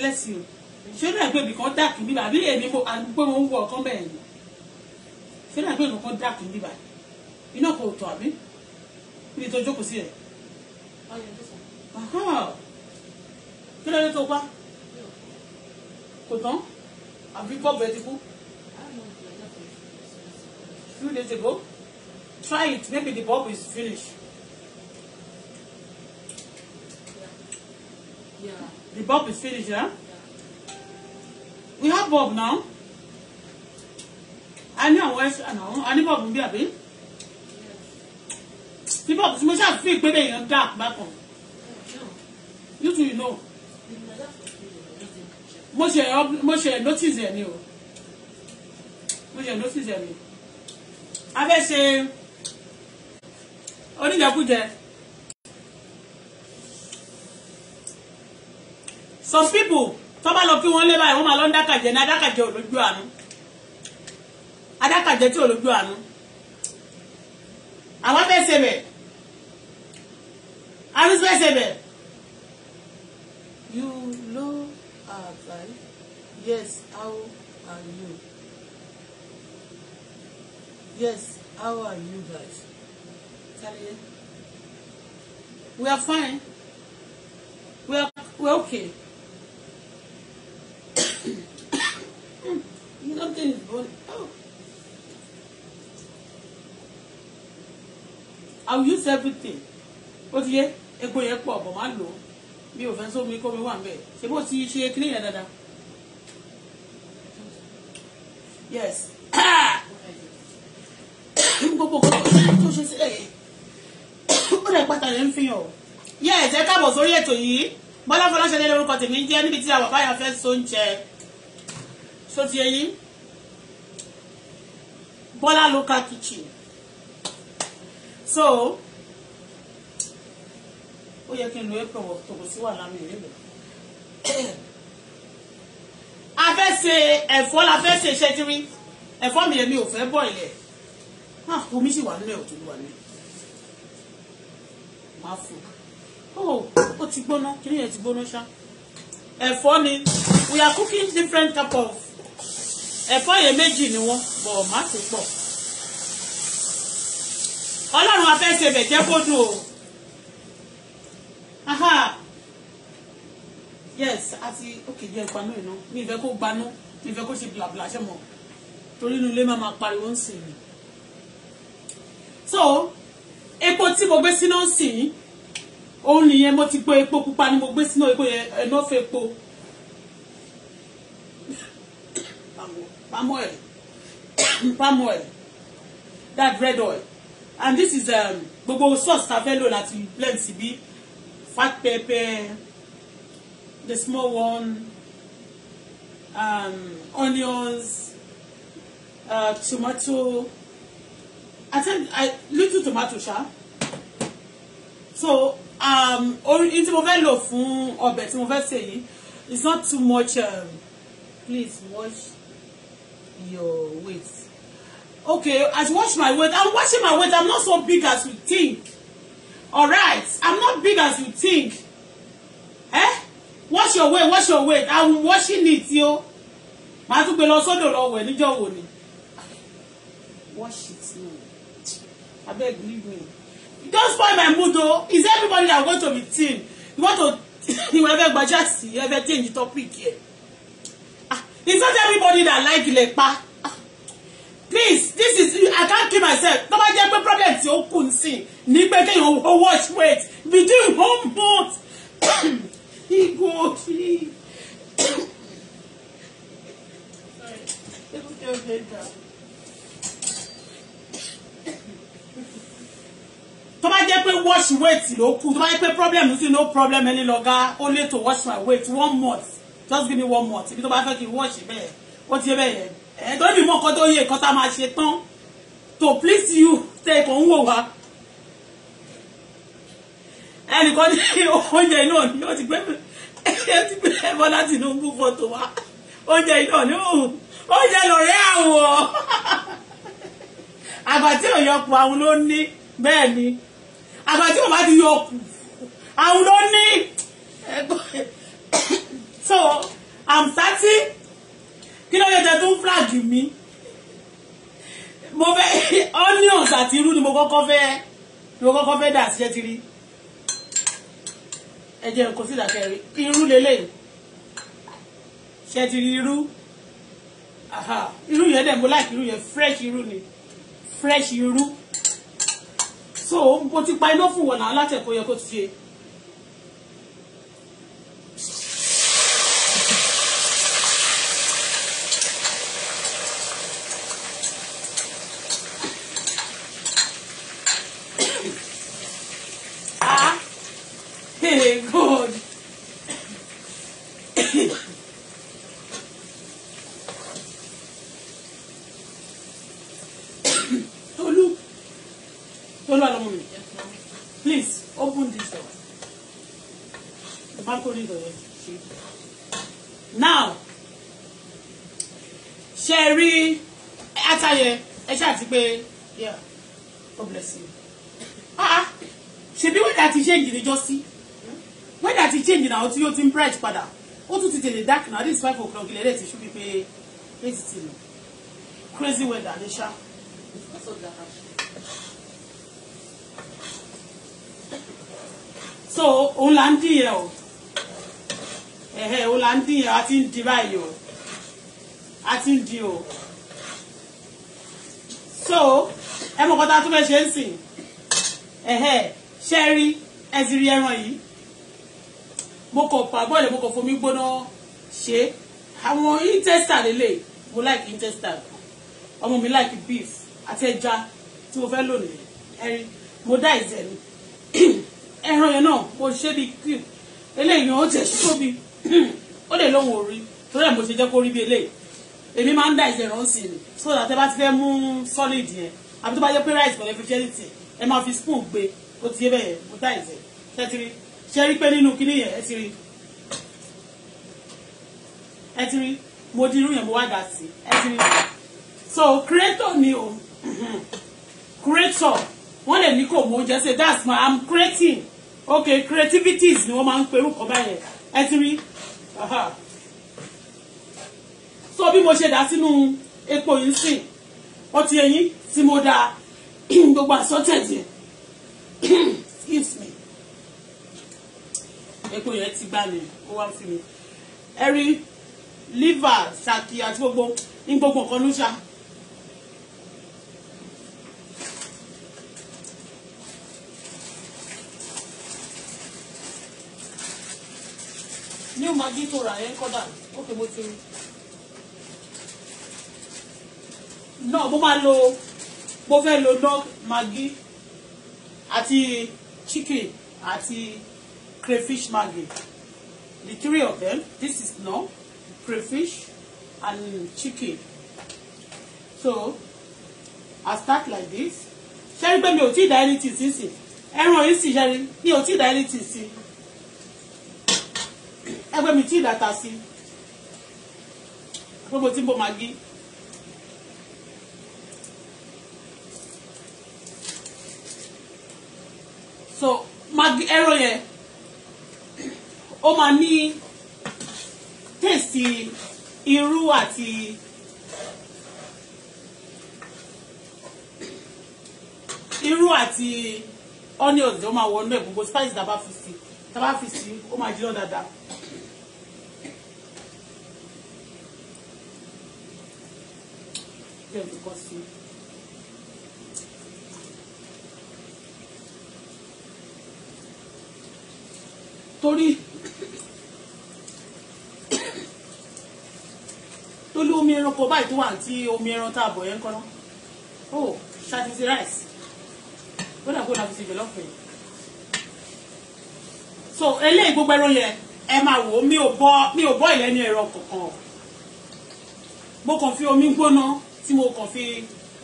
bless you ṣé ó dàgbé ibì kan dàkí bíbà àbí èmi mo àgbẹ̀ mo ń wọ ọ̀kan bẹ́ẹ̀ ni ṣé ó dàgbé ibì kan dàkí bíbà iná kò tọ̀ àbí níbi tó jókòó sí ẹ̀. kí ló dé tó pa kò tán àbí bọ́ọ̀bù ẹ ti kú few days ago try it maybe the bulb is finished. Yeah. yeah. The bulb is finished, yeah? We have bulb now. I know where's I know. I need bulb be a bit. The bulb is much as big, but they are dark back on. You do you know. Mo ṣe mo ṣe notice ẹ ni o. Mo ṣe I ẹ say. Only fẹ́ good oníjẹkújẹ. some people tó bá lọ kí wọ́n lé báyìí wọ́n máa lọ ń dákàjẹ́ ní adákàjẹ́ olójú àánú adákàjẹ́ tí olójú àánú àwọn fẹ́ ṣe bẹ̀ àwọn fẹ́ ṣe bẹ̀ you know àbáyé yes how are you yes how are you guys we are fine we are we are okay. nothing is burning. Oh. I use everything. Ó ti yẹ epo yẹn pọ̀ bọ̀ máa lò ó. Mi ò fẹ́ sómi kó mi wà ń bẹ̀. Ṣé bó ti ṣe kíní yẹn dáadáa? Yes. Gbogbo kan tó ṣe sílẹ̀ yẹn. Ó dẹ̀ pàtàkì ń fi hàn o. Yẹ́ ẹ̀jẹ̀ káàbọ̀ sórí ètò yìí. Bọ́lá Fọláṣadé lórúkọ tèmi ń jẹ́ so ti eyin Bọ́lá local kitchen so ó yẹ kí n lo apron wọ tòkò sí wà lámì ìrẹ́lẹ̀ a fẹ́ ṣe ẹ̀fọ́ la fẹ́ ṣe iṣẹ́ tírí ẹ̀fọ́ mi èmi ò fẹ́ bọ̀ ilẹ̀ ah, omi sì wà nílẹ̀ òtún wà nílẹ̀ máa fò oh ó ti gbóná kí ni ẹ̀ ti gbóná ṣá ẹ̀fọ́ ni we are cooking different type of ẹ̀fọ́ yẹn méjì ni wọ́n bọ̀ má ti pọ̀ ọlọ́run afẹ́sẹ̀ bẹ̀ jẹ́ kó dùn o aha yes àti òkè jẹ́ ìpanú ìná mi ìfẹ́ kó gbanú mi ìfẹ́ kó ṣe blabla ṣe mọ̀ torí inú ilé máa pariwo ń sìn mí so epo tí mo gbé sínú ń sìn òun nìyẹn mo ti gbé epo pupa ni mo gbé sínú epo yẹn ẹ̀ náà fẹ́ epo. palm oil palm oil that red oil and this is um, gbogbo sauce ta fẹ́ lò láti blend síbí fat pepper the small one um, onions uh, tomato i think i little tomato sha so um, orin tí mo fẹ́ lò fún ọbẹ̀ tí mo fẹ́ sè yìí it's not too much um, please watch your weight. Okay, I should watch my weight. I'm watching my weight. I'm not so big as you think. All right, I'm not big as you think. Eh? Watch your weight, watch your weight. I'm watching it, yo. Màá tún gbé lọ sọ́dọ̀ lọ wẹ̀ níjọ́ wo ni? Watch it now. Abeg leave me. Don't spoil my mood o. Is everybody that want to be thin? You want to you want to gbajà sí? You want to change the topic here? Yeah it's not everybody that like ìlẹ̀pa please this is i can't kill myself tó bá jẹ́ pé problem tí ó kù sí ní pé kéèyàn ó wash weight be doing home He go fi. tó bá jẹ́ pé wash weight ló kù tó bá jẹ́ pé problem sí no problem any longer only to wash my weight one month just give me one more tìbí tó bá fẹ́ kí n wọ́ọ̀ṣì bẹ́ẹ̀ ó ti bẹ́ẹ̀ yẹn ẹ̀ tó bí mọ̀ nǹkan tó yẹ nǹkan tá máa ṣe tán to please you tẹ̀ kàn ń wò wá ẹnìkan ní oúnjẹ náà ni ó ti gbé ó ti gbé Bọ́lá Tinubu fọ́tò wá oúnjẹ náà ni oúnjẹ lọ̀rẹ́ àwọ̀ àgbà tí òun yọkù àwọn ló ní bẹ́ẹ̀ ni àgbà tí ti yọkù àwọn ló ní so i'm thirty kí ló yẹ jẹ flag mi mo fẹ́ onions àti irú ni mo kọ́kọ́ fẹ́ ni mo kọ́kọ́ fẹ́ dà sí ẹ ti rí ẹ jẹ́ nǹkan sí ìdákẹ́rẹ́ irú lélẹ̀ ṣe ti rí irú irú yẹn dẹ̀ mo like irú yẹn fresh irú ni fresh irú so mo ti pa iná fún wọn náà látẹ̀kọ́ yẹ kó ti ṣe. bright padà ó tún ti tèlè dark náà this five o'clock ilẹ̀ rẹ̀ ti ṣú bíi pé eight ti crazy weather ní ṣá. so òun là ń dín yẹn o ẹ̀hẹ́ òun là ń dín a ti ń di báyìí o a ti ń di o so ẹ mọ̀ kọ́ta tó fẹ́ ṣe ń sìn ẹ̀hẹ́ ṣẹ́ẹ́rí ẹ̀sìn rí ẹran yìí mo kàn pa bọ́ọ̀lù mo kàn fomi gbóná ṣe àwọn intestine lélẹ̀ mo like intestine ọmọ mi like beef àti ẹja tí mo fẹ́ lò ní ẹrin mo dá ìzẹ̀ mi ẹran yẹn náà mo ṣe bí cube eléyìí náà ó tẹ̀ sí tóbi ó lè lóhùn orí torí ẹ̀ mo ṣe jẹ́ kó rí bí eléyìí èmi máa ń dá ìṣe ìrántí ni so that ẹ bá ti fẹ́ mú solid yẹn àbí tó bá yẹ pé rice pẹ̀lú efficiency ẹ máa fi spoon gbé ó ti yé bẹ́ẹ̀ mo dá ìṣe tẹ́tírí ṣe rí pé nínú kíní yẹn ẹ ti rí ẹ ti rí mo di irú yẹn mo wá dà sí ẹ ti rí so creator ni o creator wọ́n lè ní kò mọ oúnjẹ ṣe that's my i'm creating okay creativities ni wọ́n máa ń pe orúkọ báyẹn ẹ ti rí so bí mo ṣe dà sínú epo yìí sìn ó ti ẹyin tí mo dà gbogbo àsọtẹ̀ díẹ̀ excuse me epo yẹn ti gbá mi ó wá sí mi ẹ̀rí liver saki àti gbogbo ní gbogbo nǹkan ló ṣá. ní o máa gbé tó ra yẹn kọ́dà ó kè mo ti rí náà mo máa lo mo fẹ́ lo náà magi àti chicken àti crayfish maggi. The three of them, this is no, crayfish and chicken. So, I start like this. Ṣé rí pé mi ò tí ì da anything sí sí? Ẹran yìí sì ṣe rí, mi ò tí ì da anything sí. Ẹgbẹ́ mi tí ì dàtà sí. Gbogbo tí mo máa gí. So, ẹran yẹn ó máa ní tèsì irú àti irú àti onions ó máa wọnú ẹ̀ gbogbo spice tá a bá fi sí tá a bá fi sí ó máa jiná dáadáa. Thank you. torí tolú omi ẹranko báyìí tó wà tí omi ẹran tá a bọ̀ yẹn ń kọ́ náà ó ṣàtìsí rice kódà kódà fi ṣe jọ̀lọ́ fún yìí so eléyìí gbogbo ẹran yẹn ẹ máa wò ó mi ò bọ mi ò bọ ilẹ̀ ní ẹ̀rọ kankan mo kàn fi omi gbóná tí mo kàn fi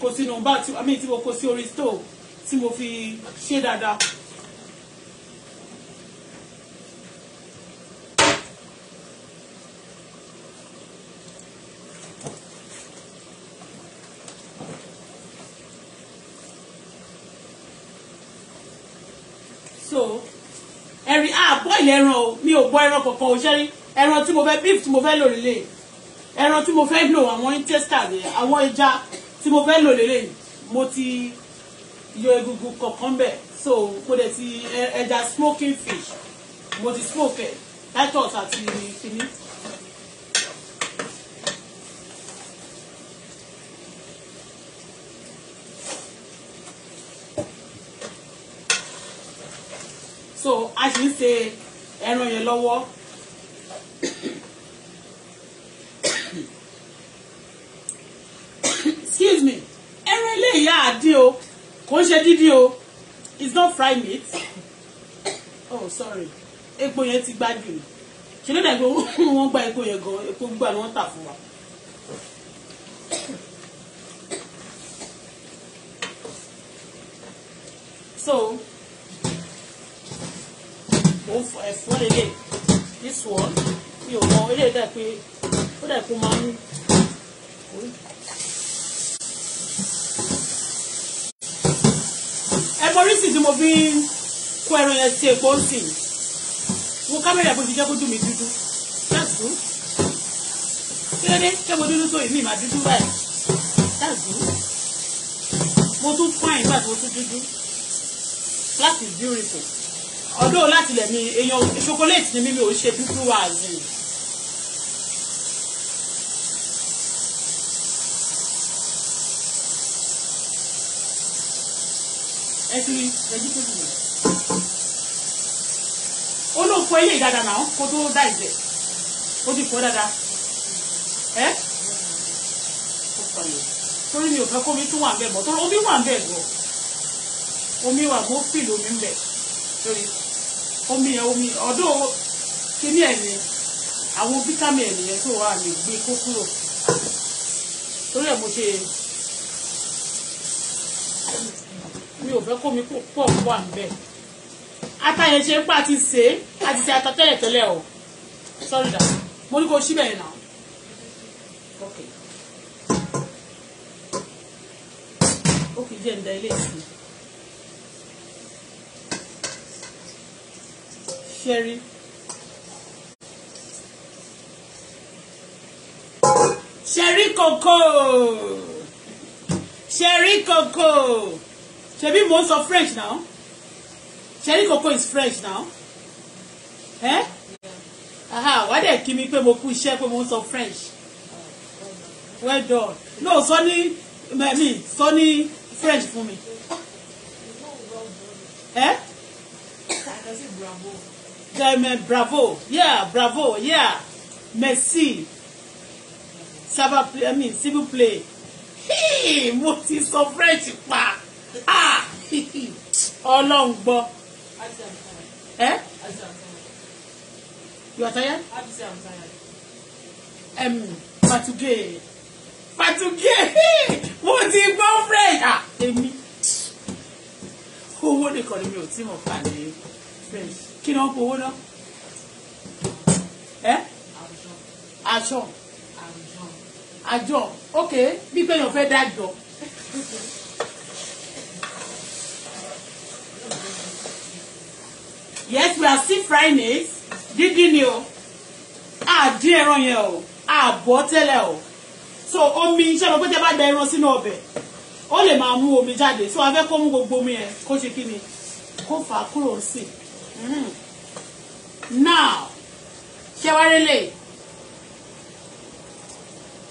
kó sínú bá tí mo kó sí orí stove tí mo fi ṣe dáadáa. ẹ̀rí àbọ̀ìlì ẹran o mi ò bọ ẹran kankan o ṣẹ́rí ẹran tí mo fẹ́ beef tí mo fẹ́ lò lélẹ̀ ẹran tí mo fẹ́ lò àwọn intestines yẹn àwọn ẹja tí mo fẹ́ lò lélẹ̀ mo ti yọ egungun kankan bẹ̀ so mo dẹ̀ ti ẹja smoking fish mo ti smoke ẹ̀ titus àti kìnnìkan. so a sì ń ṣe ẹran yẹn lọ́wọ́ excuse me ẹran ilé ìyá àdín o kò ń ṣe dídín o it's not fried meat oh sorry epo yẹn ti gbájú ni ṣe ló dàgbé wọn gba epo yẹn gan epo gbígbà ni wọn tà fún wa. so òun ẹ̀fọ́ lélẹ̀ this one mi ò mọ eléyìí dà pé ó dà pé ó máa ń ẹ̀fọ́ rísì tí mo fi ń kó ẹran yẹn sí epo ń sì wo kámẹ́rà bó ti jẹ́ kójú mi dúdú that's good kí ló dé ṣé mo dúdú tó ìmí màá dúdú báyìí that's good mo tún fine nígbà tí mo tún dúdú black is beautiful ọdún láti lẹ̀ mi èèyàn chocolate ni mímí ò ṣe dúdú wá àzì. ẹ ti vegetable mi ó lóun fọ ilé ìdáda náà kó tó dá ìjẹ ó ti fọ dáadáa ẹ ó fọ yẹ torí mi ò fẹ́ kó omi tún wà ń bẹ̀ mọ́ torí omi wà ń bẹ̀ gan omi wà mo fìlì omi ń bẹ̀ torí omi yẹn omi ọ̀dọ́ kíní ẹ̀ ni àwọn fítámì ẹ̀ nìyẹn tó wà lè gbé kó kúrò torí ẹ̀ mo ṣe mi ò fẹ́ kó mi pọ̀ wà níbẹ̀ atayẹ ṣe ń pa àti ṣe é àti ṣe atatẹ́yẹ tẹ́lẹ̀ o sorry da mo ní kó síbẹ̀ yẹn náà okay ó kì í ǹda ilé ìsìn. ṣe rí. coco, kòkó coco. kòkó ṣebí mo sọ French now ṣẹ̀rí coco is French now ẹ́ Aha. Why they kimi pe mo ku iṣẹ́ pé mo sọ French well done no sọ me mẹ́mí French for me. Eh? That's it. Bravo. Clement, bravo, yeah, bravo, yeah, merci. Ça va, I mean, s'il vous plaît. Hey, mo ti sọ French pa. Ah, Ọlọ́run gbọ́. Eh? You are tired? I have to say I'm tired. Um, Patuge. Patuge! Mo ti gbọ́ French. Ah, èmi. Owó nìkan ni mi ò tí mọ̀ pa ní French kí ni wọ́n fowó ná ẹ́ àjọ àjọ ok bí pé èèyàn fẹ́ dájọ. yes we are still frying it dídí ni o àdín ẹran yẹn o àbọ̀ tẹ́lẹ̀ o so omi iṣẹ́ lọ pé tẹ́ bá da ẹran sínú ọbẹ̀ ó lè máa mú omi jáde so a fẹ́ kó mú gbogbo omi yẹn kó ṣe kí ni kó fà á kúrò sí i. Mm. now ṣé wá rí lè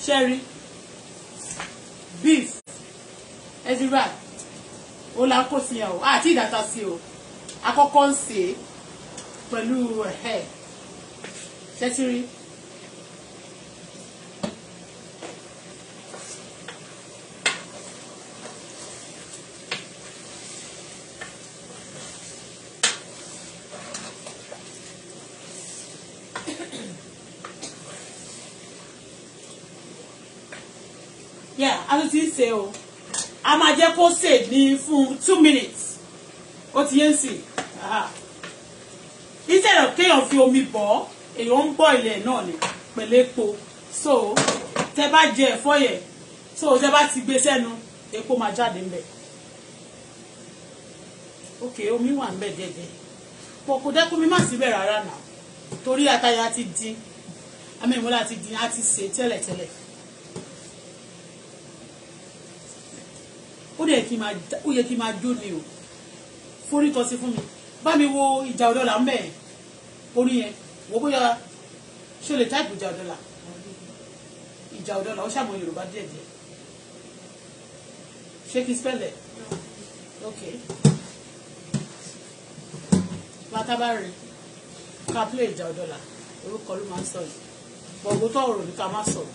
ṣe rí beef ẹdínwá ó là ń kó sí yẹn o àti ìdàtà sí o àkọ́kọ́ ń sè é pẹ̀lú ẹ̀ yeah a tún ti ń ṣe o a máa jẹ́ kó sè ní fún two minutes ó ti yé ń sì instead of kéèyàn fi omi bọ̀ èèyàn ń bọ̀ ilẹ̀ náà ni pẹ̀lú epo so tẹ bá jẹ ẹ̀fọ́ yẹn so tẹ bá ti gbé sẹ́nu epo máa jáde ńbẹ̀ ok omi wà ńbẹ̀ dẹ̀dẹ̀ pọ̀ kò dẹ́kun mi má síbẹ̀ rárá nà torí ataya ti dín amẹ́wọ́lá ti dín á ti sè tẹ́lẹ̀tẹ́lẹ̀. ó dẹ̀ kí máa ó yẹ kí máa jó ni o forí tọ́ sí fún mi bá mi wo ìjà ọ̀dọ́là ń bẹ̀ orí yẹn wo bóyá ṣé o lè táìpù ìjà ọ̀dọ́là ìjà ọ̀dọ́là ó ṣàmọ Yorùbá díẹ̀ díẹ̀ ṣé kí n spẹ́lẹ̀ ok bàtàbárì ká play ìjà ọ̀dọ́là orúkọ ló máa ń sọ yìí bọ̀gbọ́tọ̀ ọ̀rọ̀ ní ká má sọ̀rọ̀.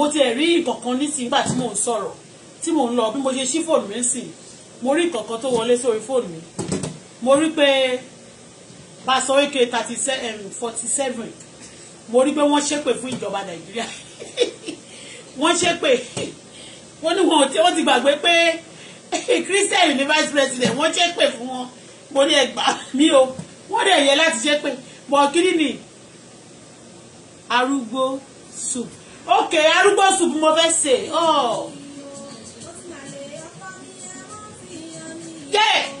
mo ti ẹ̀ rí ìkọ̀kan nísìnyí nígbà tí mò ń sọ̀rọ̀ tí mò ń lọ bí mo ṣe ṣí fóònù mi sìn mo rí ìkọ̀kan tó wọlé sórí fóònù mi mo rí pé pásọ wíkẹ́ thirty seven forty seven mo rí pé wọ́n ṣépè fún ìjọba nàìjíríà wọ́n ṣépè wọ́n ní wọ́n ti gbàgbé pé christian ní vice president wọ́n ṣépè fún wọn mo ní ẹgbà mí o wọ́n dẹ̀ yẹ láti ṣépè bọ̀ kí ni arúgbó soup ok arúgbó sùpù mo fẹ́ sè ọ́. Yeah. Oh.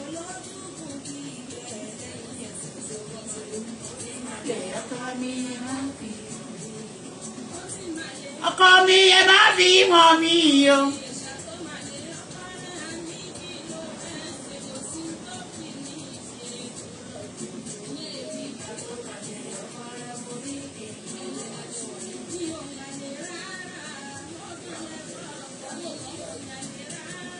ọkọ mi ẹ bá fi mọ mi o.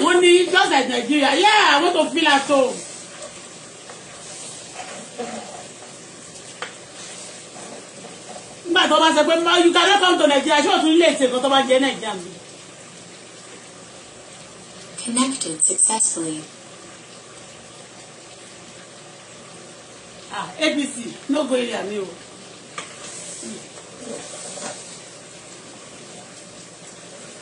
Only just like Nigeria. Yeah, I want to feel at home. Nígbà tó bá sọ pé you cannot come to Nigeria, ṣé o tún lè ṣe nǹkan tó bá jẹ́ Nàìjíríà mi? Connected successfully. Ah, ABC, no go area mi o.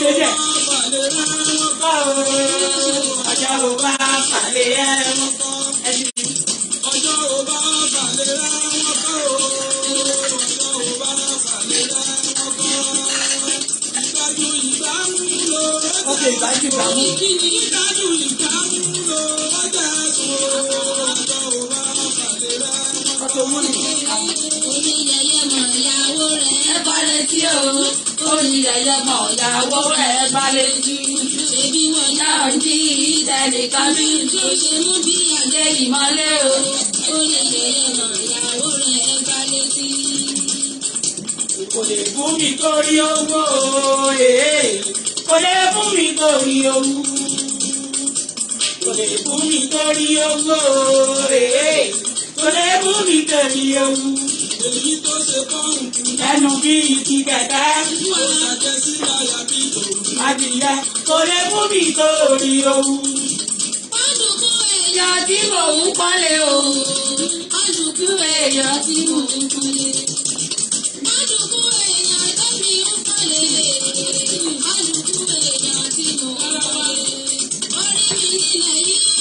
ṣe jẹ́. ọjọ́ ò bá balẹ̀ ẹ̀rọ ẹ̀jú. ọjọ́ ò bá balẹ̀ ẹ̀rọ ọjọ́ ò bá balẹ̀ ẹ̀rọ ìgbàjú ìgbàmú lò. ok ìgbàjú ìgbàmú. ìgbàjú ìgbàmú lò so mú ni. oníyẹyẹmọ ìyàwó rẹ̀ ẹ bá lè tí o oníyẹyẹmọ ìyàwó rẹ̀ ẹ bá lè tí. ṣèbí wọn náà jí ìtẹ̀lé kábí tó ṣe mú bí àjẹ́ ìmọ̀lẹ́ o oníyẹyẹmọ ìyàwó rẹ̀ ẹ bá lè tí. kò lè fún mi torí owó kò lè fún mi torí owó kò lè fún mi torí owó olébù mi tèmi ewu. èyí tó ṣe pọ́ǹpù. ẹnu bí igi kẹ̀kẹ́. wọ́n á jẹ sí láyà bí tòun. adìyẹ olébù mi tó rí owu. àdùkú èèyàn tí mò ń pọ́lé o. àdùkú èèyàn tí mò ń pọ́lé.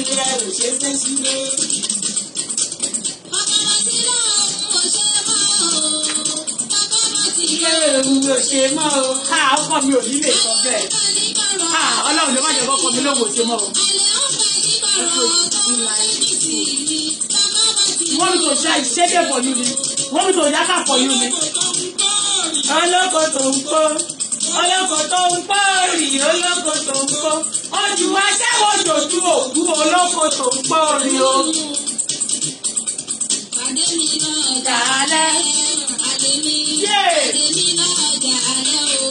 sí bóyá ẹ ò ṣe é fẹ́ sílé. bàbá ti lọ́wọ́ mi ò ṣe mọ́ o. ha ọkọ mi ò ọlọ́run ló má jẹ́ kọ́kọ́ mi lóhùn ṣe o. wọ́n mi tó ṣá ìṣẹ́jẹ̀ pọ̀ yú ni wọ́n mi tó yáká pọ̀ yú ni. ọlọ́kọ̀ tó ń kọ́ ọlọ́kọ̀ tó ń pọ́ òrìn ọlọ́kọ̀ tó ń pọ́ ojú aṣẹ́wó jòjú òkú ọlọ́kọ̀ tó ń pọ́ òrìn o. mi náà dàálẹ̀. Adé mi adé mi náà dàálẹ̀ o.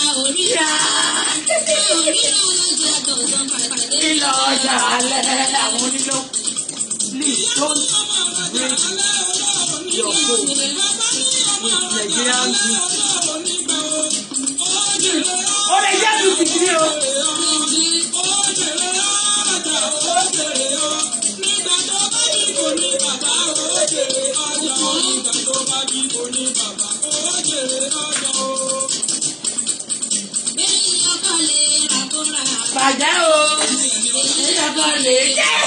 A ò ríra. A ò ríra ọlọ́jà kọ̀ọ̀kan pàdé. Ìlọ ọjà alẹ́ làwọn onílọ́. Please don't break your phone with Nigerian music ó lè jẹ́ fifty three o. bàjẹ́ o èyí ọkọ lè jẹ́.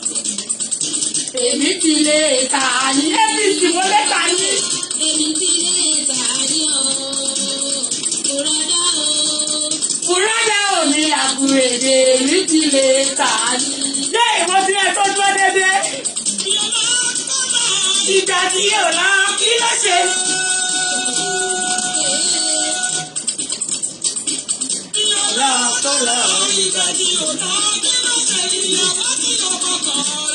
èmi ti lè tà ní ẹbí tí mo lè tà ní. èmi ti lè tà ní ọ̀ọ́ kúrádà o. kúrádà o ní àgùrèdè èmi ti lè tà ní. ṣé ìwọ ti ẹ tó dúró dédé. ìjà tí yóò lá kí ló ṣe. Láàtọ̀ láàrin ìgbà tí o lá kí ló ṣe ìyàwó tí yóò kọ̀ọ̀kan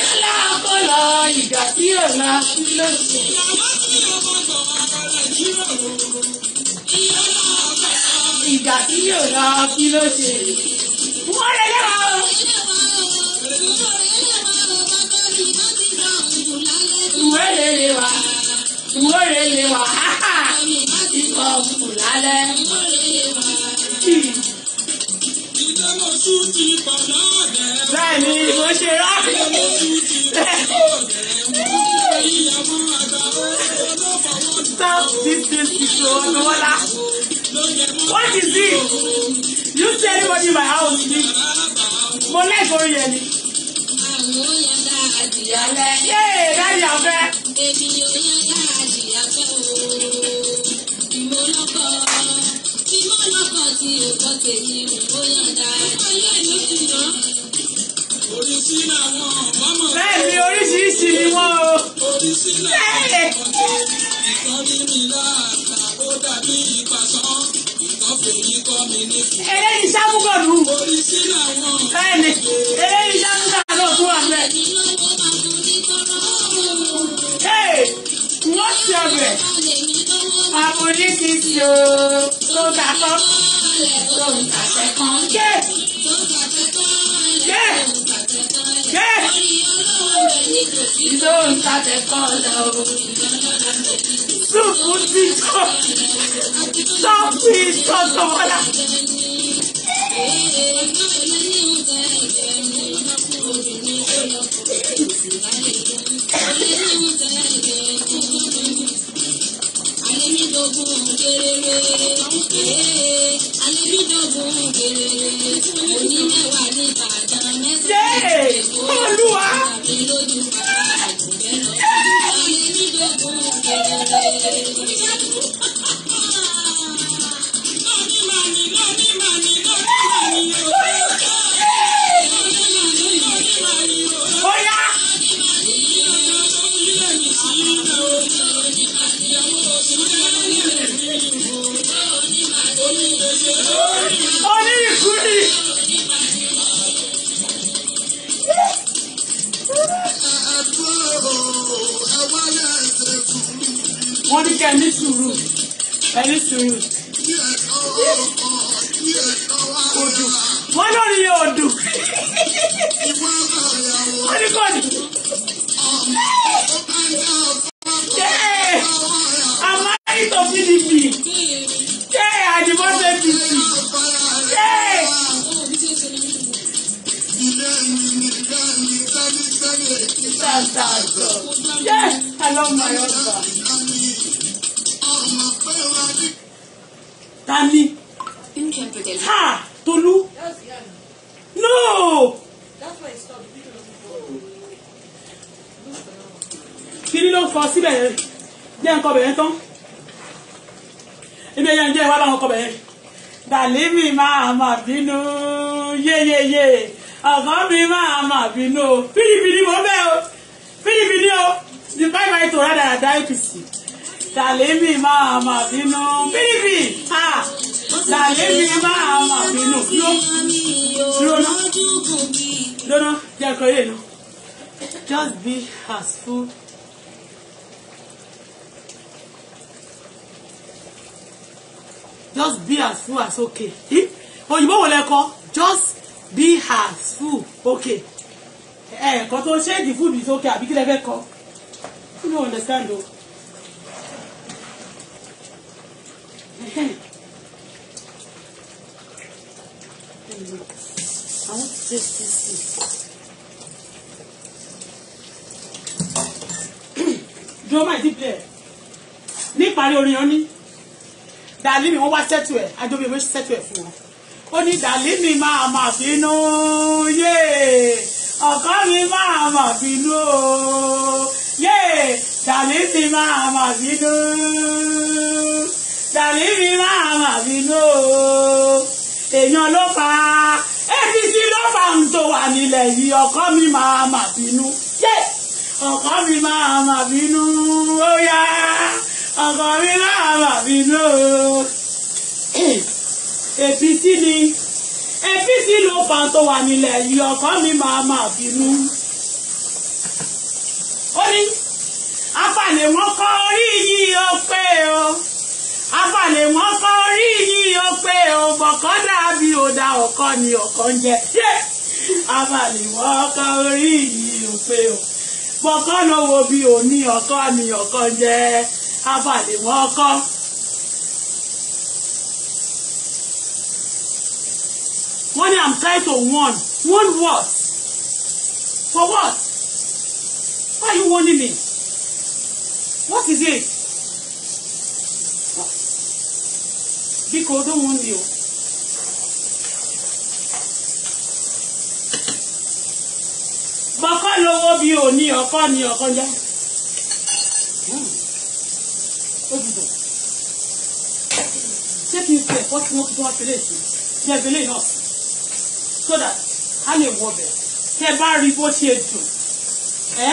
yálà ọpọlọ ìgbà tí ò máa kú lóṣù. ìgbà tí ò máa kú lóṣù. wọ́n lè lẹ́wà o. ìwé lè lè wà ìwé lè lè wà ìfọ̀ kù lálẹ́ bẹ́ẹ̀ni mo ṣe rá. Stop this music to Onola. What is this? You see anybody in my house? Mo lẹ́kọ̀ọ́ orin yẹn ni. Yéè dáàdi àfẹ́. Èmi ò yẹ dáàdi àfẹ́ o. Ìmọ̀lọ́kọ̀ ìmọ̀lọ́kọ̀ mi ò gbọ́ tèmi ó yànda ẹ̀jẹ̀. orí sí làwọn ọmọ. bẹ́ẹ̀ ni oríṣiríṣi ni wọ́n o. orí làwọn ọmọ tèmi ìkan rí mi láàkà ó dàbí ìpàṣán ìkan fèyí kọ́ mi ní. eléyìí sábúgọ̀dù. orí làwọn ọmọ. bẹ́ẹ̀ ni eléyìí sábúgọ̀dù fún wa bẹ́ẹ̀. wọ́n ṣe ọbẹ̀ àbòdí ti ti o tó ta tó ń tàtẹ́ kan jẹ́ jẹ́ jẹ́ tó ń tàtẹ́ kan lọ o. Súùpù ti kọ́ sọ́ọ̀pù ìsọ̀tọ̀mọ́lá. Thank you àlébídógún gerere àlébídógún oníyìkúni. wọ́n ní kẹ́ ní sùúrù ẹ ní sùúrù. odù wọ́n lórí odù wọ́n ní kọ́ni. End of PDP. Yeah, I devoted PDP. Yeah. Yeah, I love my husband. Tani. Ha! Tolu. No! That's why it stopped. Kí ni ló fọ síbẹ̀ yẹn? Jẹ́ nǹkan bẹ̀rẹ̀ tán ibi èèyàn jẹ́ ìwà báwọn kọ bẹ̀yẹn. Dàlímì máa mà bínú yéyéyé ọ̀gán mi máa mà bínú o pídìpídì mo bẹ́ o pídìpídì o the bible ètò rádaràdá apc Dàlímì máa mà bínú pídìpì ha Dàlímì máa mà bínú ló ló ná ló ná jẹ́ kọ́ yé nu just be as full. just be as full as okay òyìnbó wo lẹ́kọ́ just be as full okay Eh, ẹ̀ẹ̀kan tó ṣe the food is okay àbí kí lẹ fẹ́ kọ́ you no understand o. I want to taste this thing. Draw my deep there. Níparí orin yẹn ní. Dàlímì wọ́n wá sẹ́tù ẹ̀ ajóbi wọ́n sẹ́tù ẹ̀ fún wọn. ó ní Dàlímì máa mà bínú yé ọkọ mi máa mà bínú yé Dàlímì máa mà bínú Dàlímì máa mà bínú èèyàn ló fa APC ló fa ń tó wà nílẹ̀ yìí ọkọ mi máa mà bínú yé ọkọ mi máa mà bínú ó yá. ọkọ mi ebi ni ló pa tó wà nílẹ̀ yìí ọkọ mi máa máa bínú. ó ní afàlẹ̀wọ́n kọ́ orí yìí ó pé o kọ́ orí yìí ó pé o bọ̀kọ́ dàbí ọ̀dà ọkọ ni ń jẹ kọ́ orí yìí ó pé o bọ̀kọ́ ló bí òní ni ọkọ ń jẹ. abalẹ̀ wọn kọ́. wọ́n ní i'm trying to warn warn what for what why you warning me what is it biko don't warn you. o. bọ́kọ́ lówó bí o ní ọkọ́ ní ọkọ́ jẹ́ ó ti dùn ṣé kí n fi ẹ̀fọ́ tí wọ́n fi wọ́n fi lè so that a lè wọ ọbẹ̀ tẹ bá rí bó ṣe dùn ẹ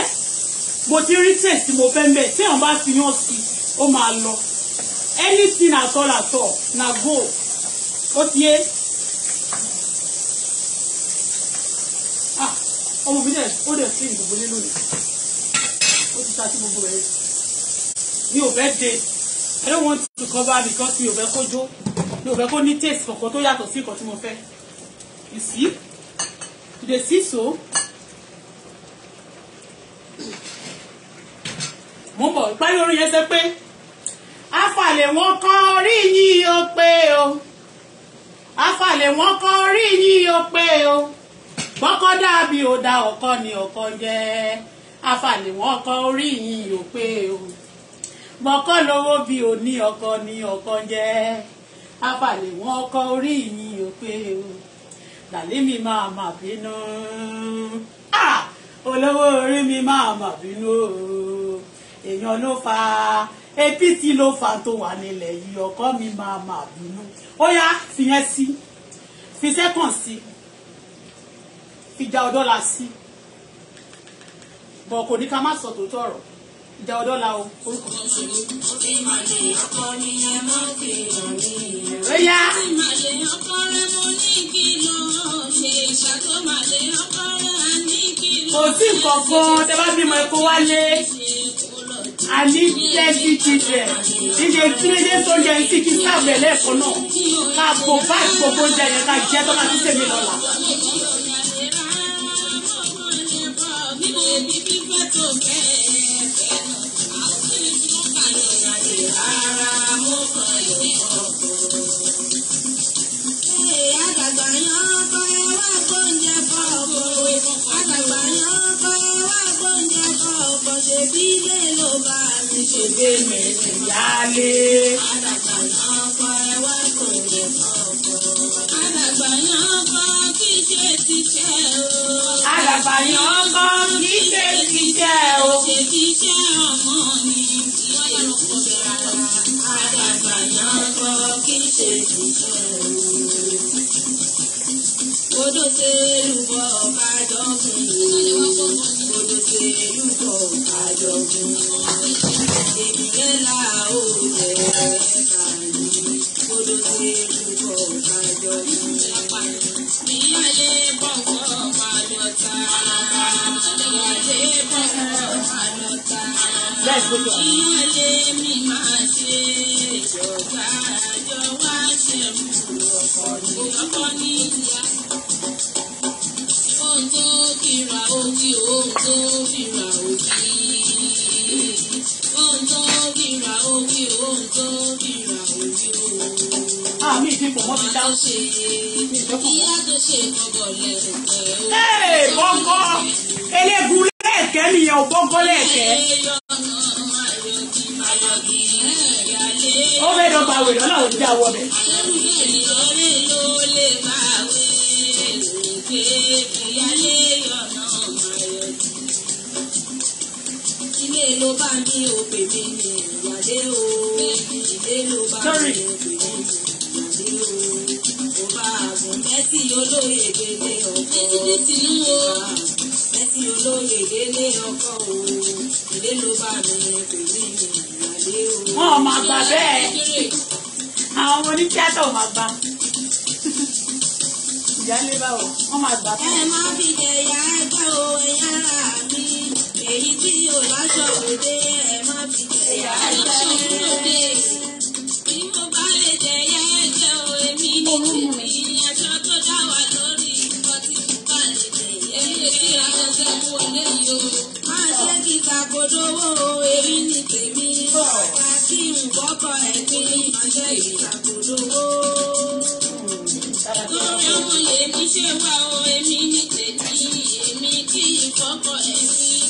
mo ti rí tèsí mo fẹ́ mẹ́ tí Oh bá fi anything at all at all na go ó ti yé. Ah, ọmọ mi dẹ̀ ó dẹ̀ sí ìdìbò lé lónìí ó ti ta sí gbogbo rẹ̀ mi ò fẹ́ dé i don't want to cover because mi ò fẹ́ kó jó mi ò fẹ́ kó ní taste kankan tó yàtọ̀ sí nǹkan tí mo fẹ́ you see you dey see so mo ń bọ̀ ìparí orin yẹn ṣe pé afàlẹ̀ wọn kan orí yìí ó pé o afàlẹ̀ wọn kan orí yìí ó pé o gbọ́kọ́ dàbí ọ̀dà ọ̀kọ́ ni ọ̀kọ́ jẹ́ afàlẹ̀ wọn kan orí yìí ó pé o mọ̀kọ́ lówó bí òní ọkọ ní ọkọ jẹ́ afàlẹ̀ wọn ọkọ orí yìí ò pé o làlẹ́ mi máa mà bínú olówó orí mi máa mà bínú o èèyàn ló fa apc ló fa tó wà nílẹ̀ yìí ọkọ mi máa mà bínú ó yá fìyẹn sí fi sẹ́kàn sí fi ja ọdọ́la sí bọ̀ kò ní ká má sọ tòótọ́ ọ̀rọ̀ ìjà ọdọ́la o orúkọ Oya. kò sí nǹkan kan tẹ bá bímọ epo wálé a ní tẹ́sí children níbi tírédé tó yẹ ní kíkí sábẹ̀ lẹ́ẹ̀kan náà ká bò bá gbogbo jẹ yẹn ká jẹ tó ká tún tèmi lọ́la. Níbi bíbí fẹ́ tó bẹ́ẹ̀. ara mo kàn yóò kọ̀ọ̀kan. Àdàgbà yan àtàgbà yàn kọ́ wá gbọ́njọ kọ́ ọkọ̀ ṣe bí bẹ́ẹ̀ ló bá ti ṣe bẹ́ẹ̀ mẹ́sì yálé. àtàgbà yàn kọ́ ẹ wá gbọ́njọ kọ́ ọkọ̀. àtàgbà odò tẹ́lú bọ́ kájọ́gùn odò tẹ́lú bọ́ kájọ́gùn èmi mẹ́la ó jẹ́ Ohun tó kíra ó ti ohun tó fìrà ó ti àmì ah, bọ́ngọ́ eléegun nìyẹn ò bọ́ngọ́ lẹ́ẹ̀kẹ́. ó fẹ́ dọ́gba wèrè ọ̀nà òjì àwọ̀ rẹ̀. ló bá mi ò pè mí ní ìwádé o ìdílé ló bá mi ò pè mí ní ìwádé o mo bá àgùn mẹ́tì olóyè délé ọkọ mẹ́tì olóyè délé ọkọ o ìdílé ló bá mi ò pè mí ní ìwádé o. wọn ò máa gbà bẹ́ẹ̀ àwọn ọmọ onítíátà ò máa gbà ìyáálé báwo wọn máa gbà. ẹ má fi jẹ̀yà ẹgbẹ́ o ẹ̀yà rà mí èyí tí o bá sọ òde ẹ má fi tẹ̀yà jẹ́. bí mo bá lè tẹ̀yà jẹ́ o èmi ní tèmi aṣọ tó dá wà lórí nǹkan tí mo bá lè tẹ̀yà jẹ́. èmi èsì àjọṣe wo léyìí o. máa ṣe kí takodowó èmi ní tèmi. ọ̀gá kí n kọ́kọ̀ ẹ̀gbin máa ṣe kí takodowó. lórí ọmọ lèmi ṣe wá o èmi ní tèmi èmi kí n kọ́kọ̀ ẹ̀gbin.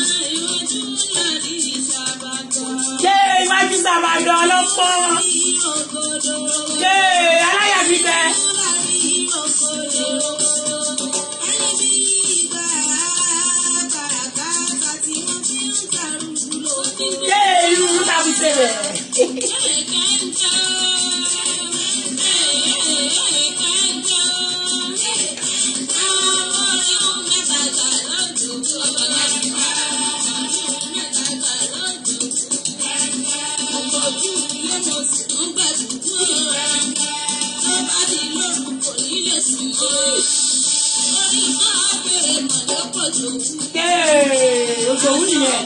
ṣé iwájú sàbàdàn ọlọ́pọ̀ ṣé aláyàbíbẹ. ṣé irú tàbí tẹ̀lẹ̀. òṣòwò nìyẹn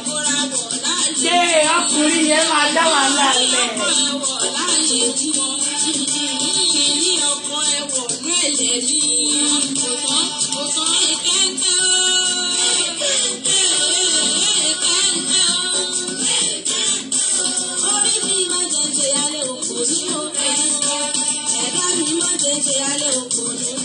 ṣé ọkùnrin yẹn máa dá wàhálà lẹ. Thank you.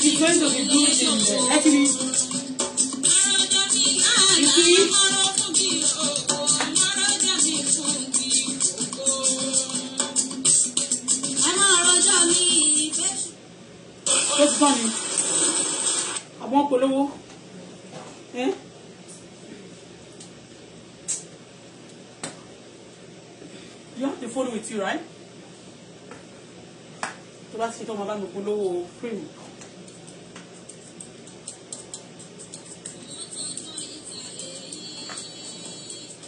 It's going to be good in there. Actually, you see? tó gbọ́n ni àwọn polówó you have the phone with you right tó bá ti ṣe tó máa bá mi polówó cream.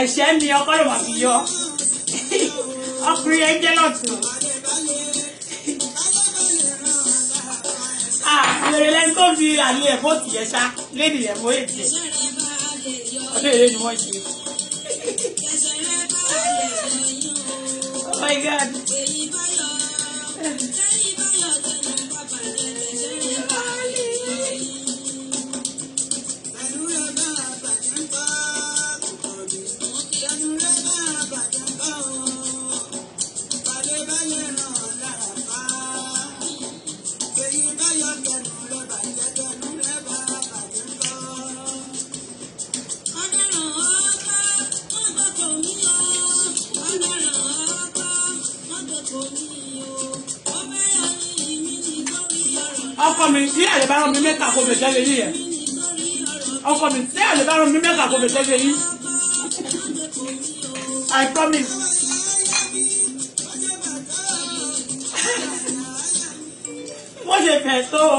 ẹ̀ṣẹ̀ mi ọkọ ló máa fi yọ ọkùnrin yẹn jẹ́ lọ́tún. àpèrè lẹ́ni tó fi àlè ẹ̀fọ́ tìyẹ ṣá lédi ẹ̀fọ́ èdè ọdún èrè ni wọ́n ṣe. Oh my God. mi tí àlè bá mi mẹ́ta kó fẹ́ tẹ́lẹ̀ yìí yẹn ọkọ mi tí àlè mi mẹ́ta kó fẹ́ tẹ́lẹ̀ yìí I promise. wọ́n ṣe fẹ̀ tó o.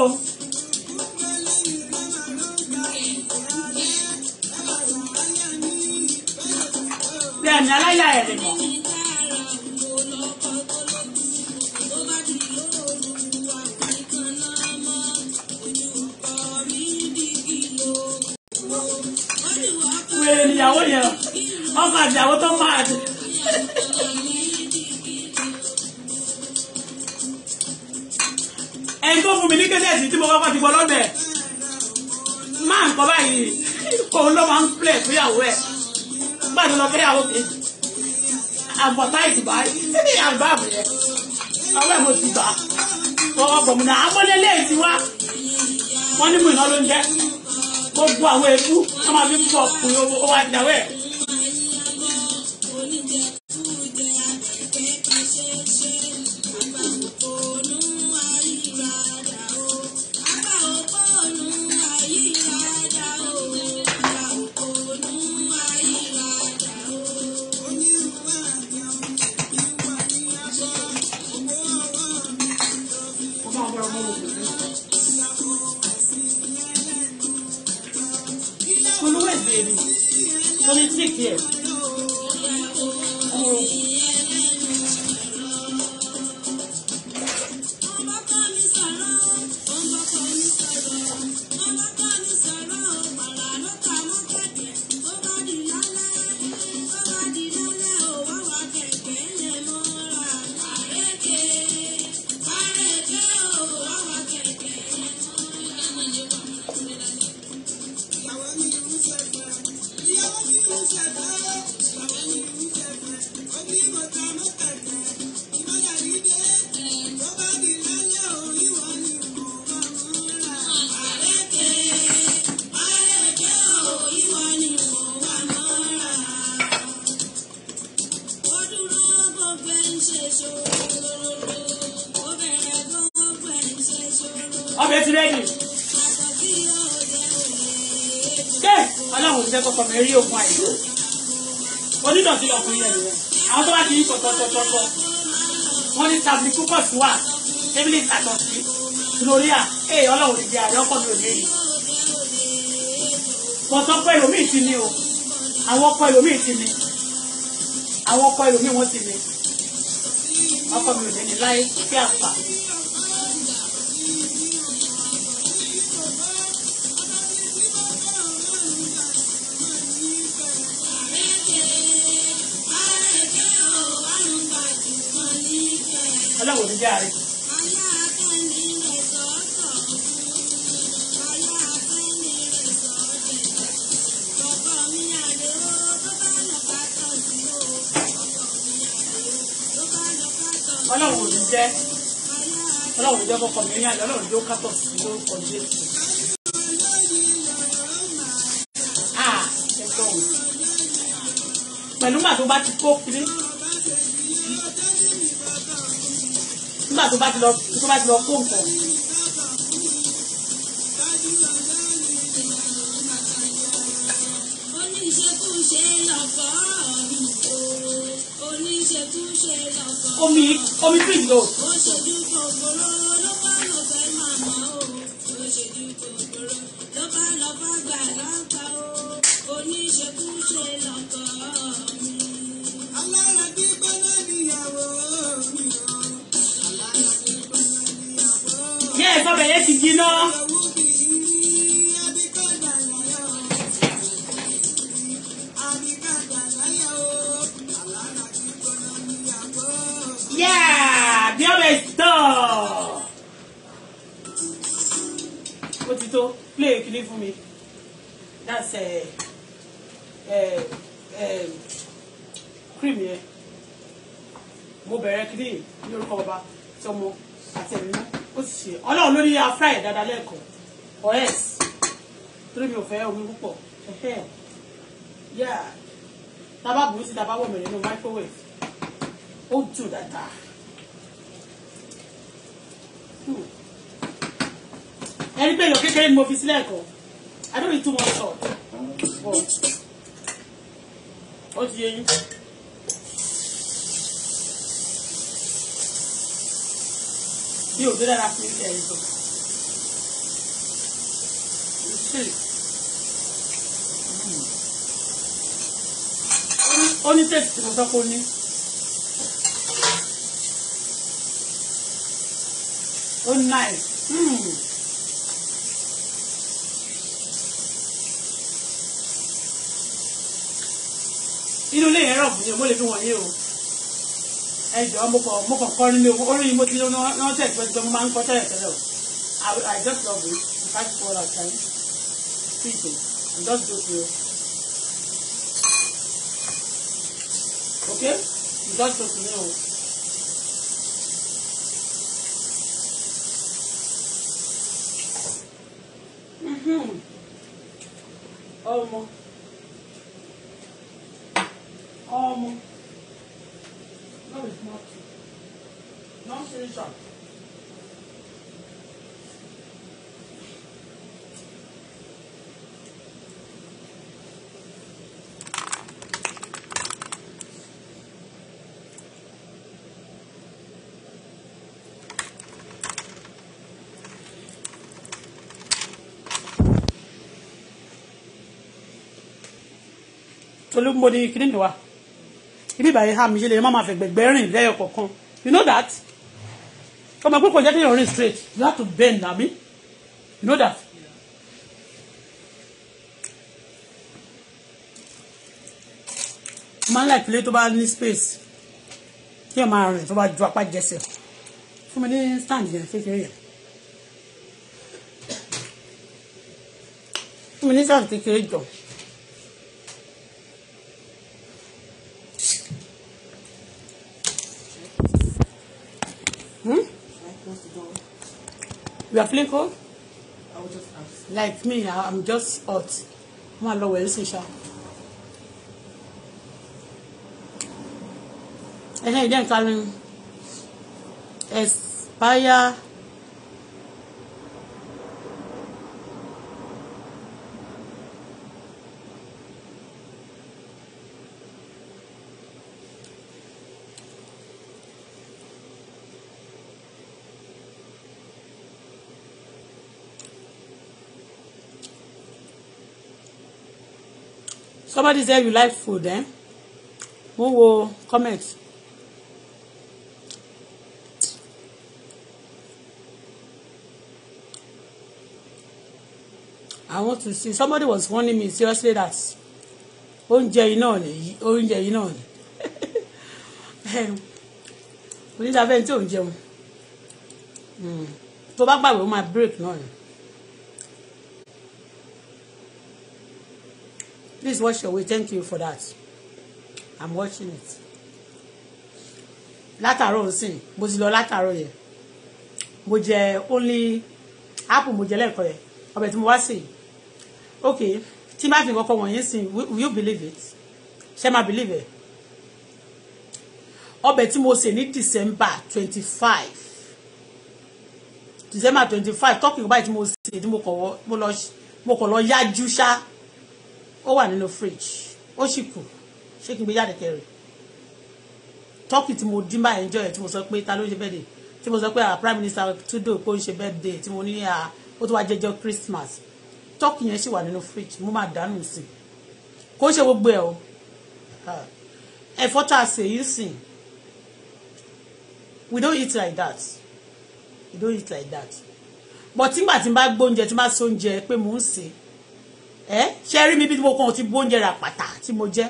ti ní àwọn ọkọ ẹlòmíì wọ́n ti ní ọkọ mi ò ní ní láyé kí àpà. jẹ́ ọlọ́run jẹ́ kọ́kọ́ mi ní àná ọlọ́run jẹ́ ó kátọ̀ sí lórúkọ jésù. pẹ̀lú gbà tó bá ti kó kiri nígbà tó bá ti lọ tó bá ti lọ kó nǹkan. omi Homem criminoso. I don't need too much salt. Ó ti You yín. Bí òbí dára fún ilé ẹ̀rí tó. Ó ní tètè tí mo Oh, nice. ó hmm. inú ilé yẹn rọ̀ fún mo lè fi wọ̀nyí o ẹ mo kọ mo kọ kọrin mi o mo ti ní wọn tẹ̀ mo máa ń kọ tẹ́lẹ̀ tẹ́lẹ̀ o I just love you in fact for our time please o oh, I just do for you okay you just do for me o. tolu mo ni kini wa ibi báyìí ha mi ṣe lè má máa fẹ̀gbẹ̀gbẹ̀ rìn lẹ́yọ̀ kọ̀ọ̀kan you know that ọmọ pé kò jẹ́ kí èèyàn rìn straight you have to bend Abi. you know that. máa ń láì pilé tó bá ní space kí ẹ máa rìn tó bá ju apá jẹsẹ̀ fún mi ní stand yẹn kékeré yẹn fún mi ní stand kékeré jọ. are playing cold? I was just asked. Like me, I'm just hot. My Lord, where is Isha? And then, then, Expire. somebody say you like food eh mo wo comment. I want to see somebody was warning me seriously that oúnjẹ yìí náà ni oúnjẹ yìí náà ni ehm, onídàáfẹ́ tí ò ń jẹun hmm. tó bá gbàgbé ó máa break náà ni. Please watch your way. Thank you for that. I'm watching it. Látàárọ̀ ń sìn, mo ti lọ látàárọ̀ yẹn. Mo jẹ only apple mo jẹ lẹ́ẹ̀kan yẹn. Ọbẹ̀ tí mo wá sè. Okay, tí má fi kọ́kọ́ wọ̀nyí sìn, will you believe it? Ṣé máa believe it? Ọbẹ̀ tí mo sè ní December twenty five. December twenty five, talking about tí mo sè tí mo kọ̀ lọ yájú ṣáá ó wà nínú fridge ó sì kù ṣé kí n gbé jáde kẹrin turkey tí mo dín báyìí ń tí mo sọ pé ta ló ṣe birthday tí mo sọ pé our ah, prime minister Trudeau pé ó ń ṣe birthday tí mo ní ah, ó tó wá jẹjọ Christmas turkey yẹn sì wà nínú fridge mo máa dànù sí kó ṣe gbogbo ẹ o ah. ẹ̀fọ́ tá a sè yìí sìn we don't eat like that we don't eat like that but tí n bá tí n bá gbóúnjẹ tí n bá sóúnjẹ pé mò ń sè Eh? ẹ ṣe rí mi bí mo kàn ti bó oúnjẹ rà pàtà tí mo jẹ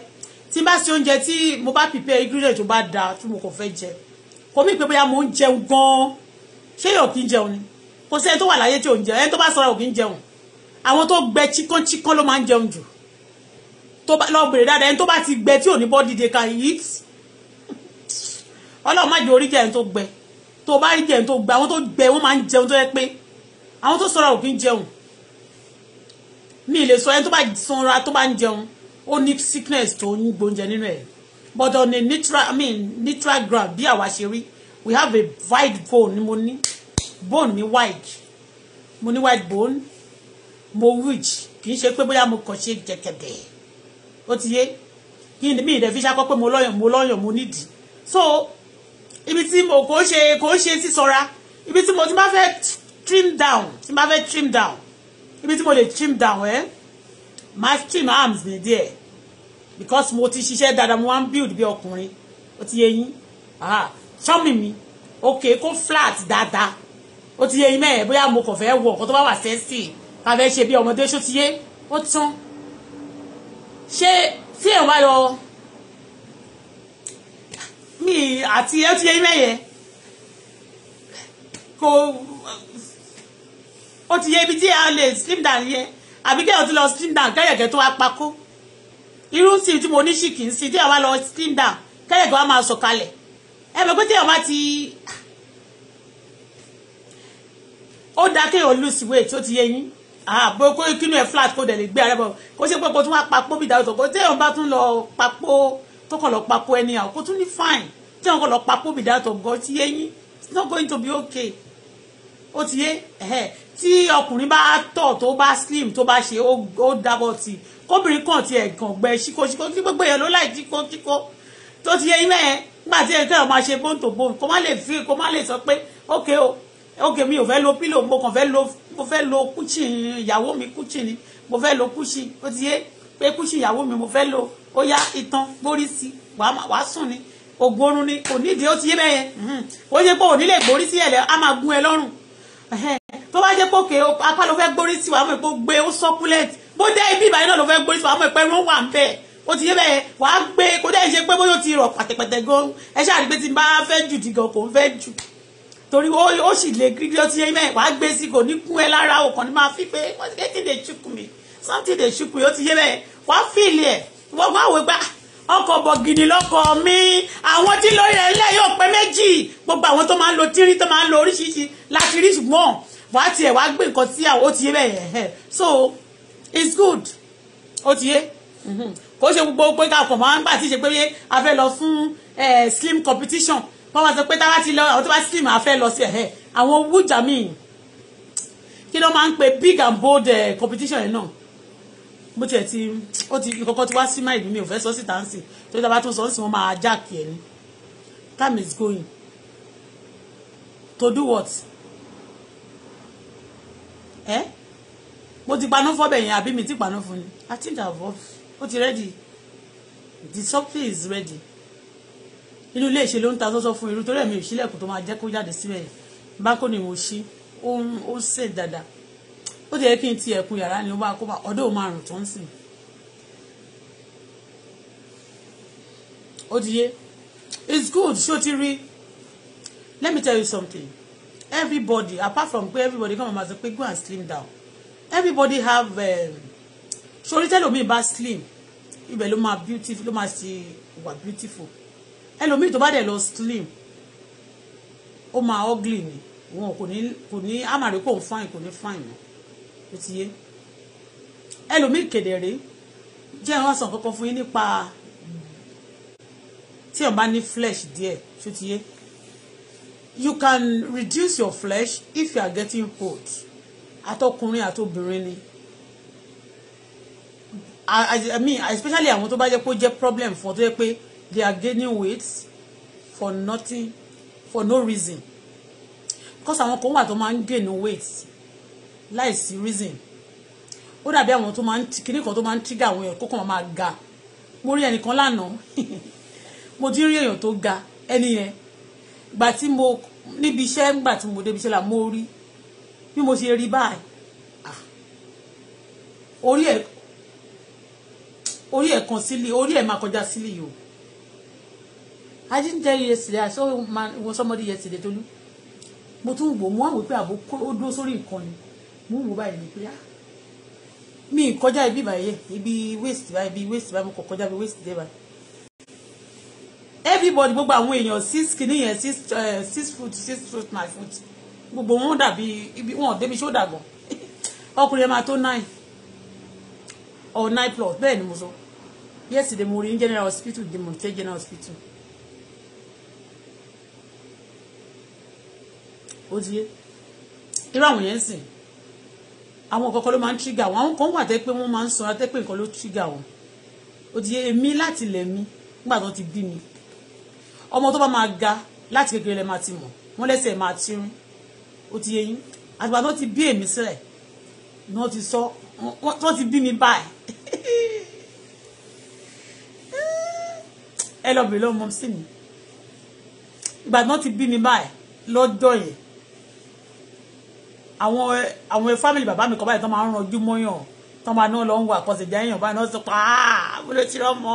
tí n bá ṣe oúnjẹ tí mo bá prepare ingredient tó bá da tí mo kàn fẹ́ jẹ kò mí pé bóyá mo ń jẹun gan-an ṣé yóò kí ń jẹun ni kò sẹ́ni tó wà láyé tí ò ń jẹun ẹni tó bá sọ̀rọ̀ ò ń jẹun àwọn tó gbẹ chikan chikan ló máa ń jẹun jù tó bá lọ bèrè dáadáa ẹni tó bá ti gbẹ tí ò ní bọ́ dìde kan yìí ọlọ́run má jẹ́ orí jẹ́ ẹni tó gbẹ tó bá rí jẹ́ ẹni tó gbẹ àwọn tó gbẹ wọ́n máa ń jẹun tó yẹ pé àwọn tó sọ̀rọ̀ ò ń jẹun mi lè sọ ẹni tó bá sanra tó bá ń jẹun ó sickness tó ń gbóúnjẹ nínú ẹ̀ but on a neutral i mean neutral ground bí àwa ṣe rí we have a wide bone ni mo ní bone mi wide mo ní wide bone mo ridge kì í ṣe pé bóyá mo kàn ṣe jẹ̀kẹ̀dẹ̀ ó ti yé kí ni mi ìdẹ̀fi ṣakọ́ pé mo lọ́yàn mo lọ́yàn mo nídìí so ibi tí mo kò ṣe kò ṣe sísọra ibi tí mo ti máa fẹ́ trim down ti máa fẹ́ trim down ibi tí mo lè trim down ẹ eh? máa trim arms mi díẹ̀ because mo ti ṣiṣẹ́ dáadáa mo wá ń build bí ọkùnrin ó ti yé yín ṣọ́mì mi ok kó flat dáadáa ó ti yé yín mẹ́ẹ̀ bóyá mo kàn fẹ́ wọ̀ ọ̀kan tó bá wà sẹ́sì ká fẹ́ ṣe bí ọmọdé ṣó ti yé ó tán ṣé tí èèyàn bá lọ mi àti ẹ ti yé yín mẹ́yẹ kò ó ti yẹ ibi tí a lè slim down yẹ àbí kẹ́yọ̀ ti lọ slim down kẹ́yẹ̀kẹ́ tó wá pakó irú sí tí mo ní ṣìkì ń sí tí àwa lọ slim down kẹ́yẹ̀kẹ́ wa máa sọ̀kalẹ̀ ẹ mọ̀ pé tí ọba ti ó da kéèyàn lose weight ó ti yẹ yín àbò kó kínú ẹ flat kó dẹ̀ lè gbé ara bọ̀ kó ṣe pé kó tún wá papò bí ìdájọ́ kó téèyàn bá tún lọ papò tó kàn lọ papò ẹni àwọn kó tún ní fine téèyàn kàn lọ papò bí ìdájọ́ kó ti yẹ yín it's not going to be okay ó ti yé ẹ̀hẹ́ tí ọkùnrin bá tọ̀ tó bá slim tó bá ṣe ó dábọ̀ tì kóbìnrin kàn tiẹ̀ kàn gbẹ ṣíkóṣíkó tí gbogbo èèyàn ló láì díkóṣíkó tó ti yẹ iná yẹn nígbà tí ẹ̀ka ẹ̀ máa ṣe bone to bone kó má lè fi kó má lè sọ pé ókè o ókè mi ò fẹ́ lo pílò mo kàn fẹ́ lo mo fẹ́ lo kúchìn ìyàwó mi kúchìn ni mo fẹ́ lo kúchìn ó ti yẹ pé kúchìn ìyàwó mi mo fẹ́ lo ó yá itan gbórí sí wàá sùn ni ògbórun ni kò nídìí ó ti yé bẹ́yẹn ó hmm, yẹ pé òní lè gbórí sí ẹ̀lẹ́ á tó bá jẹ́ pòkè apá ló fẹ́ gbórí tiwa àwọn èpo gbé ó sọ́kúlẹ̀tì bó dẹ́ ibi ìbàdàn náà ló fẹ́ gbórí tiwa àwọn èpo ẹ̀rọ wà ń bẹ̀ ó ti yé bẹ́ẹ̀ wàá gbé kó dẹ́ ṣe pé bóyá ó ti rọ̀ pàtẹ́pẹ́tẹ́ gan ẹ ṣáà rí pé tí n bá fẹ́ jù dì gan kò ń fẹ́ jù torí ó sì lè gírí ó ti yé bẹ́ẹ̀ wàá gbé sí kò ní kún ẹ lára òkàn ní máa fi pé something dey chook me something dey chook ó ti yé bẹ́ẹ̀ wàá feel ẹ̀ wọ́n máa wọ ọkọ̀ bọ̀gìnì lọ́kọ̀ mi àwọn tí lórí rẹ̀ ilé yóò pé méjì gbogbo àwọn tó máa ń lo tírín tó máa ń lo oríṣiríṣi láti rí ṣùgbọ́n wàá tiẹ̀ wàá gbé nǹkan sí àwọn ó ti yé bẹ́ẹ̀ yẹn so it's good ó ti yé mm-hmm. kò ṣe gbogbo pé ká pọ̀ máa ń gbà tí ṣe pé a fẹ́ lọ fún slim competition wọ́n máa sọ pé táwa ti lọ àwọn tó bá slim a fẹ́ lọ sí ẹ̀hẹ́ àwọn wújà míì kí ló máa ń pe big and bold competition yẹn náà mo tiẹ̀ ti ó ti ìkọ̀kọ̀ ti wá sí máìlú mi ò fẹ́ sọ síta ń sìn torí tábà tún sọ ń sìn wọ́n máa jáàkì ẹ̀ ni time is going to do what eh mo ti paná fọ́ bẹ̀yẹn àbí mi ti paná fún ni i think i have off ó ti ready the something is ready inú ilé ìṣe ló ń ta sọ́sọ́ fún irú torí ẹ̀mí ìṣílẹ̀kùn tó máa jẹ́ kó jáde síbẹ̀ báńkò ni mo ṣí ó ń ó ń sè dáadáa ó ti yẹ kí n ti ẹ̀kún yàrá ni ó bá kó bá ọdún márùn tó ń sìn ó ti yé it's good ṣó ti rí let me tell you something everybody apart from pé everybody come ma sọ pé go and slim down everybody have tell um, tẹ́lómi bá slim ibẹ̀ ló máa beautiful ló máa ṣe wà beautiful ẹlòmíì tó bá dẹ̀ lọ slim ó máa ugly ni wọn kò ní kò ní àmàlẹ́ kò ń fine kò ní fine mọ́ ti yé ẹlòmíì kedere jẹ́ ìran sàn kankan fún yín nípa tí o bá ní flesh díẹ̀ ó ti yé you can reduce your flesh if you are getting old àtọkùnrin àtobìnrin ni I, I mean especially àwọn tó bá jẹ́ kó jẹ́ problem fún ọ tó yẹ pé they are gaining weight for nothing for no reason because àwọn kan wà tó máa ń gain weight láìsí reason ó dàbí àwọn tó máa ń kíní kan tó máa ń tíga àwọn èèyàn kókàn máa ga mo rí ẹnìkan lánàá mo ti rí èèyàn tó ga ẹni yẹn gbà tí mo níbi iṣẹ́ ńgbà tí mo débi iṣẹ́ là mo rí bí mo ṣe rí báyìí orí ẹ̀ orí ẹ̀ kan sílẹ̀ orí ẹ̀ máa kọjá sílẹ̀ yìí o I didn't tell you yesterday I saw man, somebody yesterday Tolu mo tún wò mo wá wò pé àbò ó dúró sórí nǹkan mú mú báyìí ní pé á ah, mi kọjá ibi báyìí ibi waste báyìí ibi waste báyìí mo kọ kọjá ibi waste dé báyìí everybody gbogbo àwọn èèyàn six kìíní yẹn six eh, six foot six foot nine foot gbogbo wọn dàbí ibi wọn débi ṣó dàgbọn ọkùnrin yẹn máa tó nine or nine plus bẹ́ẹ̀ ni mo sọ yesterday mo rí ní general hospital di mo tẹ́ general hospital ó ti yé irú àwọn yẹn ń sìn àwọn kọ̀ọ̀kan ló máa ń trigger wọn àwọn kan wà tẹ́ pé wọ́n máa ń sanra tẹ́ pé nǹkan ló trigger wọn ó ti yé èmi láti lẹ̀ mí nígbà tó ti bí mi ọmọ tó bá máa ga láti kékeré lẹ́ máa ti mọ̀ wọ́n lẹ́sẹ̀ máa ti rìn ó ti yé yín àgbà tó ti bí èmi sílẹ̀ ni wọ́n ti sọ wọ́n ti bí mi báyìí ẹ lọ bèrè lọ́mọ sí mi ìgbà tí wọ́n ti bí mi báyìí lọ́jọ́ yẹn àwọn àwọn family bàbá mi kan báyìí tó máa ń ranjú mọ́yàn tó máa náà lọ ń wo àkọsẹ̀jẹ́ èèyàn báyìí náà sọ pa ah, mo ló ti rọ́mọ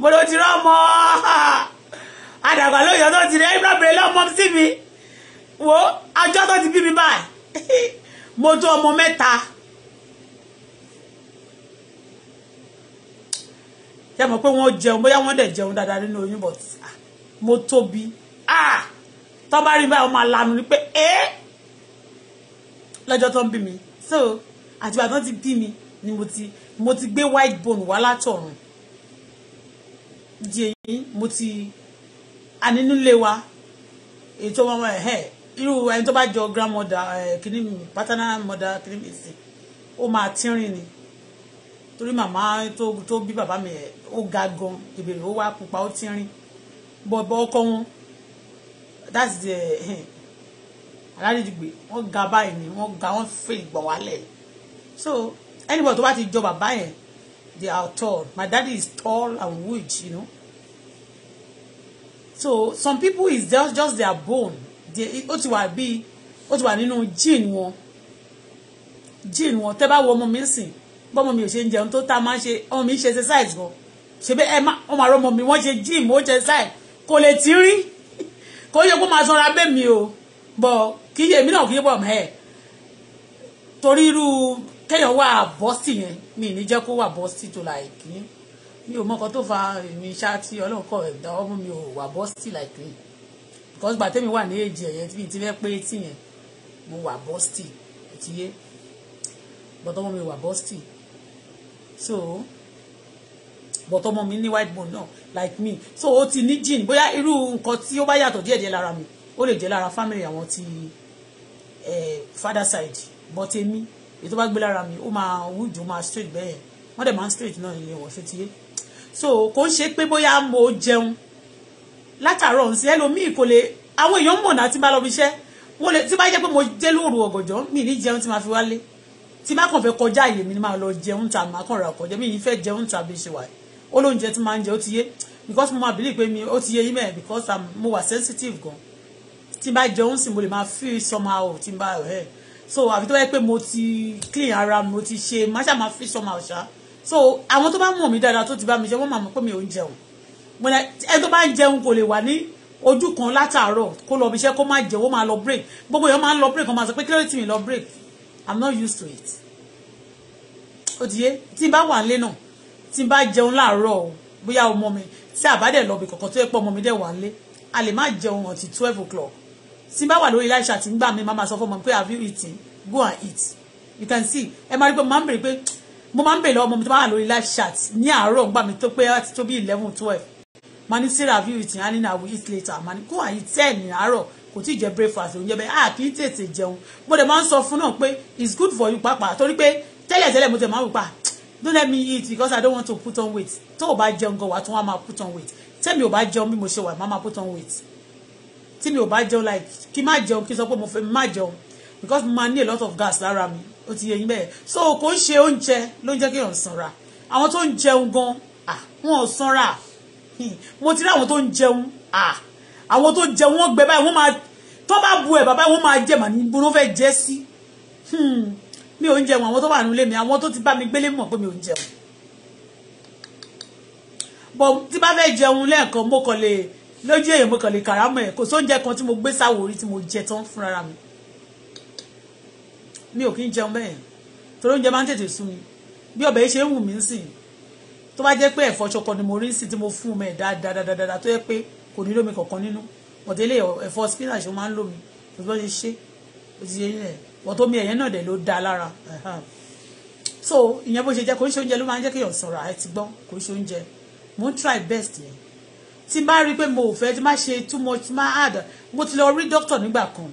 mo ló ti rọ́mọ àdàgbà lóyún ọdún ti rẹ ibrahim bèrè lọ́mọ sí mi wo ajọ́ tó ti bí mi báyìí mo tó ọmọ mẹ́ta yẹ mọ̀ pé wọ́n jẹun bóyá wọ́n dẹ̀ jẹun dáadáa nínú oyún but ah, mo tóbi ah, tó bá rí báyìí wọ́n máa lanu ni pé ẹ́ẹ́. Eh, lọ́jọ́ tó ń bí mi so àtìgbà tó ti bí mi ni mo ti mo ti gbé white bone wá látọ̀run di èyí mo ti ànínúlé wa ètò ọmọ ẹ̀ irú ẹni tó bá jọ grandmother kìíní mi paternal mother kìíní mi sí ó máa tínrín ni torí màmá tó tó bí bàbá mi ó ga gan ìbèrè ó wá pupa ó tínrín bọ̀bọ̀ ọkọ wọn that's the aládìjúgbe wọ́n ga báyìí ni wọ́n ga wọ́n fè gbọ̀ wálẹ̀ so anybody tó bá ti jọ bàbá yẹn they are tall my daddy is tall and rich, you know so some people is just just their bone they ó ti wà bíi ó ti wà nínú gene wọn gene wọn tẹ́ bá wo ọmọ mi sìn bọ́mọ mi ò ṣe ń jẹun tó tá a máa ń ṣe ọmọ mi ń ṣe exercise gan ṣe bẹ́ẹ̀ ẹ má ọmọ àrọ́ ọmọ mi wọ́n ṣe gym ó ṣe exercise kò lè tí rí kò yẹ kó máa sanra bẹ́ẹ̀ mi o bọ̀ kì í yẹ èmi náà kì í bọ̀ mọ́ ẹ̀ torí irú kéèyàn wà bọ́sì yẹn mi ní jẹ́ kó wà bọ́sì tó là mi ò mọ́kàn tó fa èmi ṣá tí ọlọ́run kọ̀ ẹ̀dá ọmọ mi ò wà bọ́sì là because gbà tẹ́mi wà ní èjì ẹ̀yẹ tí mi ti fẹ́ pé tì yẹn mo wà bọ́sì ti yé bọ́tọ́ ọmọ mi wà bọ́sì so bọ́tọ́ ọmọ mi ní white bone náà like me so ó ti ní gene bóyá irú nǹkan tí ó bá yàtọ̀ díẹ̀díẹ̀ lára mi ó lè jẹ́ lára family àwọn ti. Eh, father side but èmi èyí tó bá gbé lára mi ó máa wújù ó máa straight bẹ́ẹ̀ wọ́n dẹ̀ máa straight náà ilé wọ̀ ṣe so kò ń ṣe pé bóyá mo jẹun látàárọ̀ ń sí ẹlòmíì kò lè àwọn èèyàn mọ̀ náà tí bá lọ fi iṣẹ́ wọ́n lè tí bá jẹ́ pé mo dé lóru ọ̀gànjọ́ mi ní jẹun tí máa fi wálé tí má kàn fẹ́ kọjá àyè mi ni máa lọ jẹun ta máa kàn ra ọ̀kọ̀jẹ́ mi ní fẹ́ jẹun ta bí ṣe wà ó tí máa ń jẹ ó ti yé because mo máa believe pé mi ó ti yé yín mẹ́ẹ̀ because mo wà sensitive gan-an tí n bá jẹun sì mo lè máa feel somehow tí n bá ẹ̀ eh. so àfi tó bá yẹ pé mo ti clean ara mi mo ti ṣe má ṣáà máa feel somehow ṣá so àwọn tó bá mọ̀ mí dáadáa tó ti bá mi jẹ wọ́n máa mọ̀ pé mi ò ń jẹun ẹni tó bá ń jẹun kò lè wà ní ojú kan látàárọ̀ kó lọ ibiṣẹ́ kó má jẹun ó máa lọ break gbogbo èèyàn máa ń lọ break wọ́n máa sọ pé kí ló ti mi lọ break i'm not used to it ó ti yé tí n bá wà nílé náà tí n bá jẹun láàárọ̀ bóyá ọmọ mi tí àbádẹ́ lọ bí kankan tó yẹ pé ọmọ mi dẹ̀ wà nílé a lè má jẹun until twelve o'clock tí n bá wà lórí live chat ń gbà mí máa sọ fún ọmọ pé have you eaten go and eat you can see ẹ máa rí pé mo máa ń bèrè pé mo máa ń bèrè lọ́wọ́ ọmọ mi wà lórí live ní àárọ̀ ń gbà mí tó pé láti tó bí eleven twelve máa ní sarah have you eaten and then i will eat later máa ní go and eat ten ní àárọ̀ kò tí ì jẹ breakfast oúnjẹ bẹ́ẹ̀ a ah, kì í tètè jẹun mo dẹ̀ máa ń sọ fún náà pé it's good for you pàápàá torí pé tẹ́lẹ̀tẹ́lẹ̀ mo tẹ̀ máa ń wò pa ah, don't let me eat because i don't want to put on weight tó o bá jẹun gan wà tó wà máa put on weight tẹ́mi ò bá jẹun bí mo ṣe wà máa máa put on weight tí mi ò bá jẹun like kí má jẹun kí n sọ pé mo fẹ́ má jẹun because mo máa ní a lot of gas lára mi ó ti yẹ yín bẹ́ẹ̀ so kò ń ṣe oúnjẹ ló ń jẹ́ kí èèyàn sanra àwọn tó ń jẹun gan wọn ò sanra mo ti rí àwọn tó ń jẹun àwọn tó jẹun wọn gbẹ báyìí wọn máa tó bá bu ẹ̀ bàbá wọn máa jẹ màá ní bó ló fẹ́ jẹ́ sí hmm, mi ò ń jẹun àwọn tó wà nílé mi àwọn tó ti bá mi gbélé mọ̀ pé mi ò ń jẹun bọ̀ tí bá fẹ́ jẹun lẹ́ẹ̀kan mo kàn lè lójú èèyàn mo kàn lè kàrámọ̀ ẹ̀ kò sóúnjẹ kan tí mo gbé sáwò orí tí mo jẹ tán fúnra mi mi ò kí ń jẹun bẹ́ẹ̀ torí oúnjẹ máa ń tètè sú mi bí ọbẹ̀ yìí ṣe ń wù mí sìn tó bá jẹ́ pé ẹ̀fọ́ ṣọkọ ni mo rí sìn tí mo fún un mẹ́ dáadáa tó yẹ pé kò ní lómi kankan nínú ọ̀tẹ́lẹ̀ ẹ̀fọ́ spinach máa ń lómi kò tó ṣe ṣe ó ti ṣe ilẹ̀ wọ́n tó mi ẹ̀yẹn náà dẹ̀ ló dáa lára so ìyẹn bó ṣe jẹ́ kò ń ṣe oúnjẹ ló máa ń jẹ́ kéèyàn sọ̀rọ̀ àti gbọ́n kò ń ṣe oúnjẹ mo ń try best yẹn tí n bá rí i pé mo ò fẹ́ tí n ṣe too much tí n bá hard mo ti lọ rí dókítà nígbà kan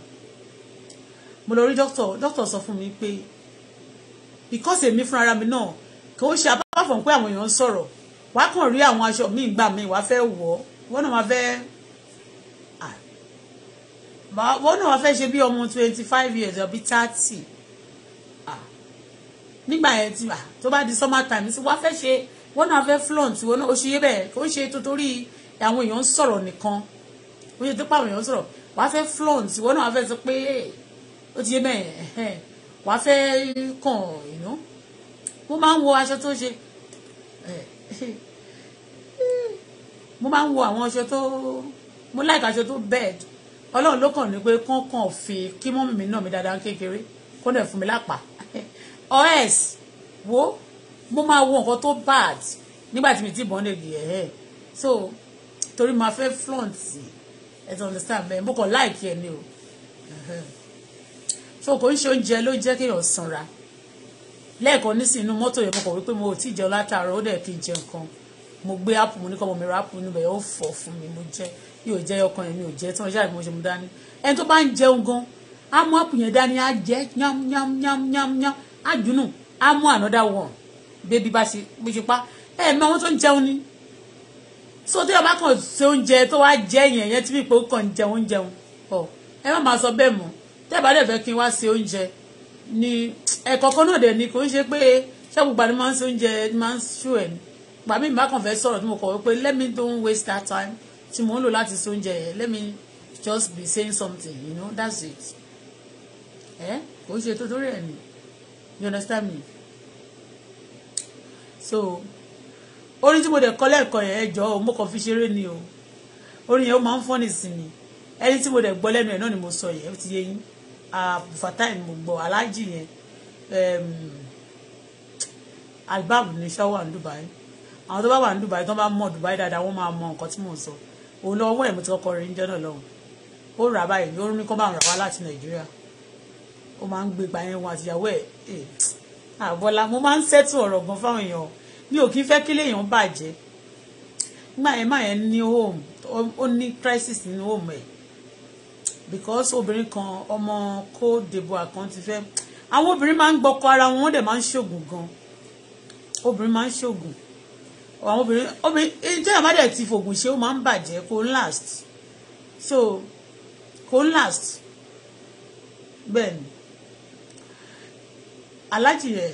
mo lọ rí dókítà dókítà sọ fún mi pé because èmi fúnra ara mi náà kò ṣe apart from pé àwọn èèyàn ń sọ̀rọ̀ wàá kàn rí àwọn aṣọ míì gbà míì wàá fẹ́ wọ̀ ọ́ wọ́n náà máa fẹ́ wọ́n náà wàá fẹ́ ṣe bí ọmọ twenty five years ọ̀bí thirty nígbà yẹn tí tó bá di summer time wàá fẹ́ ṣe wọ́n náà fẹ́ flaunt wọ́n náà ó ṣe yé bẹ́ẹ̀ kò ń ṣe torí àwọn èèyàn ń sọ̀rọ̀ nìkan ó yẹ tó pa àwọn èèyàn ń sọ̀rọ̀ wàá fẹ́ flaunt ìwọ náà wàá fẹ́ sọ pé ó ti yé bẹ́ẹ̀ wàá fẹ́ kàn ìnú mo máa ń wo aṣọ tó ṣe mo máa ń wo àwọn aṣọ tó mo láìka aṣọ tó bẹ́ẹ̀ ọlọ́run ló kàn ní pé kọ́ńkàn fi kí mọ́mì mi náà mi dáadáa kékeré kó dẹ̀ fún mi lápá os wo mo máa wo nǹkan tó bad nígbà tí mi ti bọ́n lè gbìyànjú so torí máa fẹ́ flaunt ẹ ti understand bẹ́ẹ̀ mo kàn láìkí ẹ ní o so kò ń ṣe oúnjẹ ló jẹ́ kéèyàn sanra lẹ́ẹ̀kan nísìnyí mọ́tò yẹn mo kàn wípé mo ò tí ì jẹun látàárọ̀ ó dẹ̀ kí n jẹ nǹkan mo gbé app mo ní kọ́ mo mi ra app nínú bẹ̀ ó fọ̀ fún mi mo jẹ́ yóò jẹ́ ọkàn yẹn mi ò jẹ́ tí wọ́n ṣáà bí mo ṣe mo dání ẹni tó bá ń jẹun gan á mú app yẹn dání á jẹ́ yám á dùnú á mú another one bébí bá ṣe pa ẹ̀ẹ̀mí àwọn tó ń jẹun ni so tí ọba kan ṣe oúnjẹ tó wá jẹ yẹn yẹn tí mi pé ó kàn jẹun oúnjẹun ọ ẹ má máa sọ bẹ́ẹ̀ mọ́ tẹ́ ẹ bá dẹ̀ fẹ́ kí n wá ṣe oúnjẹ ni ẹ̀kọ́ kan náà dẹ̀ ni kò ń ṣe pé ṣé gbogbo àdé máa ń ṣe oúnjẹ máa ń ṣù ẹ̀ gbà mí ìbá kan fẹ́ sọ̀rọ̀ tí mo kọ̀ wípé let me don't waste that time tí mo ń lò láti ṣe oúnjẹ yẹn let me just be saying something you know that's it ẹ kò ń ṣe tó torí ẹ̀ ni you understand me so orin tí mo dẹ̀ kọ lẹ́ẹ̀kan yẹn ẹjọ́ mo kàn fi ṣeré ni o orin yẹn ó máa ń fọ́ nísìnyí ẹni tí mo dẹ̀ gbọ́ lẹ́nu ẹ̀ náà ni mo sọ yẹn ó ti yé yín Fatai mo gbọ́ aláàjì yẹn ehm, albab ní ṣáwà ní Dubai àwọn tó bá wà ní Dubai tó bá mọ̀ Dubai dáadáa wọ́n máa mọ nǹkan tí mò ń sọ òun lọ́wọ́ wọ́n ẹ̀ mo ti kọ́kọ́ rí níjọ́ náà lọ́hùn ó rà báyìí ó ní kó máa rà wá láti Nàìjíríà ó máa ń gbé gbà yẹn wọn àtìyàwó ẹ̀ eh, àbọ̀là mo máa ń sẹ́tù ọ̀rọ̀ gan fáwọn èèyàn mi ò kí ń fẹ́ kí léèyàn bàjẹ́ nígbà yẹn máa yẹn ní home ó ní crisis nínú home ẹ̀ because obìnrin kan ọmọ kó dìbò àkáǹtì fẹ́ àwọn obìnrin máa ń gbọ́kọ ara wọn wọ́n dẹ̀ máa ń ṣògùn gan obìnrin máa ń ṣògùn àwọn obìnrin obìnrin jẹ́ àmàdẹ̀ ti fògùn ṣe ó máa ń bàjẹ́ kò ń last so kò ń last bẹ́ẹ̀ ni alájì rẹ̀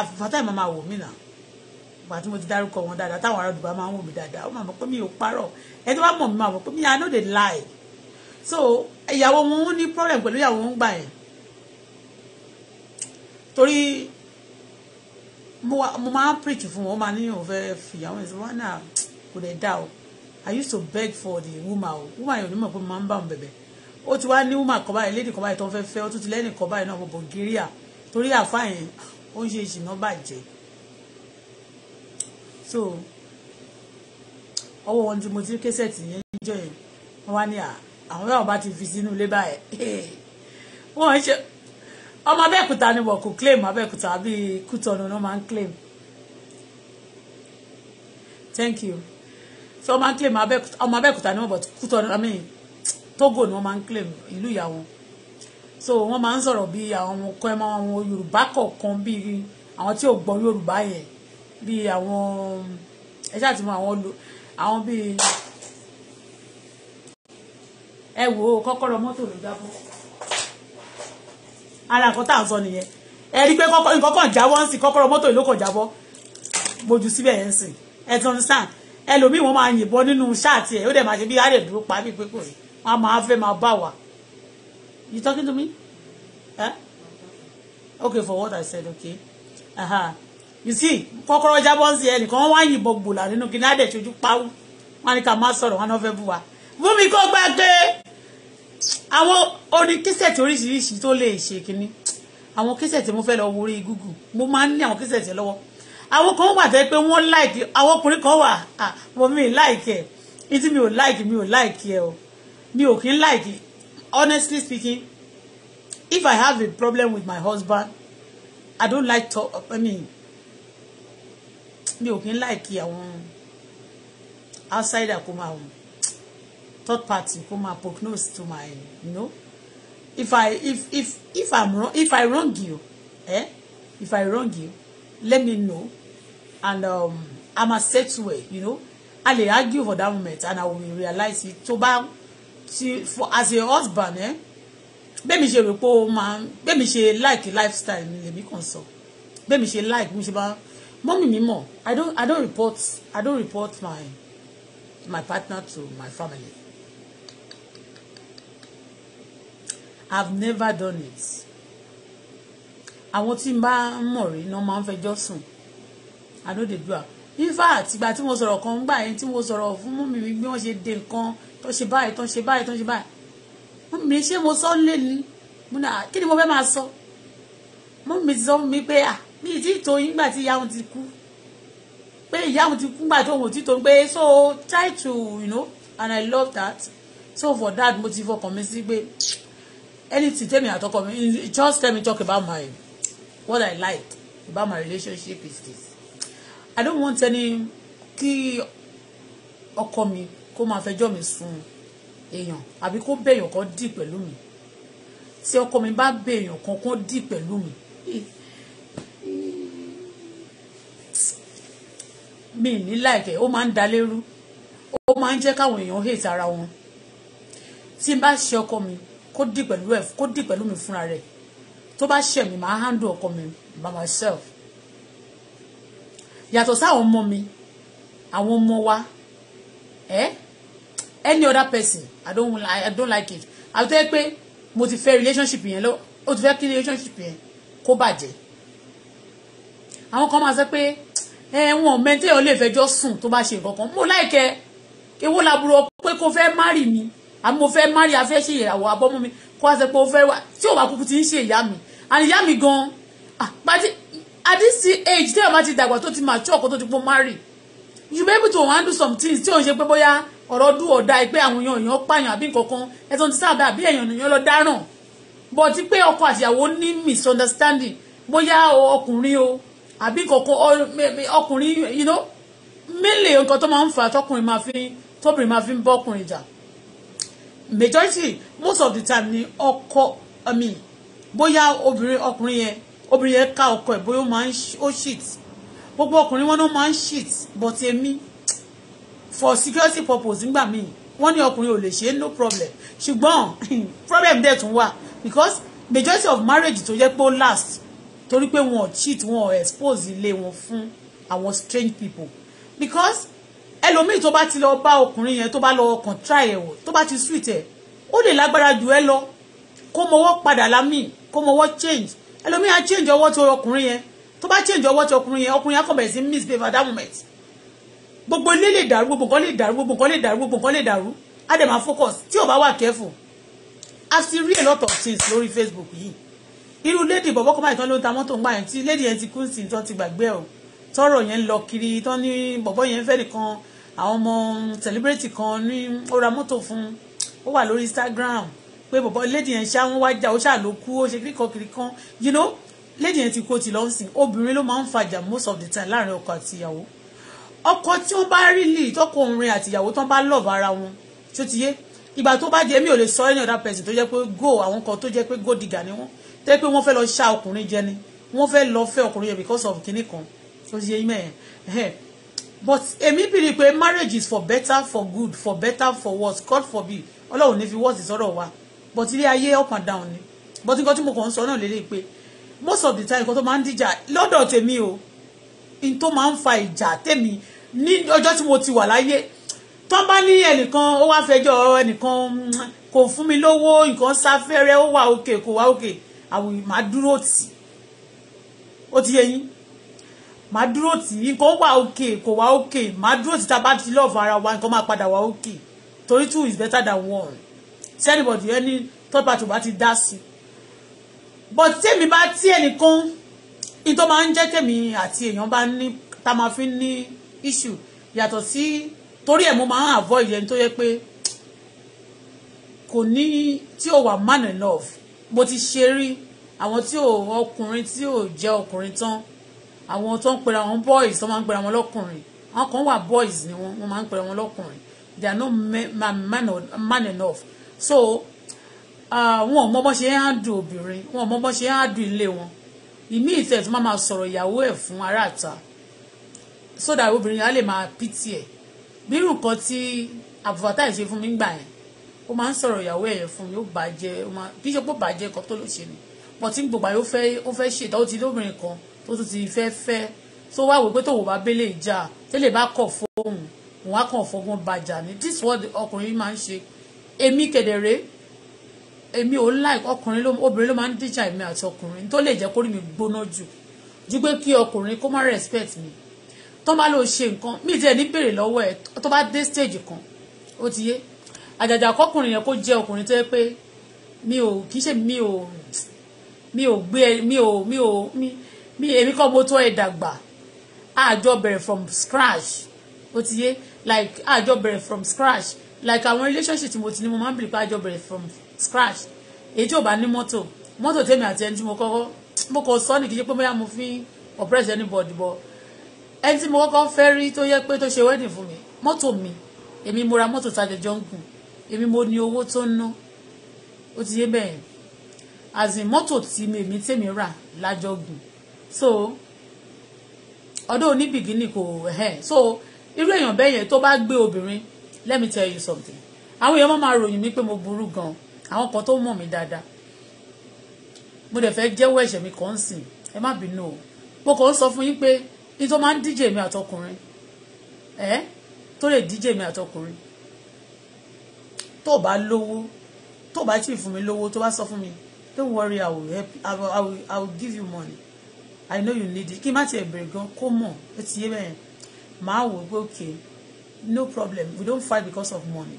àfàtà ìmọ̀ máa wò mí náà ìgbà tí mo ti dárúkọ wọn dáadáa táwọn ará Dubai máa ń wò mí dáadáa ó máa mọ̀ pé mi ò parọ́ ẹni tó bá mọ̀ mi máa mọ̀ pé mi I no dey lie so ìyàwó wọn ní problem pẹ̀lú ìyàwó wọn gbà yẹn torí mo máa ń preach fún wọn ó máa ní òun fẹ́ẹ́ fìyàwó ẹ̀ sí wọn náà ah, kò dẹ̀ dá o I used to beg for the woman o woman yẹn ò ní mọ̀ pé mo máa ń bá òun bẹ̀bẹ̀ ó ti wá ní woman kan báyìí lady kan báyìí tó ń fẹ́ fẹ́ ó tún ti lẹ́nìkan báyìí náà mo Bulgaria torí àfáà yẹn ó ń ṣe ìṣìnà bàjẹ́ so ọwọ́ wọn tí mo ti késẹ̀tì yẹn níjọ́ yẹn wọ́n wá ní àwọn náà bá ti fi sínú ilé báyìí wọ́n ṣe ọmọ abẹ́òkúta ni wọ́n kò claim abẹ́òkúta bíi kútọ̀nù náà máa ń claim thank you so wọ́n máa ń claim ọmọ abẹ́òkúta ni wọ́n bọ̀ kútọ̀nù i mean togo ni wọ́n máa ń claim ìlú ìyàwó so wọ́n máa ń sọ̀rọ̀ bíi àwọn kọ́ ẹ̀ máa wọn yorùbá kọ̀ọ̀kan bíi àwọn tí ò gbọ́ yorùbá yẹn bíi àwọn ẹ ṣáà ti mọ àwọn lo àwọn bíi ẹ wò ó kọ́kọ́rọ́ mọ́tò ló jábọ́ ara nǹkan tá à ń sọ nìyẹn ẹ rí i pé nǹkan kan jábọ́ ń sìn kọ́kọ́rọ́ mọ́tò ló kàn jábọ́ gbójú síbẹ̀ ẹ̀ ń sìn ẹ ti understand ẹlòmíì wọn máa yìnbọn nínú ṣáàtì ẹ ó dẹ̀ máa ṣe bí á lè dúró pa bí pé kò rí wọn máa fẹ́ máa bá wa you talking to me? Eh? Okay, for what I said, okay. Uh-huh you see kọ́kọ́rọ́ jábọ́ ń sí ẹnìkan wá yìnbọn gbòòlà nínú kí náà dẹ̀ ṣojú pawú wọn ni ká má sọ̀rọ̀ wọn náà fẹ́ bú wa bùnmi kò gbà pé àwọn orin kíṣẹ̀ tí oríṣiríṣi tó lè ṣe kínní àwọn kíṣẹ̀ tí mo fẹ́ lọ wo orí Google mo máa ń ní àwọn kíṣẹ̀ tí lọ́wọ́ àwọn kan wà tẹ́ pé wọ́n láìkì àwọn ọkùnrin kan wà wọ́n mi láìkì ẹ̀ ìtí mi ò láìkì mi ò láìkì ẹ̀ o mi ò kí ń láìkì honestly speaking if I have a problem with my husband I don't like talk I mean mi ò kí ń láìkí àwọn outsider kó máa third party kó máa prognose to my you know if i if if if i'm wrong if i wrong you eh if i wrong you let me know and um, i'm a set way you know i dey argue for that moment and i will realize it tó bá ti for as a husband eh bẹ́ẹ̀ mi ṣe rò pé ó máa bẹ́ẹ̀ mi ṣe like lifestyle mi lèmi kàn sọ bẹ́ẹ̀ mi ṣe like mi ṣe bá. Mommy, me more. i don't i don't report i don't report my my partner to my family i've never done it àwọn tí n bá ń mọ̀ rí náà máa ń fẹjọ́ sùn i no dey do am in fact ìgbà tí mo sọ̀rọ̀ kan gbà yẹn tí mo sọ̀rọ̀ fún mọ́mì mi bí wọ́n ṣe dé nǹkan tó ṣe báyìí tó ṣe báyìí tó ṣe báyìí mọ́mì mi ṣé mo sọ lé ní mo ah, náà kí ni mo fẹ́ máa sọ mọ́mì mi ti sọ fún mi pé ah mi ti tó yín gbà tí ìyá òun ti kú pé ìyá òun ti kú gbà tó òun ti tó pé so try to you know and I love that so for that mo ti fọkàn mi sí pé anything tell me àtọkọ mi just tell me talk about my what I like about my relationship is this I don't want any kí ọkọ mi kó máa fẹjọ́ mi sùn èèyàn àbí kó bẹ̀yàn kan dì pẹ̀lú mi tí ọkọ mi bá bẹ̀yàn kan kan dì pẹ̀lú mi. mi ní láìkẹ́ ó máa ń dalérú ó máa ń jẹ́ káwọn èèyàn hate ara wọn tí n bá ṣe ọkọ mi kó dì pẹ̀lú ẹ̀ kó dì pẹ̀lú mi fúnra rẹ̀ tó bá ṣẹ̀ mi máa handle ọkọ mi by myself yàtọ̀ sáwọn ọmọ mi àwọn ọmọ wa ẹ any other person i don't i don't like it àti tẹ́ pé mo ti fẹ́ relationship yẹn lọ ó ti fẹ́ kí relationship yẹn kó bàjẹ́ àwọn kan máa sọ pé ẹ̀wọ̀n mẹ́tẹ́ ò lè fẹjọ́ sùn tó bá ṣe nǹkan kan mo láìkẹ́ ewo laburo pé kò fẹ́ márì mi àmọ́ mo fẹ́ márì afẹ́ ṣe ìyàwó abọ́mú mi kó a sọ pé o fẹ́ wá tí ò bá kúkú ti ń ṣe ìyá mi àní ìyá mi gan àti ah, at this age tí ò bá ti dàgbà tó ti mature kó tó ti pọ́ márì you may be able to do some things tí ò ń ṣe pé bóyá ọ̀rọ̀ dùn ọ̀dà ẹ pé àwọn èèyàn èèyàn pààyàn àbí nǹkan kan ẹ̀sán ti sáàbà àbí èèyàn èèyàn lọ dáràn bọ̀ ti pé ọkọ àtìyàwó ní misunderstanding bóyá ọkùnrin o àbí kòkó ọkùnrin you know mílè nǹkan tó máa ń fà tọkùnrin máa fi tóbìnrin máa fi ń bọ́kùnrin jà majority most of the time ni ọkọ I mean bóyá obìnrin ọkùnrin yẹn obìnrin yẹn ká ọkọ ẹ̀ bóyá ó máa ń ó shit gbogbo ọkùnrin wọn náà máa ń shit but èmi for security purpose nígbà míì wọ́n ní ọkùnrin ò lè ṣe no problem ṣùgbọ́n problem dẹ̀ tún wà because majority of marriage tó yẹ pé ó last torí pé wọn ò cheat wọn ò expose ilé wọn fún àwọn strange people because ẹlòmíì tó bá ti lọ bá ọkùnrin yẹn tó bá lọ ọkàn try ẹ̀ wò tó bá ti sweet ẹ̀ ó lè lágbára jù ẹ lọ kó mọwọ́ padà lámì kó mọwọ́ change ẹlòmíì á change ọwọ́ tó ọkùnrin yẹn tó bá change ọwọ́ tó ọkùnrin yẹn ọkùnrin yẹn á kọ̀ bẹ̀rẹ̀ sí misbehave at that moment gbogbo ilé lè dàrú gbogbo nǹkan lè dàrú gbogbo nǹkan lè dàrú gbogbo nǹkan lè dàrú á focus tí ò bá wà careful a ti rí a lot of things lórí Facebook yìí irú lady bọ̀bọ́ kan báyìí tán ló ń ta mọ́tò ń gbà yẹn tí lady yẹn ti kú sí tán ti gbàgbé ẹ̀ o tọrọ yẹn lọ kiri tán ní bọ̀bọ́ yẹn fẹ́ nìkan àwọn ọmọ mm, celebrity kan ní ó ra mọ́tò fún ó wà lórí Instagram pé bọ̀bọ́ lady yẹn ṣá wọn wá já ó ṣá ló kú ó ṣe kíríkan kirikan you know lady yẹn ti kó ti lọ sìn obìnrin ló máa ń fàjà most of the time láàrin ọkọ àti ìyàwó ọkọ tí wọn bá rí lì tọkọ òun àti ìyàwó tán bá love ara wọn tó ti yé ìgbà tó bá jẹ mi ò lè sọ ẹni ọ̀dà pẹ̀sì tó jẹ́ pé go àwọn kan tó jẹ́ pé go digger ni wọ́n tẹ́ pé wọ́n fẹ́ lọ ṣá ọkùnrin jẹ ni wọ́n fẹ́ lọ fẹ́ ọkùnrin yẹn because of kinní kan tó ṣe yín mẹ́yẹn but èmi bìrì pé marriage is for better for good for better for worse God forbid ọlọ́run ní fi worse sọ́dọ̀ wa but ilé ayé up and down ni but nǹkan tí mo kàn ń sọ náà lélẹ́yìn pé most of the time nǹkan tó máa ń dìjà lọ́dọ̀ tèmi o n tó máa ń fa ìjà tèmi ní ọjọ́ tí mo ti wà láyé tó bá ní ẹnìkan ó wá fẹjọ́ ẹnìkan kò fún mi lówó nǹkan sáfẹ́rẹ́ ó wà òkè kò wá òkè. Okay àwọn màá dúró tì ó ti yẹ yín màá dúró tì í nǹkan wà òkè kò wà òkè màá dúró tì tá a ti lọ́ọ̀fù ara wa nǹkan máa padà wà òkè torí two is better than one ṣé anybody ẹni third party bá ti dá sí but tèmi bá tí ẹnìkan ní tó máa ń jẹ́ tèmi àti èèyàn bá ní tá a máa fi ní issue yàtọ̀ sí torí ẹ̀ mo máa ń avoid ẹni tó yẹ pé kò ní tí ò wà man enough mo ti ṣe rí àwọn tí ò ọkùnrin tí ò jẹ́ ọkùnrin tán àwọn tó ń pera wọn boys tó máa ń pera wọn lọ́kùnrin àwọn kan wà boys ni wọn wọn máa ń pera wọn lọ́kùnrin they are not man, man, man enough so ah, wọn ò mọ bó ṣe ń handle obìnrin wọn ò mọ bó ṣe ń handle ilé wọn ìmí ìtẹ̀ tó máa ma sọ̀rọ̀ ìyàwó ẹ̀ fún aráàta so that obìnrin yẹn á lè máa pity ẹ̀ bí irú nǹkan tí àbùfàtà ìṣe fún mi gbà yẹn ó máa ń sọ̀rọ̀ ìyàwó ẹ̀yẹ fún mi ó bàjẹ́ ó máa bí ṣe pé ó bàjẹ́ nǹkan tó lè ṣe ni pọ̀ tí gbogbo àyè ó fẹ́ ó fẹ́ ṣe ìdáwó ti lóbìnrin kan tó tún ti fẹ́ fẹ́ tó wá wò pé tòun bá bẹ́lẹ̀ ìjà tẹ́lẹ̀ bá kọ̀ fóun òun á kàn fọgbọ́n bàjà ni this word ọkùnrin máa ń ṣe èmi kẹ̀dẹ̀rẹ́ èmi ò like ọkùnrin obìnrin ló máa ń díjà èmi àti ọkùnrin tó lè jẹ́ kó rí mi gbóná jù ju pé kí ọkùnrin kó má respect mi tó bá lọ ṣe nǹkan mi ti ní bèrè lọ́wọ́ ẹ̀ tó bá dé stage kan ó ti yé àjàjà kọkùnrin yẹn kó jẹ́ ọkùnrin tó yẹ pé mi ò kì í ṣe mi ò mi ò gbé mi ò mi ò mi èmi kọ́ mo tó ẹ dàgbà àjọ bẹ̀rẹ̀ from scratch ó ti yé like àjọ bẹ̀rẹ̀ from scratch like àwọn relationship tí mo ti ní mo máa ń bìrì pé àjọ bẹ̀rẹ̀ from scratch èyí tí ò bá ní mọ́tò mọ́tò tèmi àti ẹni tí mo kọ́kọ́ mo kò sọ ní kí n ṣe pé bóyá mo fi oppress anybody but ẹni tí mo kọ́kọ́ fẹ́ rí tó yẹ pé tó ṣe wedding fún mi mọ́tò mi èmi mo ra mọ́tò tá a jọjọ ń gùn èmi mo ní owó tó ń ná ó ti yé bẹ́ẹ̀ àzìn mọ́tò tí èmi tèmi rà lájọgùn so ọdún oníbìgínì kò ẹ̀hẹ́ so irú èèyàn bẹ́ẹ̀ yẹn tó bá gbé obìnrin let me tell you something àwọn èèyàn máa ròyìn mi pé mo burú gan àwọn kan tó mọ̀ mí dáadáa mo dẹ̀ fẹ́ jẹ́wọ́ ẹ̀ṣẹ̀ mi kàn sìn ẹ má bínú o mo kàn ń sọ fún yín pé ní tó máa ń díje mi àtọkùnrin ẹ tó lè díje mi àtọkùnrin tó bá lówó tó bá tí ì fún mi lówó tó bá sọ fún mi don't worry i will help i will i will, I will give you money i know you need it kí n má tiẹ̀ bèrè gan kó mọ̀ ó ti yé bẹ́ẹ̀ màá wò pé okay no problem we don't fight because of money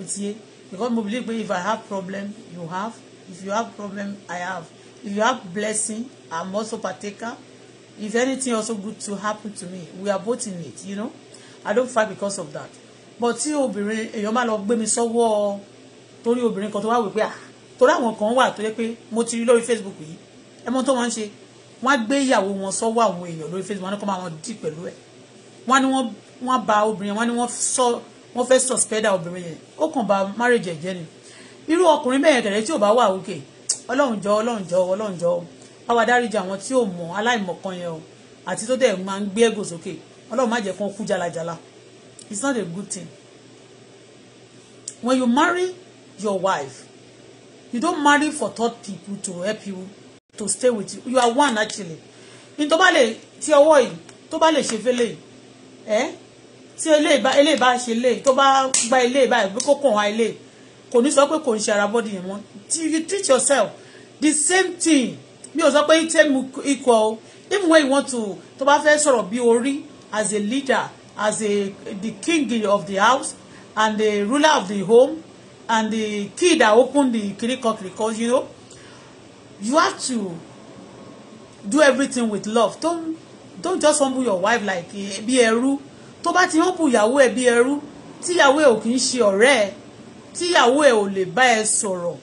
ó ti yé because mo believe pé if i have problem you have if you have problem i have if you have blessing i'm also partaker if anything also good to happen to me we are both in it you know i don't fight because of that bọ̀ tí obìnrin èèyàn bá lọ gbé mi sọ́wọ́ torí obìnrin kan tó wá wò pé à torí àwọn kan wà tó yẹ pé mo ti rí lórí Facebook yìí ẹ mọ tó wọn ṣe wọn gbé ìyàwó wọn sọ́wọ́ àwọn èèyàn lórí Facebook wọn ní kó máa wọn dì pẹ̀lú ẹ̀ wọn ni wọn ba obìnrin wọn ni wọn sọ wọn fẹ́ suspend obìnrin yẹn ó kàn ba marriage ẹ̀ jẹ́ ni irú ọkùnrin bẹ́ẹ̀ kẹ̀rẹ́ tí ò bá wà òkè ọlọ́run jọ ọlọ́run jọ ọlọ́run jọ báwa dáríjà àwọn tí ò mọ̀ aláìmọ̀kan yẹn o àti tó dẹ̀ máa ń gbé ẹ̀gò sókè ọlọ́run má jẹ́ kó kú jalajala. It's not a good thing. When you marry your wife, you don't marry for third people to help you to stay with you. You are one actually. In tó bá lè ti ọwọ́ yìí tó bá lè ṣe fẹ́lẹ̀ yìí ẹ́ tí eléyìí bá ṣe eléyìí tó bá gba eléyìí báyìí bí kò kàn wá eléyìí kò ní sọ pé kò ń ṣe ara bọ́dì yẹn mọ́. You treat yourself the same thing mi ò sọ pé you take equal even when you want to tó bá fẹ́ sọ̀rọ̀ bí orí as a leader as a, the king of the house and the ruler of the home and the key that open the kirikok because you know you have to do everything with love don't don't just humble your wife like eh, bí ẹrú tó bá ti humble ìyàwó ẹ bí ẹrú tíyàwó ẹ o kì í ṣe ọ̀rẹ́ ẹ tíyàwó ẹ ò lè bá ẹ sọ̀rọ̀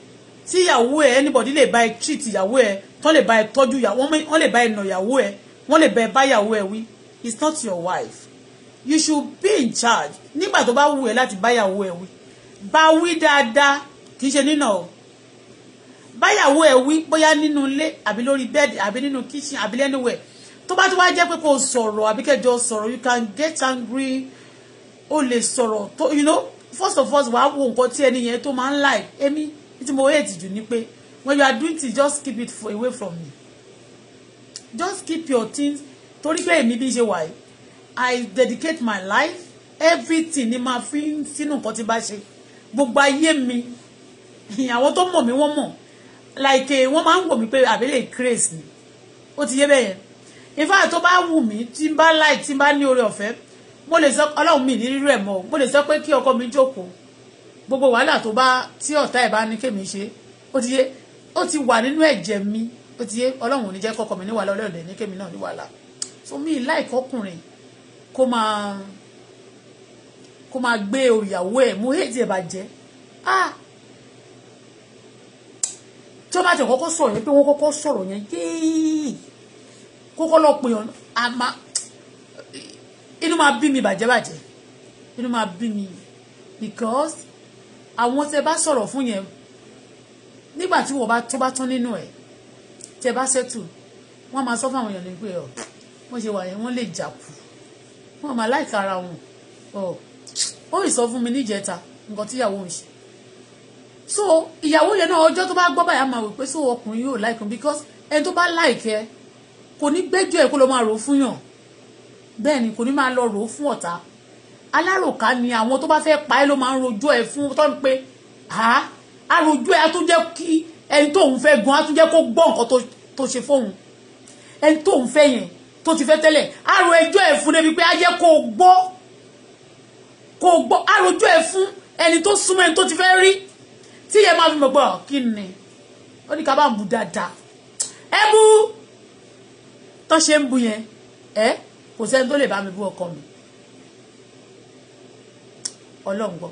tíyàwó ẹ anybody le bá ẹ treat ìyàwó ẹ tó lè bá ẹ tọ́jú ìyàwó wọn lè bá ẹ nà ìyàwó ẹ wọn lè bá ẹ bá ìyàwó ẹ wí it's not your wife you should be in charge nígbà tó bá wù ẹ́ láti báyàwó ẹ̀ wí bá wí dáadáa kì í ṣe nínà o báyàwó ẹ̀ wí bóyá nínú ilé àbí lórí bẹ́ẹ̀dì àbí nínú kitchen àbí anywhere tó bá tó wá jẹ́ pé kò sọ̀rọ̀ àbí kẹjọ sọ̀rọ̀ you can get angry o lè sọ̀rọ̀ tó you know first of all wàá wo nǹkan tí ẹni yẹn tó máa ń like èmi tí mo hate jù ni pé when you are doing things just keep it away from me just keep your things torí pé èmi bí ṣe wà yìí I dedicate my life everything ni máa fi sínú nǹkan tí bá ṣe gbogbo ayé mi àwọn tó mọ̀ mí wọ́n mọ̀ like eh, wọ́n máa ń wò mí pé àbẹ́lẹ̀ craze ni ó ti yé bẹ́ẹ̀ in fact tó bá wù mí tí n bá like tí n bá ní oore ọ̀fẹ́ mo lè sọ ọlọ́run mi ní rírú ẹ̀ mọ́ mo lè sọ pé kí ọkọ mi jókòó gbogbo wàhálà tó bá tí ọ̀tá ẹ̀ bá ní kémi ṣe ó ti yé ó ti wà nínú ẹ̀jẹ̀ mi ó ti yé ọlọ́run ò ní jẹ́ kọ́kọ́ mi ní wàhálà ọlọ́run ní kémi náà ní wàhálà so mi like ọkùnrin kó máa kó máa gbé ìyàwó ẹ̀ mú hate ẹ̀ bàjẹ́ ah tí wọ́n bá ti kọ́kọ́ sọ̀rọ̀ yẹn pé wọ́n kọ́kọ́ sọ̀rọ̀ yẹn yéé kókó lọ pè ọ́n a máa inú máa bí mi bàjẹ́ bàjẹ́ inú máa bí mi because àwọn tẹ bá sọ̀rọ̀ fún yẹn nígbà tí wọ́n bá tó bá tán nínú ẹ̀ tẹ bá settle wọ́n máa sọ fún àwọn èèyàn ní pé ọ̀ wọ́n ṣe wà yẹn wọ́n lè jà kù wọn máa láìka ara wọn ọ oh. ó ì sọ fún mi níjẹta nǹkan tíyàwó ń ṣe so ìyàwó yẹn náà ọjọ́ tó bá gbọ́ báyà máa wò pé so ọkùnrin yóò láìkùn because ẹni tó bá láìkẹ́ kò ní gbẹ́jọ́ ẹ̀ kó lọ máa rò fún yàn bẹ́ẹ̀ ni kò ní máa lọ rò fún ọ̀tá aláròká ni àwọn tó bá fẹ́ pa ẹ́ ló máa ń rojọ́ ẹ̀ fún tọ́ pé ha àròjọ́ ẹ̀ á tún jẹ́ kí ẹni tóun fẹ́ gan á tún jẹ́ kó gbọ́ nǹkan tó ṣe fóun ẹni tóun fẹ́ yẹn tó ti fẹ́ tẹ́lẹ̀ àrò ẹjọ́ ẹ̀ fún débi pé á jẹ́ kó o gbọ́ kó o gbọ́ àròjọ́ ẹ̀ fún ẹni tó súnmọ́ ẹni tó ti fẹ́ rí tí yẹn máa fi mọ̀ gbọ́ kí ni ó ní ká bá mú dáadáa ẹ bú tó ṣe ń bu yẹn ẹ kò sẹ́ni tó lè bá mi bú ọkọ mi ọlọ́run gbọ́.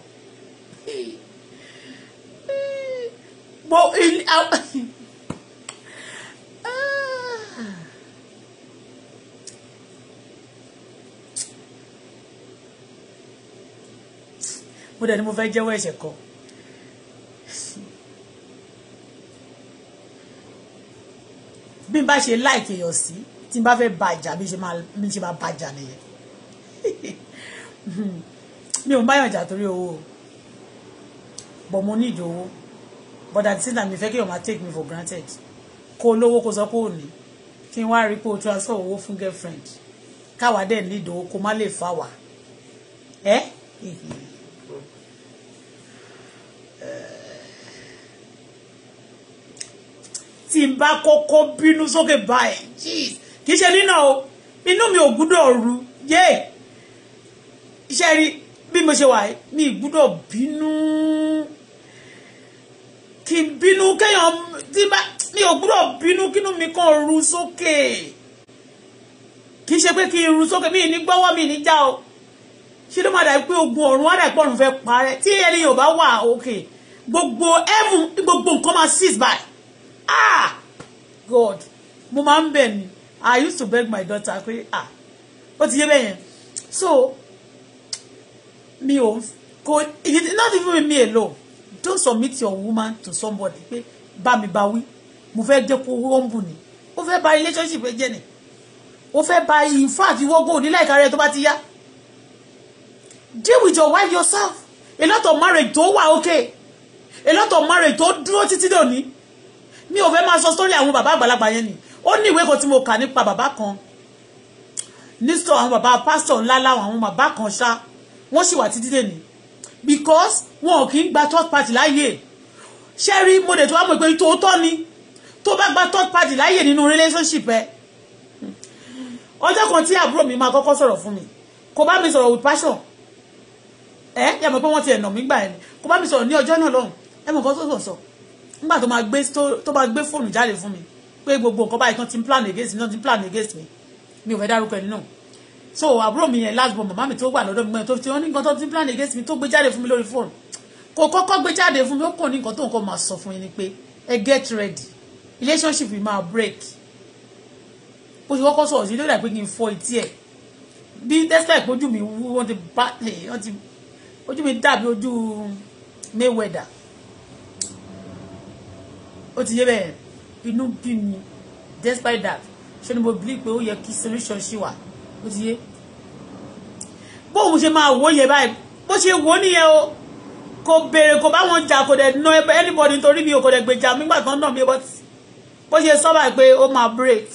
mo dẹ̀ ni mo fẹ́ jẹ́wọ́ ẹ̀ṣẹ̀ kan. bí n bá ṣe láìkè èèyàn sí tí n bá fẹ́ bàjà bí n ṣe máa bàjà nìyẹn mi ò ń báyọ̀ jà torí owó but mo need owó but at the same time mi fẹ́ kí èèyàn máa take me for granted kó olówó kó sọ pé ò ní kí n wá rí pé o transfer owó fún girlfriend káwa dẹ̀ need owó kó má lè fà wá ẹ́. Eh? tí n bá kọ́kọ́ bínú sókè báyìí jeez kì í ṣe nínà o inú mi ò gbúdọ̀ ru yé iṣẹ́ rí bí mo ṣe wà mi gbúdọ̀ bínú kì í bínú kéèyàn tí bá mi ò gbúdọ̀ bínú kínú mi kàn ru sókè kì í ṣe pé kí n ru sókè mi ní gbọ́wọ́ mi ní já o ṣé ló máa dà pé ogun ọ̀run á dà pé ọ̀run fẹ́ parẹ́ tí ẹni yóò bá wà òkè gbogbo ẹ̀mù gbogbo nǹkan máa seize by ah god mo máa ń bẹ̀ ni i used to beg my daughter pé ah ó ti yé bẹ́ẹ̀ yẹn so mi ò kò not even me alone don't submit your woman to somebody pé bá mi bá wí mo fẹ́ jẹ́ kó humble ni ó fẹ́ bà relationship jẹ́ ni ó fẹ́ bà in fact ìwọ́gbọ́n ò tó bá ti yá deal with your wife yourself a lot of marriage tó wà okay a lot of marriage tó dúró títí dòní mi ò fẹ́ máa sọ story àwọn bàbá àgbàlagbà yẹn ni ó ní ìwé kan tí mo kà nípa bàbá kan nísọ àwọn bàbá pásítọ̀ ńlá láwọn àwọn bàbá kan ṣá wọ́n sì wà títí dòní because wọn ò kí ń gba third party láàyè ṣé rí mo dẹ̀ tó wá mọ̀ pé tòótọ́ ni tó bá gba third party láàyè nínú relationship ẹ ọjọ́ kan tí àbúrò mi máa kọ́kọ́ sọ̀rọ̀ fún mi kò bá mi sọ̀rọ̀ with passion ẹ ẹ mọ̀ pé wọ́n ti ẹ̀nà mí gbà ẹ̀ ni kó bá mi sọ̀rọ̀ ní ọjọ́ náà lọ́hùn ẹ mọ̀ nǹkan tó sọ̀ sọ̀ nígbà tó máa gbé tó máa gbé fóònù jáde fún mi pé gbogbo nǹkan báyìí tán ti ń plan against mi tán ti ń plan against mi mi ò fẹ́ dárúkọ ẹni náà so àbúrò mi yẹn last born màmá mi tó wà lọ́dọ̀ mi tó ti wọ́n ní nǹkan tó ti ń plan against mi tó gbé jáde fún mi lórí fóònù kò kọ́kọ́ gbé jáde fún mi ó kàn ní nǹkan tó nǹkan máa sọ fún yín ni pé ẹ get ready relationship yìí máa break bó ṣe kọ́kọ́ sọ̀rọ̀ sí lórí àpé kí n fọ etí ẹ̀ bí tesla ìpójú mi wú wọ́n ti bá wọ́n ti ojú mi dàbí ojú Mayweather ó ti yé bẹ́ẹ̀ inú bí mi despite that ṣé ni mo believe pé ó yẹ kí solution ṣì wà ó ti yé bóun ṣe máa wò ó yẹ báyìí bó ṣe wò ó nìyẹn o kò béèrè kò bá wọn jà kò dẹ̀ nà anybody torí mi ò kò dẹ̀ gbèjà mi gbàgbọ́n náà mi bó ṣe sọ báyìí pé ó máa break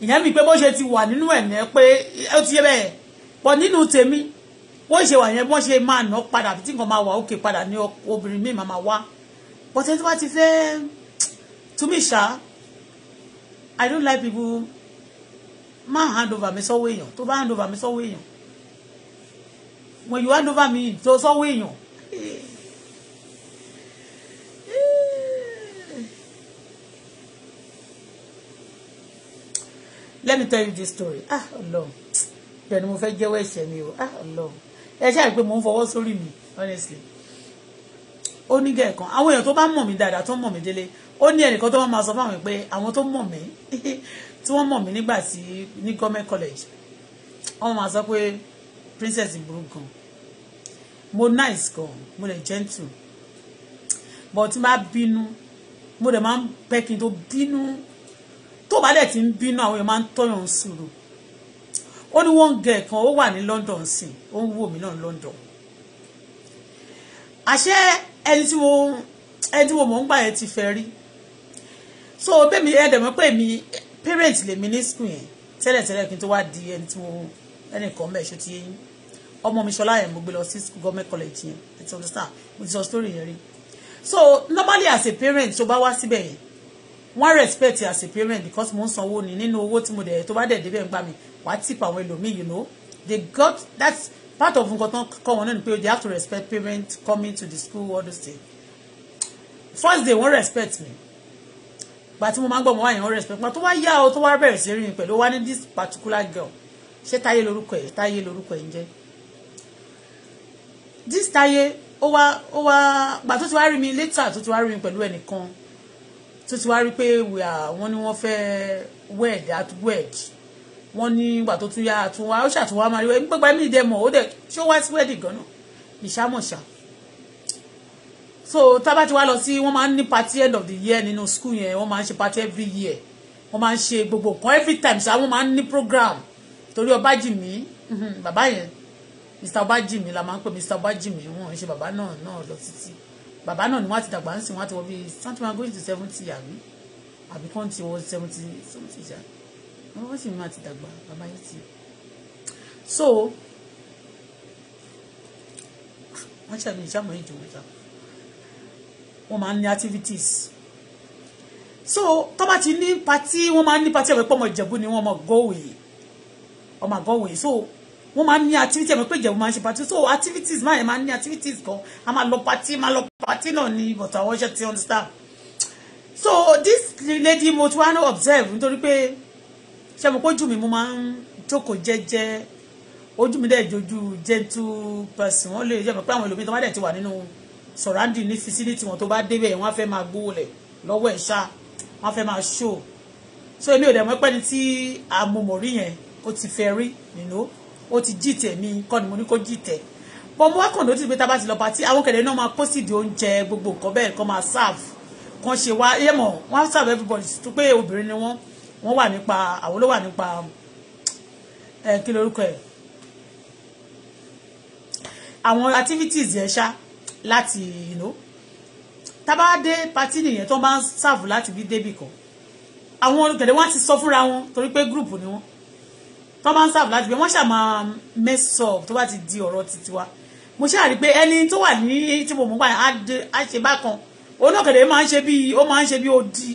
ìyẹn mi pé bó ṣe ti wà nínú ẹ̀ ní pé ó ti yé bẹ́ẹ̀ pọ̀ nínú tèmi bó ṣe wà yẹn bó ṣe máa nà padà tí nǹkan máa wà òkè padà ní obìnrin míì máa wá but ẹni tó bá ti fẹ́ to me ṣá i don't like people má hand over mi sọ́wọ́ èèyàn tó bá hand over mi sọ́wọ́ èèyàn when you hand over me tó sọ́wọ́ èèyàn. let me tell you this story ah Ọlọ́run bẹ́ẹ̀ ni mo fẹ́ jẹ́wọ́ ẹ̀ṣẹ̀ mi o ah Ọlọ́run ẹ ṣáà pé mò ń fọwọ́ sórí mi honestly ó ní gẹ̀ẹ́kan àwọn èèyàn tó bá mọ̀ mí dáadáa tó mọ̀ mí délé ó ní ẹnìkan tó wọ́n máa sọ fáwọn pé àwọn tó mọ̀ mí tí wọ́n mọ̀ mí nígbà tí ní gọ́mẹ̀ college wọ́n máa sọ pé princess burú gan mo nice gan mo lè gentle but tí n bá bínú mo lè máa ń pẹ́ kí n tó bínú tó bá dẹ̀ ti ń bínú àwọn èèyàn máa ń tọ́yàn sùúrù ó ní wọ́n ń gẹ ẹ̀kan ó wà ní London sí ó ń wò mí náà London àṣẹ ẹni tí mo ẹni tí mo mọ̀ ń gbà yẹn ti fẹ́ rí so bẹ́ẹ̀mi ẹ̀dẹ̀ mọ́ pé mi parent lèmi ní school yẹn tẹ́lẹ̀tẹ́lẹ̀ kí n tó wá di ẹni tí mo ẹnìkan mẹ́ ṣe ti yẹn ọmọ mi ṣọlá yẹn mo gbé lọ sí government college yẹn ẹ ti understand mo ti sọ story yẹn rí so normally as a parent tó bá wá síbẹ̀ yẹn wọ́n respect as a parent because mo ń sanwó ni nínú owó tí mo dẹ̀ tó bá dẹ̀ débẹ̀ ń gbà mí wàá tip àwọn ẹlòmíì you know they got that part of nǹkan tán kọ́ wọn náà pé they have to respect parents coming to the school all those things first they won't respect me gba tí mo máa ń gbọ́ mo wá wọ́n respect mo tó wá yá o tó wá bẹ̀rẹ̀ sí rí mi pẹ̀lú wá ní this particular girl ṣé táyé lorúkọ ẹ̀ táyé lorúkọ ẹ̀ ń jẹ́ this táyé ó wá ó wá gba tó ti wá rí mi later tó ti wá rí mi pẹ̀lú ẹnìkan tó ti wá rí pé wọ́n ní wọ́n fẹ́ wed at wed wọ́n ní ìgbà tó tún yá àtúnwá ó ṣàtúnwá máa rí wọ́n gbogbo ẹ̀mí ìdẹ́mọ̀ ó dẹ̀ ṣó wá sí wẹ́ẹ̀dì gan-an ìṣàmọ̀ṣà so tábà ti wá lọ sí wọ́n máa ń ní party end of the year nínú school yẹn wọ́n máa ń ṣe party every year wọ́n máa ń ṣe gbogbo nǹkan every time ṣá wọ́n máa ń ní program torí ọbájìmí mhm, bàbá yẹn mr ọbájìmí la máa ń pè mr ọbájìmí wọn ṣe bàbá náà náà lọ títí bàbá náà ni wọ́n ti dàgbà ń sìn wọ́n ti wọ bíi something going to seventy àbí àbí kan ti wọ seventy something ṣáà wọn sì máa ti dàgbà bàbá yìí ti so wọn ṣàmì ìṣàmọ ìjòwò ìjà wọn máa ń ní activities so tó bá ti ní patí wọn máa ń ní patí ẹ̀mí pé ọmọ ìjẹ̀bú ni wọn ọmọ gọ́wèé ọmọ àgọ́wèé so wọ́n máa ń ní activity ẹ̀mọ́ pé ìjẹ̀bú máa ń ṣe party so activities máa yẹn máa ń ní activities kan a máa lọ party máa lọ party náà ní but àwọn ṣe ti understand so this lady mo tún wá ní observe nítorí pé ṣe mo kójú mi mo máa ń jókòó jẹ́jẹ́ ojú mi dẹ̀ jojú gentle person wọ́n lè jẹ́ pé àwọn ẹlòmíì tó bá dẹ̀ ti wà nínú surrounding ní facility wọn tó bá débẹ̀ wọ́n á fẹ́ máa gbówó lẹ̀ lọ́wọ́ ẹ̀ ṣá wọ́n á fẹ́ máa show so èmi ò dẹ̀ mọ̀ pẹ́ni tí amòmòrí yẹn ó ti fẹ́ rí nínú ó ti jìtẹ̀ mi kọ́ ni mo ní kó jìtẹ̀ bọ́n mo wá kàn ló ti pé tá a bá ti lọ pàtí àwọn kẹ̀lẹ́ náà máa pósìdì oúnjẹ gbogbo nǹkan bẹ́ẹ̀ kan máa serve kan ṣe wá yẹ́mọ̀ wọ́n serve everybody tó pé obìnrin ni wọ́n wọ́n wà nípa àwọn ló wà nípa ẹ kí lorúkọ ẹ̀ àwọn activities yẹn ṣá láti you know tábà dé pati nìyẹn tó bá ń ṣàfù láti bí débì kan àwọn olùkẹ̀dẹ̀ wọn ti sọ fúnra wọn torí pé group ni wọn tó bá ń ṣàfù láti bí wọ́n ṣà máa mess up tó bá ti di ọ̀rọ̀ títí wa mo ṣáà rí i pé ẹni tó wà ní tí mo mú báyìí á ṣe bákan olùkẹ̀dẹ̀ máa ń ṣe bí ó máa ń ṣe bí odi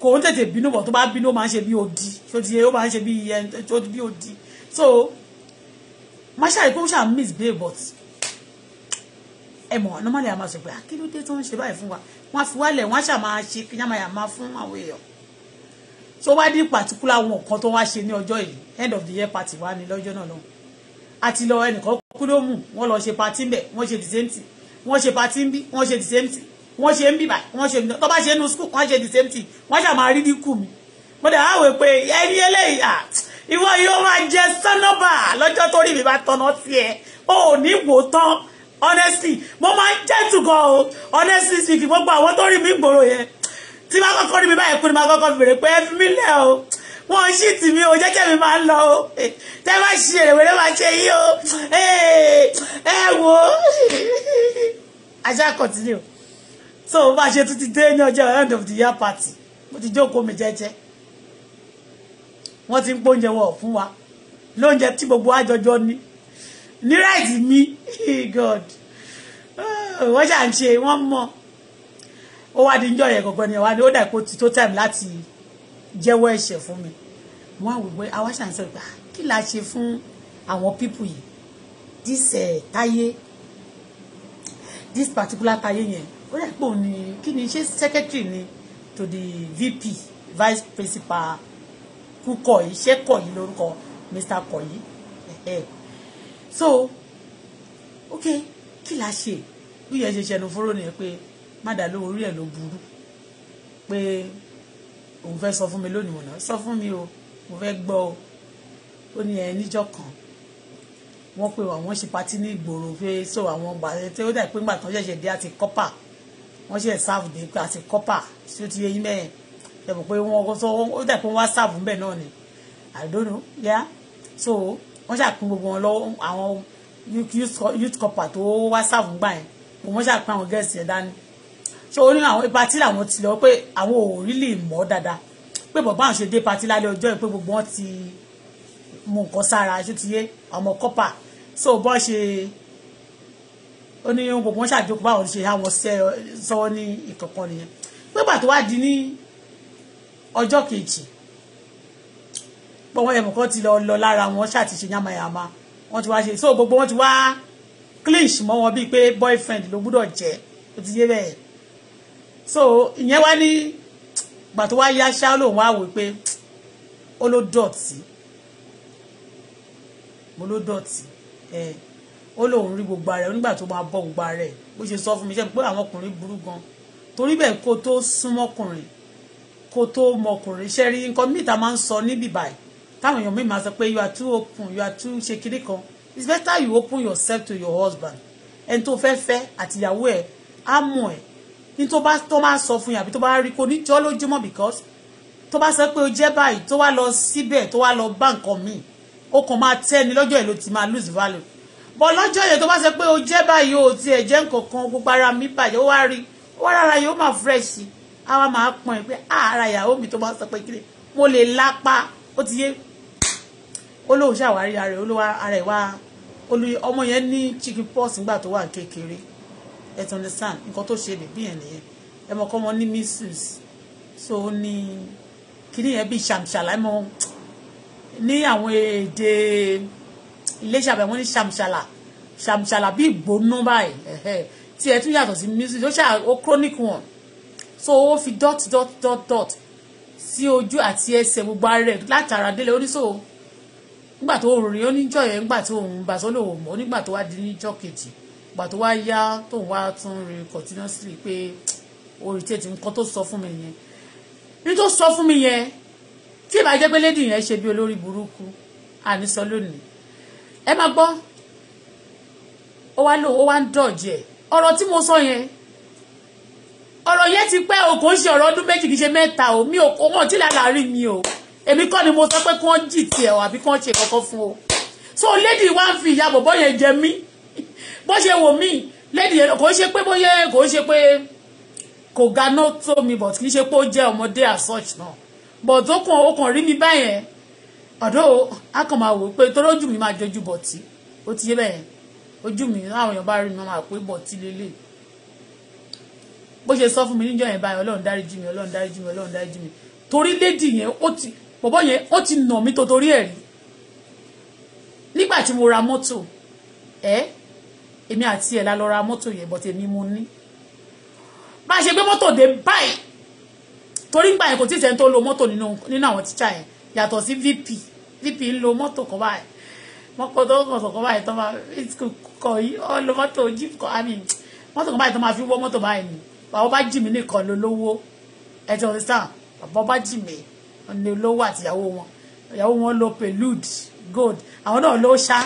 kò ń tètè bínú bọ̀ tó bá bínú ó máa ń ṣe bí odi tó ti yẹ ó máa ń ṣe bí iye eh, tó ti bí odi so masha ikú ṣáà miss babe but ẹ mọ̀ normally a máa sọ pé akíndúdé ah, tó ń ṣe báyìí fún wa wọ́n á fi wálẹ̀ wọ́n á ṣáà máa ṣe kí yàmàyà máa fún àwọn èèyàn tó wá ní pàtíkúlà wọn kan tó wá ṣe ní ọjọ́ yìí end of the year party wá ní lọ́jọ́ náà lọ́hùn àti lọ ẹnìkan kúlómù wọ́n lọ ṣe patí ń bẹ̀ wọ́n ṣe the same thing wọ́n ṣe patí ń bí wọ́n ṣe the same thing wọ́n ṣe ń bíbà wọ́n ṣe ń bíbà tó bá ṣe nu school kan ṣe the same thing wọ́n ṣà máa rí dínkù mi mo dẹ̀ á wò pé ẹni eléyìí à ìwọ yóò máa jẹ sọ́nọ́bà lọ́jọ́ tó rí mi bá tọ́nà sí ẹ o ò ní wò tán honestly mo máa ń jẹ́tù gan o honestly speaking gbogbo àwọn tó rí mi gbòòrò yẹn tí bá kọ́kọ́ rí mi báyìí kú ni bá kọ́kọ́ bèrè pé ẹ fi mí lẹ̀ o wọn ṣì tì mí o jẹ́jẹ́ mi máa ń lọ o tẹ́ bá ṣe èrèwèrè máa ṣe yí o ẹ wò ó àṣà continue so bá ṣe tún ti dé ní ọjọ́ end of the year party mo ti jókòó mi jẹ́jẹ́ wọ́n ti ń gbóúnjẹ wọ̀ fún wa lóúnjẹ tí gbogbo àjọjọ ní ní ráìtì mi god ah, wọ́n ṣà ń ṣe wọ́n mọ̀ ó wá di ń jọyọ̀ gbọ̀gbọ́n ni wá ní ó dà kó ti tó time láti jẹ́wọ́ ẹ̀ṣẹ̀ fún mi wọ́n àwọn òwe àwa ṣà ń sọ ìgbà kí la ṣe fún àwọn pípù yìí this eh, táyé this particular táyé yẹn ó rẹ̀ pò ní kí ni ṣé secretary ni to the vp vice principal Kúkọ̀yí ṣé Kọ̀yí lórúkọ mr Kọ̀yí so ok kí la ṣe bí yẹn ṣe ṣẹnu fóró nìyẹn pé má dà lówó orí ẹ̀ ló burú pé òun fẹ́ sọ fún mi lónìí mọ̀nà sọ fún mi o mo fẹ́ gbọ́ o ó ní ẹ níjọ́ kan wọ́n pe àwọn ṣe patí ní ìgboro pé so àwọn gbà tí ó dà pé ńgbà tán ṣẹ̀ṣẹ̀ dé àti kọ́pà wọ́n ṣe ṣáàbù dé pé àti kọ́pà tí ó ti yẹ yín mẹ́rin ẹ mọ̀ pé wọ́n sọ ó dẹ̀ pé wọ́n wá ṣáàbù ń bẹ̀ náà ni àdónú yá so wọ́n ṣàpín gbogbo wọn lọ àwọn youth kọ́pà tó wá ṣáàbù gbà yẹn wọ́n ṣàpín àwọn gẹ́ẹ̀sì yẹn dání so ó ní àwọn patí làwọn ti lọ pé àwọn ò rí lè mọ̀ dáadáa pé bàbá àwọn ṣe dé patí lálẹ́ ọjọ́ yìí pé gbogbo wọn ti mú nǹkan sára ṣó ti yé ọmọ kọ́pà so bọ́ ṣe ó ní ohun gbogbo wọn ṣàjókòó báwọn ṣe àwọn sọwọ́ ní ìkọ̀kan nìyẹn nígbà tó wá di ní ọjọ́ kejì gbọ́wọ́ ẹ̀mọ̀ kan ti lọ lọ lára wọn ṣàti ṣe yamayama wọ́n ti wá ṣe so gbogbo wọn ti wá clinch mọ́ wọn bíi pé boyfriend ló gbúdọ̀ jẹ́ ó ti yé bẹ́ẹ̀ so ìyẹn wá ní gbà tó wá yá ṣá lòun wá wò pé ó ló dọ̀tí mo ló dọ̀tí ẹ̀. Eh ó lóun rí gbogbo ara ẹ̀ nígbà tó máa bọ́ gbogbo ara ẹ̀ bó ṣe sọ fún mi ṣe pé àwọn ọkùnrin burú gan torí bẹ́ẹ̀ kó tó súnmọ́kùnrin kó tó mọkùnrin ṣe rí nǹkan míì tá a máa ń sọ níbí báyìí táwọn èèyàn míì máa sọ pé you are too open you are too ṣe kiri kan it's better you open yourself to your husband ẹni tó fẹ́ fẹ́ àtìyàwó ẹ̀ á mọ̀ ẹ̀ ní tó bá tó máa sọ fún yín àbí tó bá rí kó níjọ́ lójúmọ́ because tó bá sọ pé o jẹ́ báyìí tó wá lọ síbẹ̀ tó wá lọ bá nǹkan míì ó kàn máa tẹ́ni lọ́jọ́ ẹ̀ ló ti máa lose value bọ̀ lọ́jọ́ yẹn tó bá ṣe pé o jẹ́ báyìí o tiẹ̀ jẹ́ nǹkankan gbogbo ara mi bàjẹ́ ó wá rí ó wá rárá yóò máa fresh á wá máa pọn ẹ pé ara ìyàwó mi tó bá sọ pé kiri mo lè lápá ó ti yé ó lóun ṣàwárí ara ẹ̀ olówó ara ẹ̀ wá ọmọ yẹn ní chicken pox nígbà tó wà kékeré ẹ ti understand nǹkan tó ṣe bèbí yẹn nìyẹn ẹ mọ̀ kọ́ wọn ní measles so ó ní kiri yẹn bíi ṣàmṣàlà ẹ mọ̀ ní àwọn èdè. E Iléṣà bẹ̀ wọ́n ní ṣàmṣàlà ṣàmṣàlà bí ìgbóná báyìí tí ẹ tún yàtọ̀ sí music ó ṣà ó chronic one so ó fi dot dot dot dot sí ojú àti ẹsẹ̀ gbogbo ààrẹ látara délé oníṣòwò nígbà tó rìn ó níjọ́ yẹn nígbà tó òun bàtó lòun mọ́ nígbà tó wá di níjọ́ kejì ìgbà tó wá yá tóun wá tún rin continuously pé orí tètè nǹkan tó sọ fún mi yẹn ní tó sọ fún mi yẹn tí ìbá pé lédì yẹn ṣe bí olórí burúkú àníṣọ lónìí ẹ máa gbọ́ ó wá lò ó wá ń dọ̀jẹ̀ ọ̀rọ̀ tí mo sọ yẹn ọ̀rọ̀ yẹn ti pẹ́ o kò ń ṣe ọ̀rọ̀ ọdún méjì kì í ṣe mẹ́ta o mi ò wọ́n ti lálàárín mi o èmi kọ́ ni mo sọ pé kí wọ́n jì tiẹ̀ o àbí kí wọ́n ṣe kankan fún o so lady wa ń fi ìyá bọ̀bọ̀ yẹn jẹ mí bó ṣe wò mí lady yẹn kò ń ṣe pé bóyá kò ń ṣe pé kò ga tó mi but kì í ṣe pé ó jẹ́ ọmọdé as such náà but ó kàn ó kàn rí mi báyẹn ọ̀dọ́ a kàn máa wò pé torójú mi máa jọjú bọ̀tí ó ti yé bẹ́ẹ̀ ojú mi láwọn èèyàn bá rí mi máa pé bọ̀tí lélẹ̀ bó ṣe sọ fún mi níjọ́ yẹn báyìí ọlọ́run dáríjì mi ọlọ́run dáríjì mi ọlọ́run dáríjì mi torí lédì yẹn ó ti bọ̀bọ̀ yẹn ó ti nà mí tó torí ẹ̀ rí nígbà tí mo ra mọ́tò ẹ èmi àti ẹ̀ la lọ ra mọ́tò yẹn bọ̀tẹ̀ mi mo ní bá a ṣe gbé mọ́tò dé báyìí torí ngbà yẹn kò tí ì sẹ́ni tó lo mọ́tò nínú àwọn tíṣà yẹn yàtọ̀ sí vp DP ń lo mọ́tò kan do mọ́tò tó kàn sọ̀kan báyìí tó máa kọ̀ yí ọ́ lo mọ́tò jíìpù kan àmì mọ́tò kan báyìí to máa fi wọ́ mọ́tò báyìí ni bàbá bá jì mí nìkan ló lówó ẹ ti ọ̀sẹ̀ sáà bàbá bá jì mí ni lówó àti ìyàwó wọn ìyàwó wọn lo pelud gold àwọn náà ló ṣá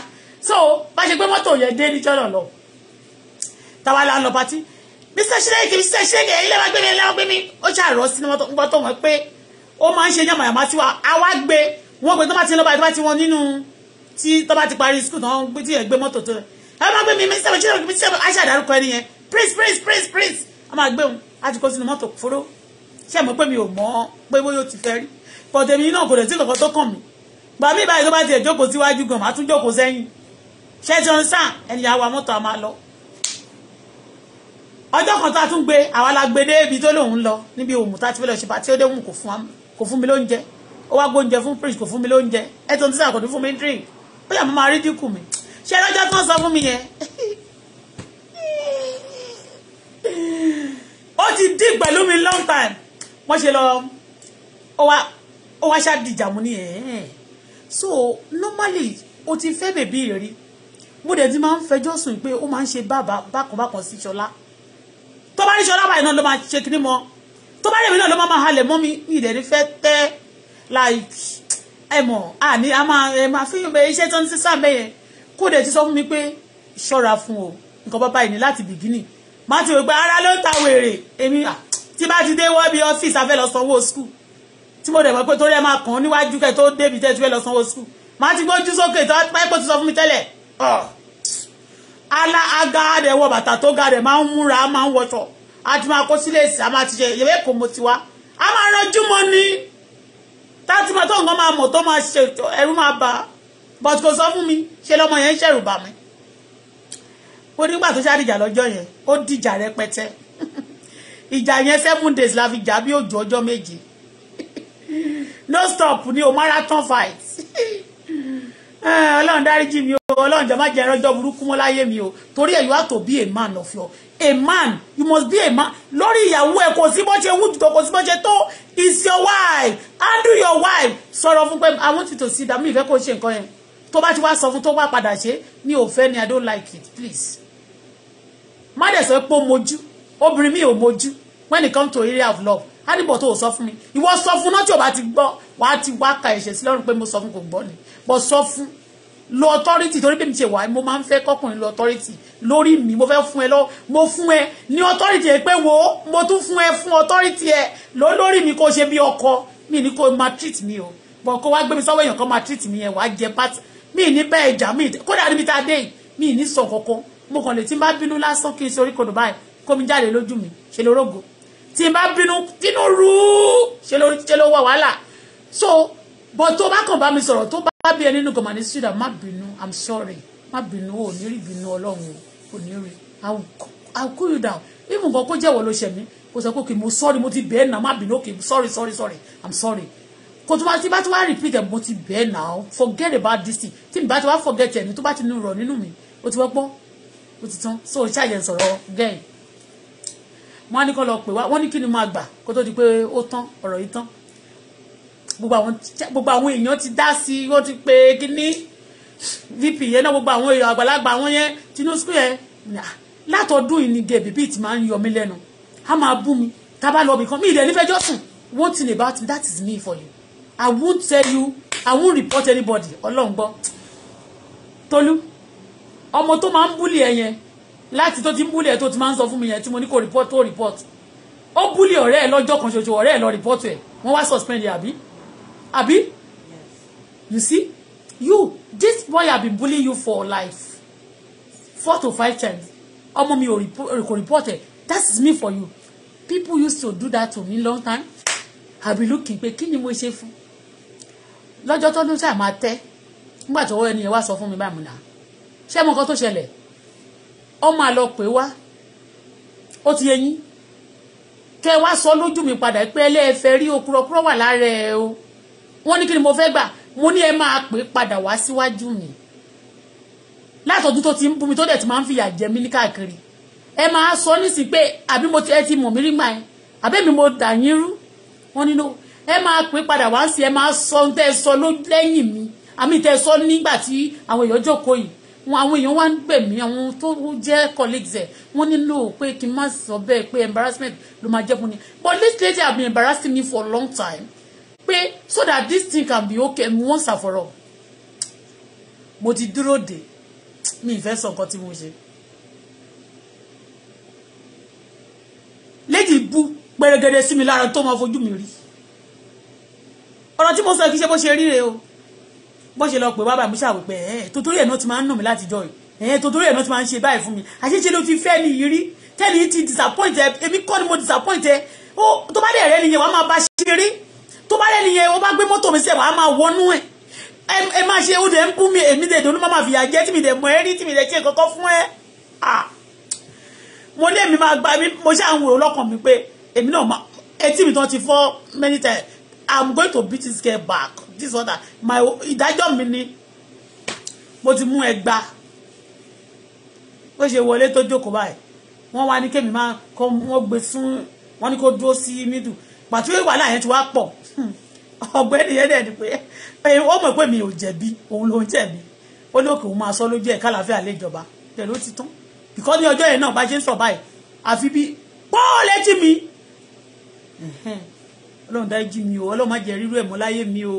so bá ṣe gbé mọ́tò yẹn dé níjọ́ náà lọ táwa la lọ patí mr shireke mr shireke ẹ̀yin lẹ́wọ́n gbé mi ẹ̀yin lẹ́wọ́n gbé mi ó ṣàrọ̀ sí mọ́tò ń gbọ́ tó wọn pé ó máa ń ṣe yàmàyàmá sí wa àwa gbé wọ́n pé tó bá ti lọ́ba tó bá ti wọn nínú tí tó bá ti parí skul tó ń gbé tí ẹ̀ gbé mọ́tò tó ẹ̀ ẹ máa gbé mi mísítà bọ̀ ṣíṣẹ́ mísítà bọ̀ aṣáà dárúkọ ẹni yẹn prince prince prince prince a máa gbé òun a ti kó sínú mọ́tò fóró ṣé mo pé mi ò mọ̀ pé bóyá o ti fẹ́ rí but èmi náà kò dẹ̀ sí kankan tó kàn mí gbà mí báyìí tó bá tiẹ̀ jókòó síwájú gan màá tún jókòó sẹ́yìn ṣé ti ọ̀run sàn ẹnìyàn wa mọ́tò a máa lọ ọjọ́ kan tá a tún gbé àwa a ti fẹ́ lọ ṣe bá tí ó dé òun kò ó wá gbóúnjẹ fún prince kò fún mi lóúnjẹ ẹ tó ń tíṣà kò ní fún mi drink ó yà máa rí dínkù mi ṣé lọ́jọ́ tó ń sọ fún mi yẹn ó ti dín pẹ̀lú mi long time wọ́n ṣe lọ ó wá ó wá ṣáàdìjà nìyẹn so normally o ti fẹ́ bèbí rí mo dẹ̀ ti máa ń fẹjọ́ sùn pé ó máa ń ṣe bàbá bákanbákan sí ṣọlá tó bá ní ṣọlá báyìí náà ló máa ṣe kíní mọ́ tó bá rèmi náà ló máa máa halẹ̀ mọ́ mi mi fẹ́ tẹ́ like ẹ mọ̀ àní a máa ẹ máa fi ìwé iṣẹ́ tó ń sísá bẹ́yẹn kó ti sọ fún mi pé ṣọ́ra fún o nǹkan bá báyìí ní láti bìgínì má ti rò pé ara ló ta wèrè èmi tí bá ti dé wọ́n bí ọ́fíìsì afẹ́ lọ sanwó skul tí mo dẹ̀ mọ̀ pé torí ẹ máa kàn án níwájú kẹ́ tó débi tẹ́ ti fẹ́ lọ sanwó skul má ti gbójú sókè tó pẹ́pẹ́ ti sọ fún mi tẹ́lẹ̀ ala agáàdẹ wọ bàtà tó gáàdẹ máa ń múra máa ń wọṣọ àti máa kó sílẹ̀ èsì àmà ti ṣe ìyẹ̀wé kò mo ti wá a máa rọjú mọ́ ni tátí máa tó nǹkan máa mọ̀ tó máa ṣe ẹ̀rú máa bà á but kò sọ fún mi ṣe lọ́mọ yẹn ń ṣẹ̀rù bà mí ó nígbà tó ṣàdìjà lọ́jọ́ yẹn ó dìjà rẹpẹtẹ ìjà yẹn seven days la fi jà bí òjò ọjọ́ méje no stop ni o marathon fight eh, ọlọ́run dáríjì mi o ọlọ́run jọ má jẹ́ ẹranjọ́ burúkú mọ́ láyé mi o torí ẹ̀ you have to be a man of your a man you must be a man lórí ìyàwó ẹ kò sí bó ṣe wù tó kò sí bó ṣe tó is your wife handle your wife sọ̀rọ̀ fún pé i want you to see that mi ìfẹ́ kò ṣe nǹkan yẹn tó bá ti wá sọ fún tó wá padà ṣe mi ò ni i don't like it please má dẹ̀ sọ pé ó mojú obìnrin mi ò mojú when it come to area of love ánìbọ̀ tó sọ fún mi ìwọ sọ fún náà tí o bá ti gbọ́ wàá ti wá ka ẹ̀ṣẹ̀ sí lọ́rùn pé mo sọ fún kò gbọ́ ni bọ́ sọ fún lo authority torí bí mi ṣe wà mo máa ń fẹ́ kọ́kùnrin lo authority lórí mi mo fẹ́ fún ẹ lọ mo fún ẹ ní authority ẹ pé wo mo tún fún ẹ fún authority ẹ lórí mi kò ṣe bí ọkọ mi ní kò máa treat mi o bọ̀ kó wá gbé mi sọ́wọ́ èèyàn kan máa treat mi yẹn wàá jẹ pátì mi ní bẹ́ẹ̀ jà mi kódà níbi tá a dé mi ní sọ kankan mo kàn lè tí n bá bínú lásán kí n ṣe oríkodò báyìí kó mi jáde lójú mi ṣe lórógo tí n bá bínú bínú rú ṣe ló wà wàhálà so bọ̀ tó bá kàn bá mi sọ̀rọ̀ tó bá má bí ẹ nínú gọ̀mà sídà má bínú i'm sorry má bínú ò ní rí bínú ọlọ́run ò ní rí i'll cool you down even nǹkan kó jẹ́wọ́ ló ṣe mí kó sọ pé kì mo sorry mo ti bẹ́ẹ̀ náà má bínú òkè sorry sorry sorry i'm sorry kò tó bá ti bá ti wá repeat ẹ̀ mo ti bẹ́ẹ̀ náà forget about this thing tí mi bá ti wá forget ẹ̀ ní tó bá ti nu rọ̀ nínú mi ó ti wọ́ pọ́n ó ti tán so ṣáàyẹ̀ sọ̀rọ̀ gẹ́ẹ̀ wọ́n á ní kọ́ lọ pè wá wọ́n ní kí ni máa gbà kó tó di pé ó tán ọ̀rọ̀ yìí tán gbogbo àwọn èèyàn ti dá sí i wọ́n ti pe kíní vp yẹn náà gbogbo àwọn èèyàn àgbàlagbà wọn yẹn tinubu yẹn ah, látọdún yìí ni gèbè bíi ti máa ń yọ mí lẹ́nu a máa bú mi tá a bá lọ bìkan mi ìdẹ̀ nífẹ̀ẹ́jọ́ sùn one thing about me that is me for you i won't tell you i won't report anybody ọlọ́run gbọ́ tolú ọmọ tó máa ń búlì ẹ yẹn láti tó ti ń búlì ẹ tó ti máa ń sọ fún mi yẹn tí mo ní kò report tó report ó búlì ọ̀rẹ́ ẹ lọ́jọ́ kan ṣoṣo ọ̀rẹ́ ẹ lọ report ẹ wọ́n wá suspend ẹ àbí abi you see you this boy have been bullying you for life four to five times Omo mi ò report ẹ that is me for you people used to do that to me long time i be looking pé kí ni mo ṣe fún lọ́jọ́ tọ́dún sáà máa tẹ́ nígbà tí ọwọ́ ẹni yẹn wá sọ fún mi báyìí múna ṣé mo nǹkan tó ṣẹlẹ̀ ọ máa lọ pè wá ó ti yẹ yín kẹ wá sọ lójú mi padà pé ẹlẹ́ẹ̀fẹ́ rí okurọ̀kurọ̀ wà lára ẹ o wọ́n ní kí ni mo fẹ́ gbà mo ní ẹ máa pè padà wá síwájú mi látọ̀dún tó ti ń bú mi tó dẹ̀ ti máa ń fìyà jẹ mí ní káàkiri ẹ máa sọ nísìnyí pé àbí mo ti ẹ ti mọ̀ mí rí mà ẹ àbí mi mo dà yín rú wọ́n nínú ẹ máa pè padà wá sí ẹ máa sọ ohun tẹ́ ẹ sọ lẹ́yìn mi àmì tẹ́ ẹ sọ nígbà tí àwọn èèyàn jókòó yìí wọn àwọn èèyàn wá ń gbè mí àwọn tó jẹ́ colleagues ẹ̀ wọ́n nílò pé kí n má sọ bẹ́ẹ̀ pé embarrassment ló máa jẹ́ fún mi but this lady have been embarrassing me for a long time pé so that this thing can be okay once and for all mo ti dúró dè mi ìfẹ́ sọ nǹkan tí mo ṣe lady bu pẹrẹgẹdẹ sí mi lára tó máa fojú mi rí ọ̀rọ̀ tí mo sọ kì í ṣe bó ṣe ríre o bó ṣe lọ pé bàbá mi ṣàwípé ẹ̀ tòtórí ẹ̀ náà ti máa ń nà mí láti jọ yìí ẹ̀yẹn tó torí ẹ̀ náà ti máa ń ṣe báyìí fún mi àṣeṣe ló ti fẹ́ ni yìí rí tẹ́lẹ̀ ti disappoint ẹ èmi kọ́ ni mo disappoint ẹ ó tó bá dẹ̀ rẹ́ nìyẹn wàá máa bá ṣe rí tó bá lẹ́nu yẹn wọ́n bá gbé mọ́tò mi sí ẹ̀ wàá máa wọnú ẹ̀ ẹ máa ṣe ó dẹ̀ ń bú mi èmi dẹ̀ dùnú máma fìyà jẹ́ tí mi dẹ̀ mọ ẹ́ rí tí mi dẹ̀ ṣe kọ́kọ́ fún ẹ́ mo ní èmi máa gba mi mo ṣáà ń wòrò lọ́kàn mi pé èmi náà máa etí mi tán ti fọ́ many times i'm going to beat this girl back this order my ìdájọ́ mi ni mo ti mú ẹ gbà bó ṣe wọlé tó jókòó báyìí wọ́n wá ní kémi máa kọ́ wọ́n gbé sún wọ́n ní kó dúró sí mídù pàtó wàhálà yẹn ti wá pọ̀ ọ̀gbẹ́ni yẹn dẹ̀ ni pé ó mọ̀ pé mi ò jẹ̀bi òun ló ń jẹ̀bi ó lókè òun máa sọ lójú ẹ̀ kálàáfíà lè jọba bẹ́ẹ̀ ló ti tán bìkọ́ ní ọjọ́ yẹn náà bá ṣe ń sọ báyìí àfi bí pọ́ọ̀ létí mi ọlọ́run dájú mi o ọlọ́run má jẹ́ rírú ẹ̀ mọ́ láyé mi o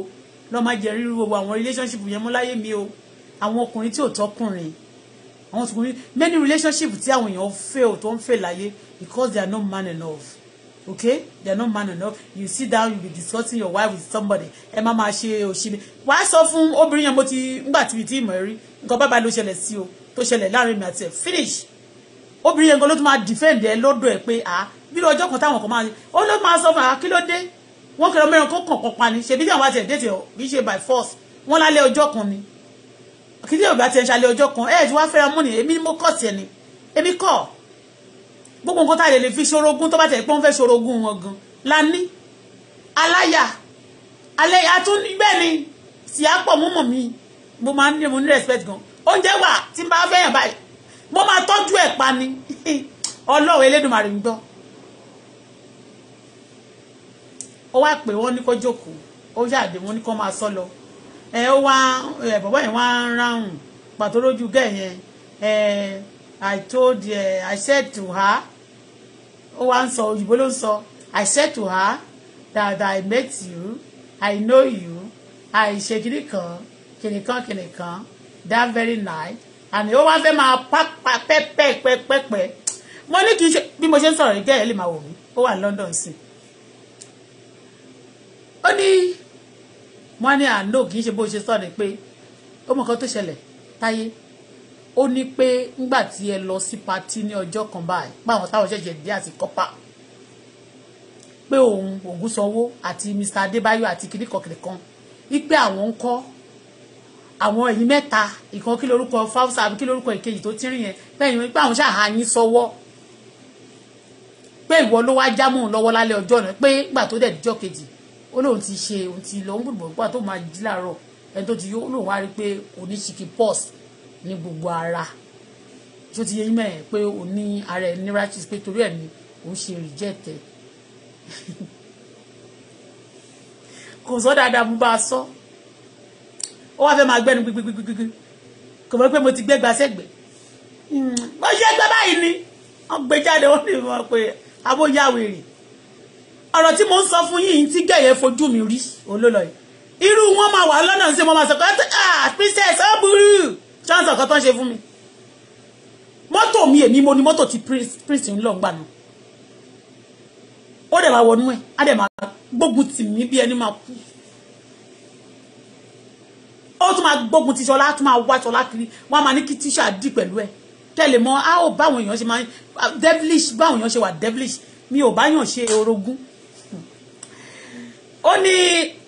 ọlọ́run má jẹ́ rírú gbogbo àwọn relationship yẹn mọ́ láyé mi o àwọn ọkùnrin tí ò tọkùnrin àwọn ọkùnrin many relationship tí àwọn èèyàn fail tó ń fail láyé because they are not man enough okay they are not man enough you sit down you be discussing your wife with somebody ẹ má máa ṣe òṣìbí wàá sọ fún obìnrin yẹn mo ti ngbà tí mi ti mọ̀ rí nǹkan bábà ló ṣẹlẹ̀ sí o tó ṣẹlẹ̀ láàrin mi àti ẹ̀ finish obìnrin yẹn kan ló tún máa defend ẹ lọ́dọ̀ ẹ̀ pé ah bí lọ́jọ́ kan táwọn kan máa ó ló máa sọ fún ah kí ló dé wọ́n kẹ́rọ mẹ́rin kó kàn kàn pa ni ṣèbí tí tiẹ̀ dé tiẹ̀ kì í ṣe by force wọ́n lálẹ́ ọjọ́ kan ni kì í ṣe òbí àti ẹ̀ ṣalẹ́ ọjọ́ kan ẹ̀ tí wàá fẹ́ràn mú ni èmi mo kọ̀ tiẹ̀ ni èmi kọ̀ gbogbo nǹkan tá a lè lè fi ṣorogún tó bá tẹ̀ pọ́n fẹ́ ṣorogún wọn gan la ní aláyà alẹ́ ni mú mi mo máa respect gan oúnjẹ wà tí n bá báyìí mo máa tọ́jú ẹ̀ pa ni ọlọ́run elédùnmarè ń gbọ́ ó wá pè wọ́n ní kó wọn ní kó máa lọ ẹ ó wá ẹ yẹn wá I told I said to her ó wá ń sọ òyìnbó ló ń sọ I said to her that I met you I know you I ṣe kìnì kan kìnì kan kìnì kan that very night and ó wá fẹ́ máa pápá pẹ́pẹ́pẹ́pẹ́ mo ní kì í ṣe bí mo ṣe ń sọ̀rọ̀ gẹ́gẹ́ lè máa wò mí ó wà London sí i ó ní wọ́n ní àánú kì í ṣe bó ṣe sọ̀rọ̀ pé ó mọ̀ kan tó ṣẹlẹ̀ táyé ó ní pé ńgbà tí ẹ lọ sí patí ní ọjọ́ kan báyìí páwọn táwọn ṣẹ̀ṣẹ̀ dé àti kọ́pà pé òun ògúnsanwó àti Mr Adébáyọ̀ àti kìnnìkankìnnì kan wípé àwọn ń kọ́ àwọn ẹ̀yìn mẹ́ta ìkan kí lórúkọ fáwọsà àbí kí lórúkọ ìkejì tó ti rìn yẹn bẹ́ẹ̀ ni pé àwọn ṣáà yín sọ́wọ́ pé ìwọ ló wá jámọ̀ lọ́wọ́ lálẹ́ ọjọ́ náà pé ìgbà tó dẹ̀ díjọ́ kejì ó lóun ti ṣe òun ti lọ ń gbùdùgbò nígbà tó máa jí láàárọ̀ ẹni tó ti yó ó lóun wá rí pé òní pọ́s ní gbogbo ara tó ti yé yín mẹ́rin pé o ní ara ẹ̀ ní righteous pé torí ẹ̀ ni o ṣe reject ẹ̀ kò sọ dáadáa mo bá a sọ ó wá fẹ́ máa gbẹ́nu gbígbígbígbí kò mọ̀ pé mo ti gbẹ́gbà sẹ́gbẹ̀ẹ́ bó ṣe gbẹ́ báyìí ni wọ́n gbé jáde wọ́n ní wọn pé abóyáwèrè ọ̀rọ̀ tí mo ń sọ fún yín tí gẹ̀yẹ́ fojú mi rí olólọ irú wọn máa wà lọ́nà sí mo máa sọ pé ah princess ó burú chance ọ̀kan tó ń ṣe fún mi mọ́tò mi èmi mo ni moto ti prince ń lọ gbà náà ó dẹ̀ máa wọnú ẹ̀ á dẹ̀ máa gbógun tì mí bí ẹni máa kú ó tún máa gbógun ti ṣọlá tún máa wá ṣọlá kiri wọn máa ní kí tíṣà dì pẹ̀lú ẹ̀ tẹ̀lé mọ́ a ó báwọn èèyàn ṣe máa devilish báwọn èèyàn ṣe wà devilish mi ò báyàn ṣe orogún ó ní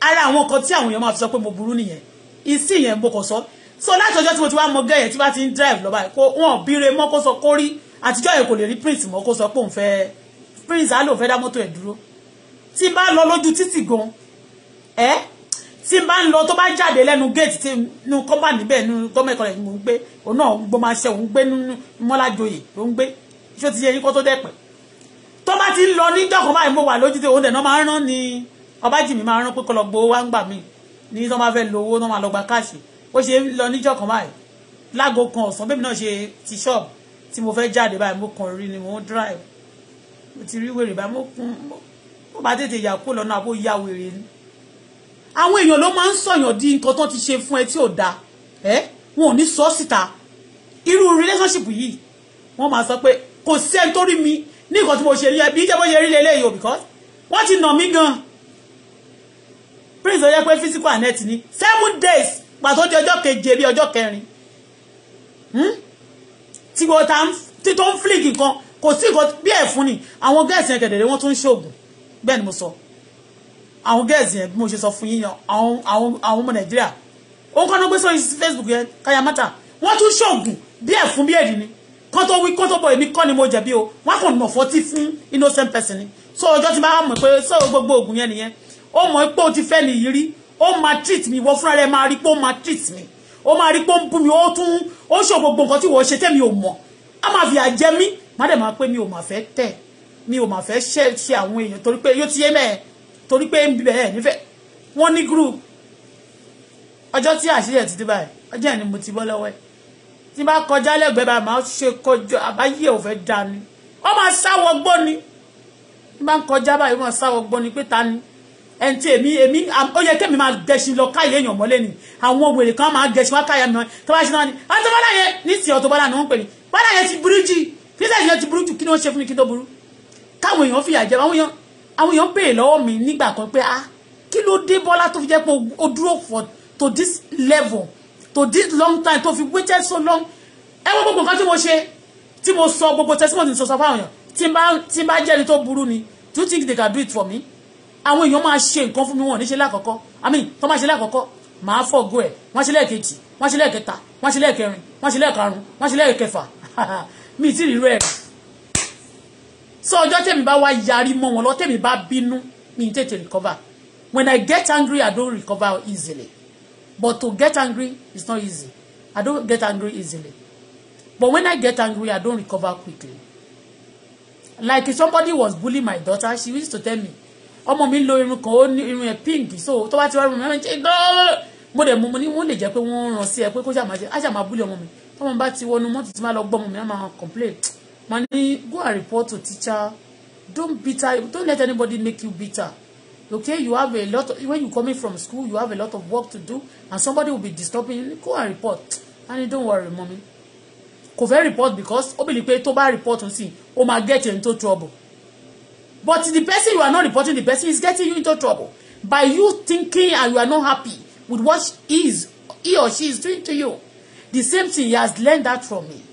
ara àwọn kan tí àwọn èèyàn máa fi sọ pé mo burú nìyẹn ìsìn yẹn mo kàn sọ so láti ọjọ́ tí mo ti wá mọ gẹ́yẹ̀ tí bá ti ń drive lọ́ba kó wọn bíire mọ́ kó sọ kó rí àtijọ́ yẹn kò lè rí prince mọ́ kó sọ pé òun fẹ́ prince á lóun fẹ́ dá mọ́tò ẹ̀ dúró tí bá lọ lójú títì gan ẹ́ tí bá ń lọ tó bá jáde lẹ́nu gate tí nu kọ́mbà níbẹ̀ nu gọ́ọ̀mẹ̀ kọ́lẹ̀ ni mò ń gbé òun náà gbọ́ máa ṣe òun gbé nu mọ́lájòyè ló ń gbé ṣó ti yẹ yín kó tó dẹ̀pẹ̀ tó bá ti ń lọ níjọ́ kan báyìí mo wà lójú tí òun dẹ̀ náà máa ń rán ni ọbájìmí máa ń rán pé kọlọ̀ gbowó wá ń gbà mí ní tó máa fẹ́ lo owó náà máa lọ gba káàṣì ó ṣe lọ níjọ́ kan báyìí láago kan ọ̀sán bẹ́ẹ̀ náà ṣe ti ṣọ́ọ̀bù tí mo fẹ́ jáde báyìí mo kàn rí ni mo drive mo ti rí wèrè báyìí mo kún mo bá tètè yà kó lọ́nà àbó ya wèrè ni. àwọn èèyàn ló máa ń sọ̀yàn di nǹkan tó ti ṣe fún ẹ tí ò dáa ẹ wọn ò ní sọ síta irú relationship yìí wọ́n máa sọ pé kò sí ẹni tó rí mi ní nǹkan tí mo ṣe rí ẹbí jẹ́ bó ṣe rí lélẹ́yìí o because wọ́n ti nà mí gan-an prince ọ̀yẹ́ pé physical and net ni seven days pàtó di ọjọ́ keje bí ọjọ́ kẹrin hmm? tí wọ́n ta tí tó ń flick nǹkan kò sí nǹkan bí ẹ̀fún ni àwọn gẹ̀ẹ́sì yẹn kẹ̀dẹ̀rẹ̀ wọ́n tún ń ṣoògùn bẹ́ẹ̀ ni mo sọ àwọn gẹ̀ẹ́sì yẹn bí mo ṣe sọ fún yíyan àwọn ọmọ nàìjíríà ó ń kọ́nà gbé sórí facebook yẹn kayamata wọ́n tún ṣoògùn bí ẹ̀fún bí èdè ni kọ́ tó wí kọ́ tó bọ̀ èmi kọ́ ni mo jẹ̀bi o wọ́n kò nà fọ́tí fún innocent person ni so ọjọ́ ti máa mọ̀ pé so gbogbo ògùn yẹn nìyẹn ó mọ̀ pé ó ti fẹ́ nìyí rí ó máa treat me, ìwọ fúnra rẹ máa rí pé ó máa treat mi ó máa rí pé ó ń bú mi ó tún ó ṣe gbogbo nǹkan tí ìwọ ṣe tẹ́mi ò mọ̀ á máa fìyà jẹ mí má dẹ̀ máa pé mi ò mà fẹ́ tẹ̀ mi ò mà fẹ́ ṣe ṣe àwọn èèyàn torí pé yóò ti yé mẹ́ẹ̀ torí pé ń bẹ̀ ẹ́ nífẹ̀ẹ́ wọ́n ní group ọjọ́ tí àṣírí ẹ̀ ti dé báyìí ọjọ́ ẹ̀ ni mo ti bọ́ lọ́wọ́ ẹ̀ tí bá kọjá lẹ́gbẹ̀ẹ́ bá máa ṣe kọjọ àbáyé ò fẹ́ dání ó máa sáwọ́ gbọ́ ni tí bá kọjá báyìí ó máa sáwọ́ gbọ́ ni pé ta ni ẹ̀ǹtí èmi èmi ó yẹ kẹ́mi máa gẹṣin lọ káyé èèyàn mọ́lé ni àwọn wèrè kan máa gẹṣin wá káyà mi tó bá ṣe náà ni Auto Bola yẹn ní ti Auto Bola náà ń pè ní Bola yẹn ti burú jì fíṣẹ̀ yẹn ti burú jù kí ni wọ́n ṣe fún mi kí tó burú káwọn èèyàn fìyà jẹ àwọn èèyàn àwọn èèyàn béèrè lọ́wọ́ mi nígbà kan pé ah kí ló dé Bọ́lá tó fi jẹ́ pé o dúró for to this level to this long time tó fi waited so long ẹ wọ́n gbogbo nǹkan tí mo ṣe tí mo sọ gbogbo testimony sọ sọ fáwọn èèyàn tí n bá jẹ́ni tó burú ni do you think they can do it for me àwọn èèyàn máa ṣe nǹkan fún mi wọn ò ní ṣe lákọ̀ọ́kọ́ i mean tó máa ṣe lákọ̀ọ́kọ́ màá fọ̀gọ́ ẹ̀ wọ́n ṣe lẹ́ẹ̀kejì wọ́n ṣe lẹ́ẹ̀kẹta wọ́n ṣe lẹ́ẹ̀kẹrin wọ́n ṣe lẹ́ẹ̀karùn wọ́n ṣe lẹ́ẹ̀kẹfà mi ti rírọ ẹ̀ so ọjọ́ tèmi bá wá yarí mọ́ wọn lọ tèmi bá bínú mi tètè recover when i get angry i don't recover easily but to get angry is not easy i don't get angry easily but when i get angry i don't recover quickly like if somebody was bullying my daughter she used to tell me ọmọ mi lo irun kan ó ní irun ẹ̀ pink so tó bá ti wá irun mi ẹ̀ ń ṣe gbọ́dọ̀ mo dẹ̀ mo ní wọ́n lè jẹ́ pé wọ́n ràn sí ẹ pé kó ṣàmà ṣe á ṣàmà búlẹ̀ ọmọ mi tọ́mọ bá ti wọnú mọ́tò tí má lọ gbọ́ mi á máa complain ma ní go and report to teacher don't bitter don't let anybody make you bitter okay you have a lot of, when you coming from school you have a lot of work to do and somebody will be disturbing you go and report and don't worry mommy kò fẹ́ report because ó bìlí pé tó bá report n sí o máa get into trouble But the person you are not reporting, the person is getting you into trouble by you thinking and you are not happy with what he is he or she is doing to you. The same thing he has learned that from me.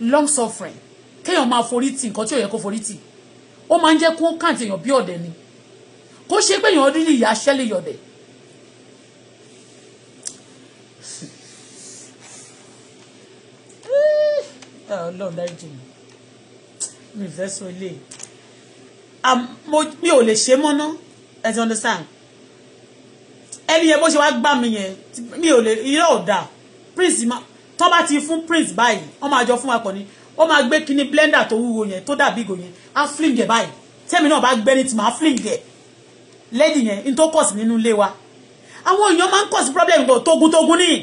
Long suffering. Kéèyàn máa forí tì nǹkan tí ò yẹ kó forí tì. Ó máa ń jẹ́ kó kàn téèyàn bí ọ̀dẹ̀ ni. Kó ṣe pé èèyàn rí ìyá ṣẹ́lẹ̀ yọ̀dẹ̀. Ah, Ọlọ́run dáríjì mi. Mi fẹ́ sọ ilé mi ò lè ṣe mọ́ná ẹ ti understand ẹni yẹn bó ṣe wá gbà mí yẹn mi ò lè irọ́ ò prince tọ́ bá ti fún prince báyìí wọ́n máa jọ fún wa pọ̀ ni ó máa gbé kíní blender tó wúwo yẹn tó dàbí ìgò yẹn á fling ẹ̀ báyìí tẹ́mi náà bá gbẹ́ ní tí màá fling ẹ̀ lady yẹn in tó kọ̀sì nínú ilé wa àwọn èèyàn máa ń kọ̀sì problem gbọ̀ tógúntógún nìyí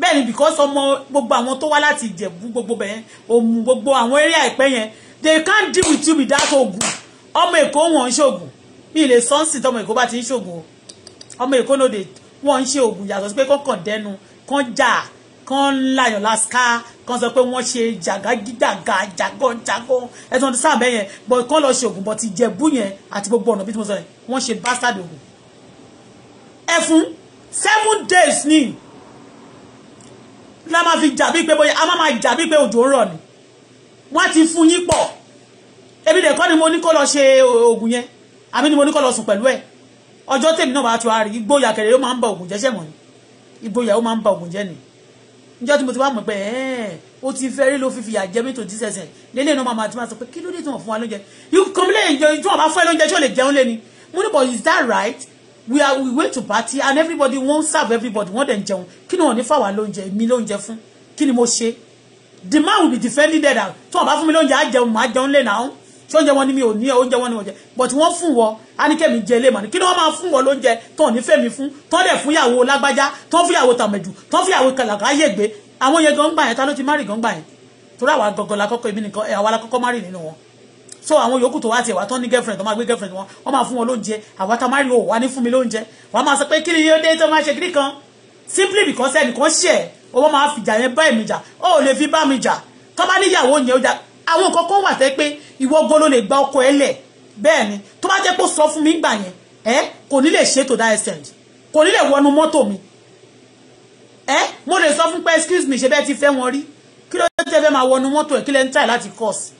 bẹ́ẹ̀ ni because ọmọ gbogbo àwọn tó wá láti ìjẹ̀bú gbogbo bẹ̀yẹn òmù gbogbo àwọn eré àìpẹ́ yẹn they can't deal with you with that ogun ọmọ èkó wọn ń ṣoògùn mi lè sọ́nsìn tọmọ èkó bá ti ń ṣoògùn o ọmọ èkó lóde wọn ń ṣe oògùn yàtọ̀ sí pé kọ́ kàn dẹnu kàn jà kàn láyọ̀ lásìkà kàn sọ pé wọ́n ṣe jàgàgídàgà jàgànjàgàn ẹ̀sùn ọdún sáà bẹ́yẹn bọ̀ kàn lọ ṣe oògùn bọ̀ ti jẹ̀bú yẹn àti gbogbo ọ̀nà bí tí mo sọ yẹn wọ́n ṣe bastard oògùn. ẹ seven days ni la máa fi jà bí pé bóyá a máa máa jà bí pé òjò ń rọ̀ ni wọ́n ti fún yín pọ̀ ebi dẹ̀ kọ́ ni mo ní kó lọ ṣe oògùn yẹn àbí ni mo ní kó lọ sùn pẹ̀lú ẹ̀ ọjọ́ tèmi náà bá ti wá rí ìgboyà kẹ̀lẹ́ ó máa ń ba oògùn jẹ́ sẹ́mọ̀ ni ìgboyà ó máa ń ba oògùn jẹ́ ni níjọ́ tí mo ti wá mọ̀ pé ẹ́ẹ̀ o ti fẹ́ rí ló fi fìyà jẹ́ mi tó ti sẹ̀sẹ̀ lélẹ̀ náà máa ti máa sọ pé kí ló dé tí wọ́n fún wa lóúnjẹ you complain ìjọ ìjọ àbá fún ẹ lóúnjẹ tí ò lè jẹun lé ni mo ní but is that right we are we went to party and everybody won serve everybody wọ́n dẹ̀ ń jẹun kí ni wọ́n ní fáwa lóúnjẹ mi lóúnjẹ fún kí ni mo ṣe the man will be defending them down tí wọn bá fún mi lóúnjẹ á jẹun màá jẹun lè náà ṣé oúnjẹ wọn ni mi ò ní oúnjẹ wọn ni wọn jẹ but wọn fún wọ anikẹmi jẹ lè màní kí ni wọn máa fún wọ lóúnjẹ tó ní fẹmi fún tó dẹ fún yàwó lágbájá tó fún yàwó tàmẹjù tó fún yàwó kàlàkà yẹgbẹ àwọn yẹn gan gbà yẹn ta ló ti má rì gan gbà yẹn torí àwa gangan la kọ́kọ́ èmi nìkan àwa la kọ́kọ́ má rì nínú wọn so àwọn yòókù tó wá tiẹ̀ wá tán ní girlfriend tó máa gbé girlfriend wọn wọn máa fún wọn lóúnjẹ àwa tá má rì o wà ní fún mi lóúnjẹ wọn máa sọ pé kí ni yóò dé tó máa ṣe kiri kan simply because ẹnìkan ṣe o wọ́n máa fìjà yẹn bá èmi jà ó ò lè fi bá mi jà tó bá níyàwó yẹn ó jà àwọn nǹkan kan wà tẹ́ pé ìwọ gan ló lè gba ọkọ ẹ lẹ̀ bẹ́ẹ̀ ni tó bá jẹ́ pé ó sọ fún mi gbà yẹn ẹ kò ní lè ṣe to that extent kò ní lè wọnú mọ́tò mi ẹ mo lè sọ fún pé excuse me ṣe bẹ́ẹ̀ ti fẹ́ wọn rí kí ló tẹ́ fẹ́ máa wọnú mọ́tò ẹ̀ kí lẹ́ ń tàì láti cause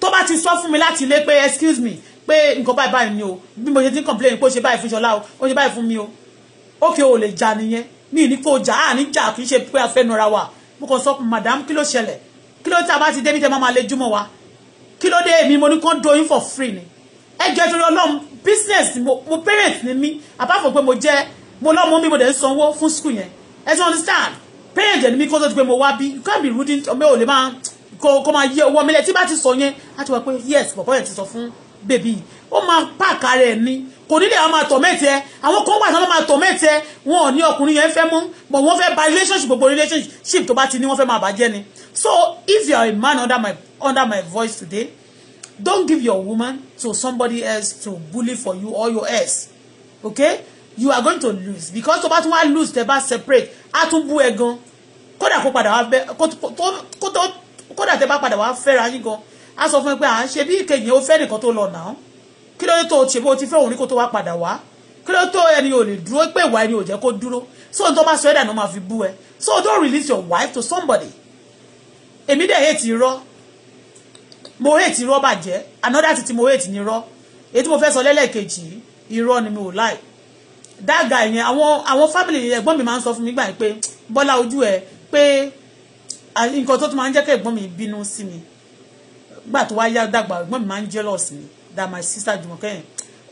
tó bá ti sọ fún mi láti ilé pé excuse me pé nǹkan báyìí báyìí ni o bí mo ṣe ti ń complain pé ó ṣe báyìí fún ṣọlá o ó ṣe báyìí fún mi o ó kí o lè jà nìyẹn mi ní kó jà á ní jà kì í ṣe pé a fẹ́ nura wa mo kàn sọ madam kí ló ṣẹlẹ̀ kí ló tí a bá ti débi tẹ máa lè jùmọ̀ wa kí ló dé èmi mo ní kàn doyin for free ni ẹ jẹ́ torí ọlọ́run business mo parent ni mí àbáfọ̀ pé mo jẹ́ mo lọ́mọ mi mo dẹ̀ ń sanwó fún school yẹn ẹ ti understand parent ni mí kó tó ti pé mo wá bí you can't be rude ọmọ ò lè máa kó máa yẹ owó mi lẹ tí bá ti sọ yẹn á ti wá pé yes bọ̀bọ̀ yẹn ti sọ fún bèbí yìí ó máa pààkà rẹ̀ ni kò nílẹ̀ àwọn máa tọ̀mẹ́tì ẹ àwọn kan wà tí wọ́n máa tọ̀mẹ́tì ẹ wọn ò ní ọkùnrin yẹn fẹ́ mú but wọ́n fẹ́ ba relationship gbogbo relationship tó bá ti ní wọ́n fẹ́ máa bàjẹ́ ni so if you are a man under my under my voice today don't give your woman to somebody else to bully for you or your ex okay you are going to lose because tó bá tún wá lose tẹ́ bá separate á tún bú ẹ gan kódà kó padà wá bẹ kódà tẹ́ bá padà wá fẹ́ra yín gan á sọ fún ẹ pé à ń ṣe bí ìkẹyìn ó fẹ́ nìkan tó lọ nàá kí ló tó ṣe bó ti fẹ́ òun ní kó tó wá padà wá kí ló tó ẹni ò lè dúró pé ìwà ẹni ò jẹ́ kó dúró so n tó bá sọ ẹ́ dànù máa fi bú ẹ so don't release your wife to somebody èmi dẹ̀ hate irọ́ mo hate irọ́ bàjẹ́ another titi mo hate ni irọ́ èyí tí mo fẹ́ sọ lẹ́lẹ́kejì irọ́ ni mi ò láì that guy yẹn àwọn àwọn family ẹ̀gbọ́n mi máa ń sọ fún mi gbà pé bọ́lá ojú ẹ pé nǹkan tó tún máa ń jẹ́ kí ẹ̀gbọ́n mi bínú sí mi gbà tó wá yá dàgbà ẹ̀gbọ́n mi máa ń jealous mi that my sister Jùmọ̀kẹ́ yẹn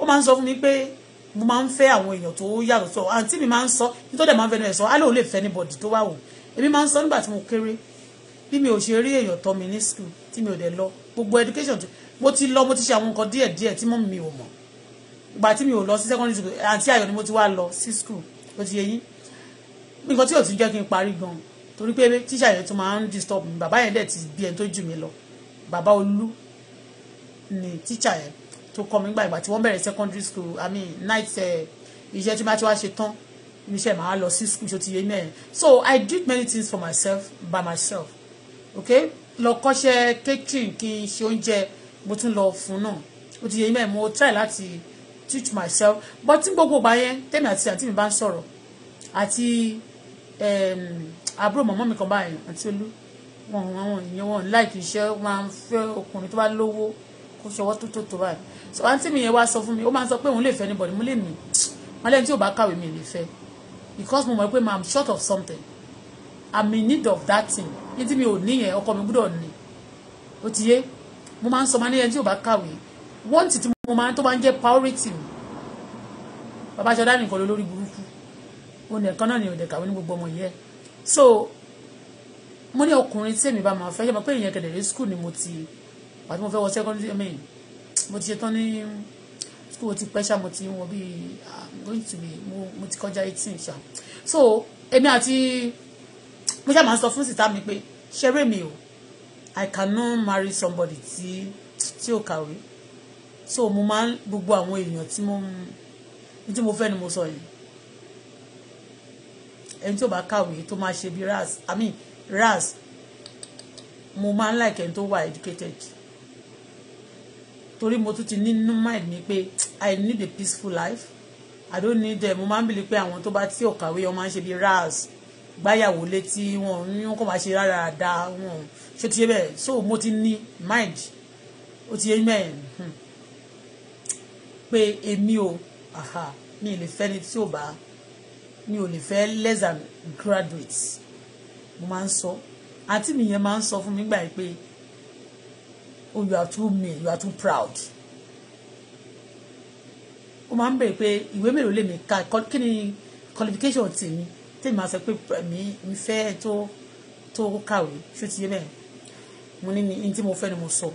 ó máa ń sọ fún mi pé mo máa ń fẹ́ àwọn èèyàn tó yàtọ̀ so, àǹtí mi máa ń sọ nítorí ẹ̀ máa ń fẹ́ nu ẹ̀ sọ á lóun lè anybody to wa. wò èmi máa ń sọ nígbà mo kéré bí mi ò ṣe rí èèyàn tọ́ mi ní school tí mi ò dẹ̀ lọ gbogbo education mo ti lọ mo ti ṣe àwọn nǹkan díẹ̀ díẹ̀ tí mọ́ mi ò mọ̀ ìgbà tí mi ò lọ sí secondary school àǹtí ayọ̀ ni mo ti wa lọ sí school ó ti yé yín nǹkan tí ò ti jẹ́ kí n parí gan torí pé tíṣà yẹn tó máa ń disturb mi bàbá yẹn dẹ̀ ti bi ẹni tó jù mí lọ bàbá olú ni teacher yẹn tó kọ́ mi gbàgbà tí wọ́n bẹ̀rẹ̀ secondary school i mean night eh, iṣẹ́ tí máa ti wá ṣe tán níṣẹ́ màá lọ sí school tó ti yé mẹ́rin so i did many things for myself by myself okay lọ kọ́ṣẹ́ catering kí n ṣe oúnjẹ mo tún lọ fún náà ó ti yé mẹ́rin mo try láti teach myself but tí gbogbo ìgbà yẹn tèmi àti àǹtí mi bá ń sọ̀rọ̀ àti ehm, àbúrò mọ̀mọ́ mi kan báyìí àti olú wọn àwọn èèyàn wọn láìkì iṣẹ́ máa ń fẹ́ ọkùnrin tó bá lówó kó ṣọwọ́ tó tó tó báyìí so àǹtí mi yẹn wá sọ fún mi ó máa ń sọ pé òun lè fẹ́ anybody mo lè mí wọn lẹ́yìn tí ò bá kàwé mi lè fẹ́ because mo mọ̀ pé I'm short of something I'm in need of that thing ní tí mi ò ní yẹn ọkọ mi gbọ́dọ̀ ní ó ti yé mo máa ń sọ ma ní ẹni tí ò bá kàwé wọ́n ti tí mo máa ń tó máa ń jẹ́ priority mi bàbá aṣọ dání nǹkan lórí burúkú ó ní ẹ̀kan náà ni òde kàwé ní gbogbo ọmọ yẹ so mo ní ọkùnrin tí èmi bá máa fẹ́ yẹ mọ̀ pé ìyẹn kẹ̀dẹ̀ pàtó mo fẹ́ wọ secondary I mean mo ti ṣetán ní school ti pẹ́ ṣá mo ti wọ bí ah, i'm going to be mo ti kọjá eighteen ṣá so èmi àti mo ṣáà máa ń sọ fún sìtá mi pé ṣeré mi o i cannot marry somebody tí tí ò kàwé so mo máa ń gbogbo àwọn èèyàn tí mo tí mo fẹ́ ni mo sọ yìí ẹni tí ò bá kàwé tó máa ṣe bí ras i mean ras mo máa ń like ẹni tó wà educated torí mo tún ti ní nínú mind mi pé i need a peaceful life i don't need them mo máa ń bìlí pé àwọn tó bá tí ò kàwé wọn máa ń ṣe bí ras gbáyàwó létí wọn ní wọn kò máa ṣe rárá da wọn ṣé ti yé bẹ́ẹ̀ so mo ti ní mind ó ti yé mẹ́ẹ̀ hmm. pé èmi ò mi ò lè fẹ́ ni tí ò bá mi ò lè fẹ́ less than graduate mo máa ń sọ àǹtí mi yẹn máa ń sọ fún mi gbà pé oh you are too mean you are too proud ó máa ń bèrè pé ìwé mélòó lèmi ka kí ni qualification tèmi tèmi máa sọ pé mi mi fẹ́ tó tó kàwé ṣó ti yé bẹ́ẹ̀ mo ní ní tí mo fẹ́ ni mo sọ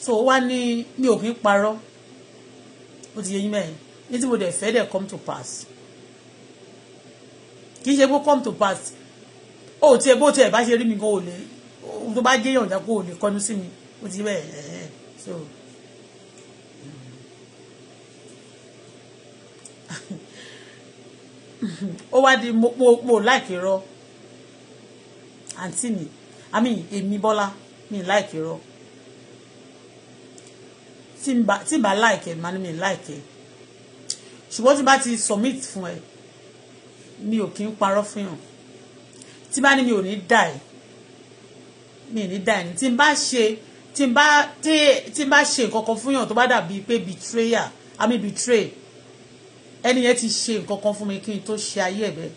so wá ní mi ò kí ń parọ́ ó ti yé yín mẹ́rin ní tí mo dẹ̀ fẹ́ dẹ̀ come to pass kì í ṣe bó come to pass ó tiẹ̀ bó tiẹ̀ bá ṣe rí mi gan ò lè ohun tó bá jẹ́ yọ̀ǹda kó o lè kọnu sí mi ó ti bẹ́ẹ̀ ẹ̀ so. ó wá di mo mo láìkì rọ àǹtí mi àmì èmi bọ́lá mi láìkì rọ tí n bá láìkì ẹ̀ máa ní mi láìkì ẹ̀ ṣùgbọ́n tí n bá ti submit fún ẹ mi ò kí ń parọ́ fún yàn tí bá ní mi ò ní dà ẹ́ mi ní dá ẹni tí n bá ṣe tí n bá tí n bá ṣe nǹkan kan fún yàn tó bá dàbí pé betrayer i mean betray ẹni yẹn ti ṣe nǹkan kan fún mi kí n tó ṣe ayé ẹ̀ bẹ́ẹ̀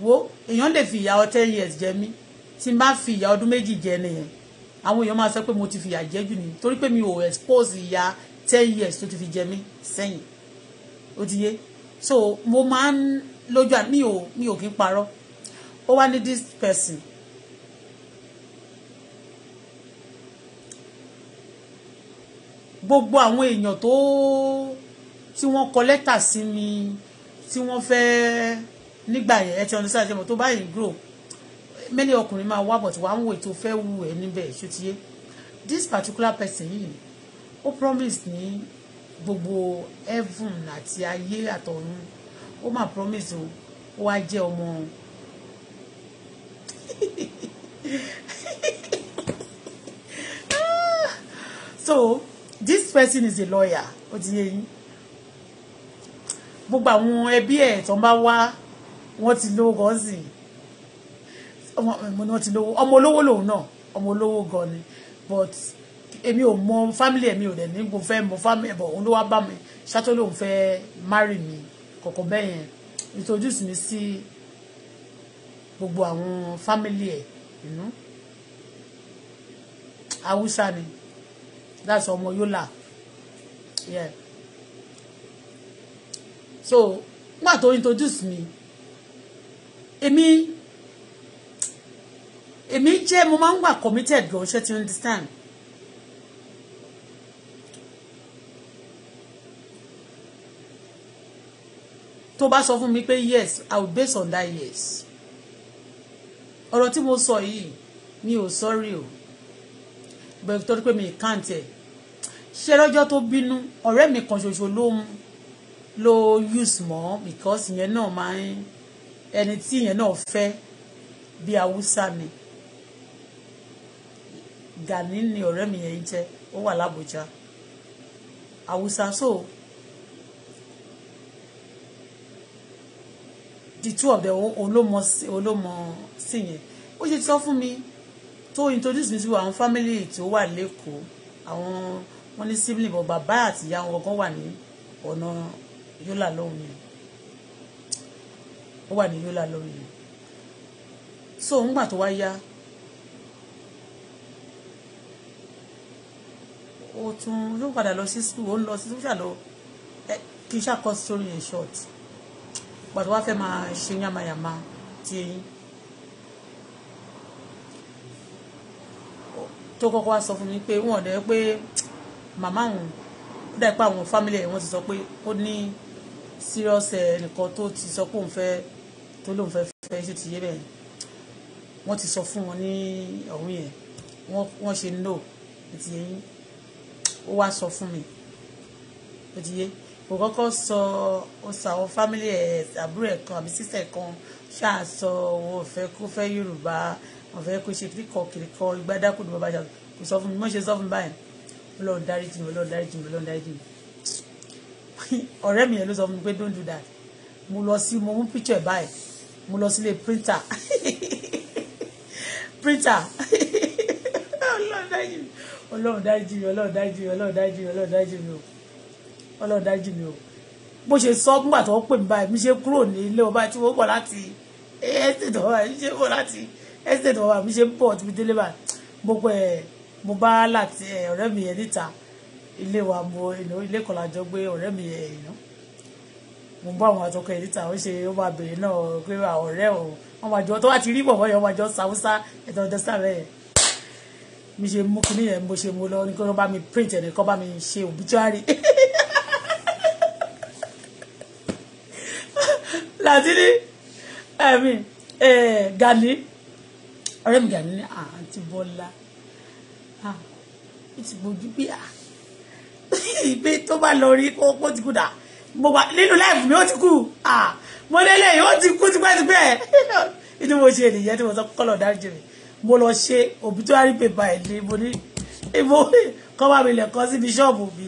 wo èèyàn lè fi ìyà ten years jẹ mí tí n bá fi ìyà ọdún méjì jẹ nìyẹn àwọn èèyàn máa sọ pé mo ti fi ìyà jẹ jù ni torí pé mi ò expose ìyà ten years tó ti fi jẹ mí sẹ́yìn ó ti yé so mo máa ń lójú àmì mi ò mi ò kí ń parọ́ ó wá ní this person gbogbo àwọn èèyàn tó tí wọ́n kọ lẹ́tà sí mi tí wọ́n fẹ́ nígbà yẹn ẹ ti ọdún sáà jẹ́mọ̀ tó báyìí grow many ọkùnrin máa wá bọ̀ tí wàá ń wò tó fẹ́ wù ẹ́ níbẹ̀ ṣùtìyé this particular person yìí ó promise ní gbogbo heaven àti ayé àtọ̀run ó máa promise o ó wá jẹ́ ọmọ so this person is a lawyer ó ti yé yín gbogbo àwọn ẹbí ẹ̀ tó ń bá wá wọ́n ti lówó gan sí wọ́n ti lówó ọmọ olówó lòun náà ọmọ olówó gan ni but èmi ò mọ family èmi ò dẹ̀ ní mo fẹ́ mọ family ẹ̀bọ̀ òun ló wá bá mi ṣáàtó lòun fẹ́ marry mi kọ̀ọ̀kan bẹ́ẹ̀ yẹn introduce mi sí. Si, gbogbo àwọn fámìlì ẹ̀ inú haúsá ni that's ọmọ yólà yeah so nígbà tó introduce mi èmi èmi jẹ́ mo máa ń wà committed gan ṣé ti understand tó bá sọ fún mi pé yes i will base on that yes ọ̀rọ̀ tí mo sọ yìí mi ò sọ́rí o bẹ́ẹ̀ tó pé mi kàǹtì ẹ̀ ṣé lọ́jọ́ tó bínú ọ̀rẹ́ mi kan ṣoṣo ló ń lo use mọ́ because ìyẹn náà máa ń ẹni tí ìyẹn náà fẹ́ bí haúsá ni Gani ni ọ̀rẹ́ mi yẹn jẹ́ ó wà lábújá haúsá so the two of them olómọ olómọ sí yẹn ó ṣe sọ fún mi tó introduce mi sí àwọn family tó wà lẹ́kọ̀ọ́ àwọn wọn ní sibling bọ̀ bàbá àti ìyá wọn kan wà ní ọ̀nà yólà lọ́hùn yẹn ó wà ní yólà lọ́hùn yẹn so ńgbà tó wá yá ó tún yóò padà lọ sí school ó ń lọ sí tó ṣàlọ kì í ṣàkọ story in short pàtó wá fẹ́ máa ṣe yàmàyàmà ti eyín tó kọ́kọ́ wá sọ fún mi pé wọ́n dẹ̀ pé màmá òun ó dà pé àwọn fámìlì ẹ̀ wọ́n ti sọ pé ó ní serious eh, nìkan tó ti sọ pé òun fẹ́ tó lóun fẹ́ fẹ́ ṣe ti yé bẹ́ẹ̀ wọ́n ti sọ fún wọn ní ọ̀hún yẹn wọ́n ṣe no ti yé yín ó wá sọ fún mi ó ti yé kò kọ́kọ́ sọ ó sọ àwọn fámìlì ẹ̀ àbúrò ẹ̀ kan àbí sísẹ̀ kan ṣáà sọ òun ò kó fẹ́ Yorùbá wọ́n fẹ́ kó ṣe kíríkọ kíríkọ ìgbádákùn bàbá ṣàtò kò sọ fún mi mọ́ ṣe sọ fún mi báyìí ọlọ́run dáríjì mi ọlọ́run dáríjì mi ọlọ́run dáríjì mi ọ̀rẹ́ mi yẹn ló sọ fún mi pé don't do that mo lọ sí mo mú picture báyìí mo lọ sílé printer printer ọlọ́run dáríjì mi ọlọ́run dáríjì mi ọlọ́run dáríjì mi ọlọ́run dáríjì mi ọlọ́run dáríjì mi o ọlọ́run dáríjì mi o bó ṣe sọ nígbà tó ń pè mí báyìí mi ṣe kúrò ní ilé ọba tí mo bọ̀ láti ẹ̀ẹ́dẹ̀dọ̀ eh, báyìí mi ṣe bọ̀ láti estate wọn wà bí ṣe ń pọ̀ tí mi délé bá gbogbo ẹ̀ mo bá láti eh, ọ̀rẹ́ mi yẹn níta ilé wa mo ilé kan lájọ gbé ọ̀rẹ́ mi yẹn ìná mo bá àwọn àtọkọ ẹ̀ níta ó ṣe ó máa bèrè náà pé ọ̀rẹ́ o wọn máa jọ tó wá ti rí bọ̀bọ̀ yẹn wọn máa jọ sàwúsá ẹ̀tọ́ ọjọ́ sáré yẹn mi ṣe mú kíní yẹn mo ṣe mo lọ ní kí bá mi print ẹ̀ nìkan bá mi ṣe òbítúárì láti ní ẹ̀mí eh, Gani ọ̀rẹ́ mi gàdí ní àǹtí Bọ́lá ó ti gbójú pé ìgbé tó bá lọ rí kó ti kú dà mo wà nínú láìpù mi ó ti kú mo lélẹ̀ yìí ó ti kú tipẹ́tipẹ́ inú mo ṣe ènìyàn tí mo sọ kọ́lọ̀ dáríjì mi mo lọ ṣe òbítúárì pépà ẹ̀ ní mo ní mo kọ́ bá mi lẹ̀ kọ́ sí bíṣọ́ọ̀bù mi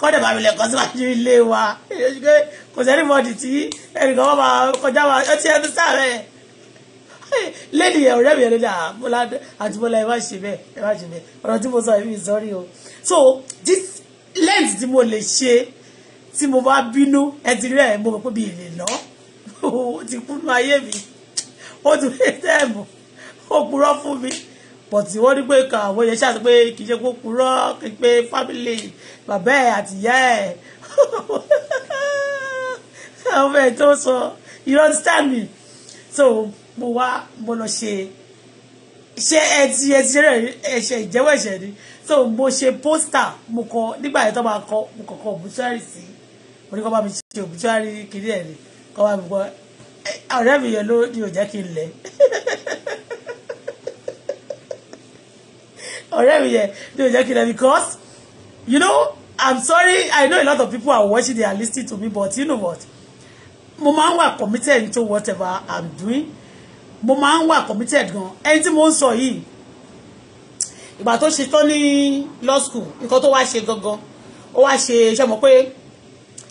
kọ́ dẹ̀ bá mi lẹ̀ kọ́ sí ilé wa kò sẹ́ni bọ́ọ̀dì tí ẹnìkan bá máa kọjá wa ó ti ẹnu sáré. lẹ́nu ọ̀rẹ́ mi yẹn ló àti bọ́lá ẹ má ṣe bẹ́ẹ̀ ẹ má ṣe bẹ́ẹ̀ ọ̀rọ̀ tí mo sọ èmi sọ́rí o so this lens tí mo lè ṣe tí mo bá bínú ẹ ti rí ẹ mo mọ̀ pé mi lè lọ ó ti kúnnú ayé mi ó ti rí tẹ́ẹ̀mù ó purọ́ fún mi pọ̀tì wọ́n ní pé kan àwọn yẹn ṣáà pé kì í ṣe kó purọ́ kì í pé family bàbá ẹ̀ àtìyá ẹ̀ àwọn ẹ̀ tó sọ you understand me so mo wá mo lọ ṣe ṣe ẹ ti ẹ ti ṣe ẹ̀ṣẹ̀ ìjẹ́wọ́ ẹ̀ṣẹ̀ ni so mo ṣe pósítà mo kọ nígbà yẹn tó máa kọ mo kọ kọ obituary sí mo ní kọ́ bá mi ṣe obituary kiri ẹ̀ ni kọ́ bá mi gbọ́ ọ̀rẹ́ mi yẹn ló ní òjẹ́ kí n lẹ̀ ọ̀rẹ́ mi yẹn ní òjẹ́ kí n lẹ̀ because you know I'm sorry I know a lot of people are watching they are listening to me but you know what mo máa ń wà committed to whatever I'm doing mo máa ń wà committed gan ẹni tí mo ń sọ yìí ìgbà tó ṣe tán ní law school nǹkan tó wá ṣe gangan ó wá ṣe ṣe mọ̀ pé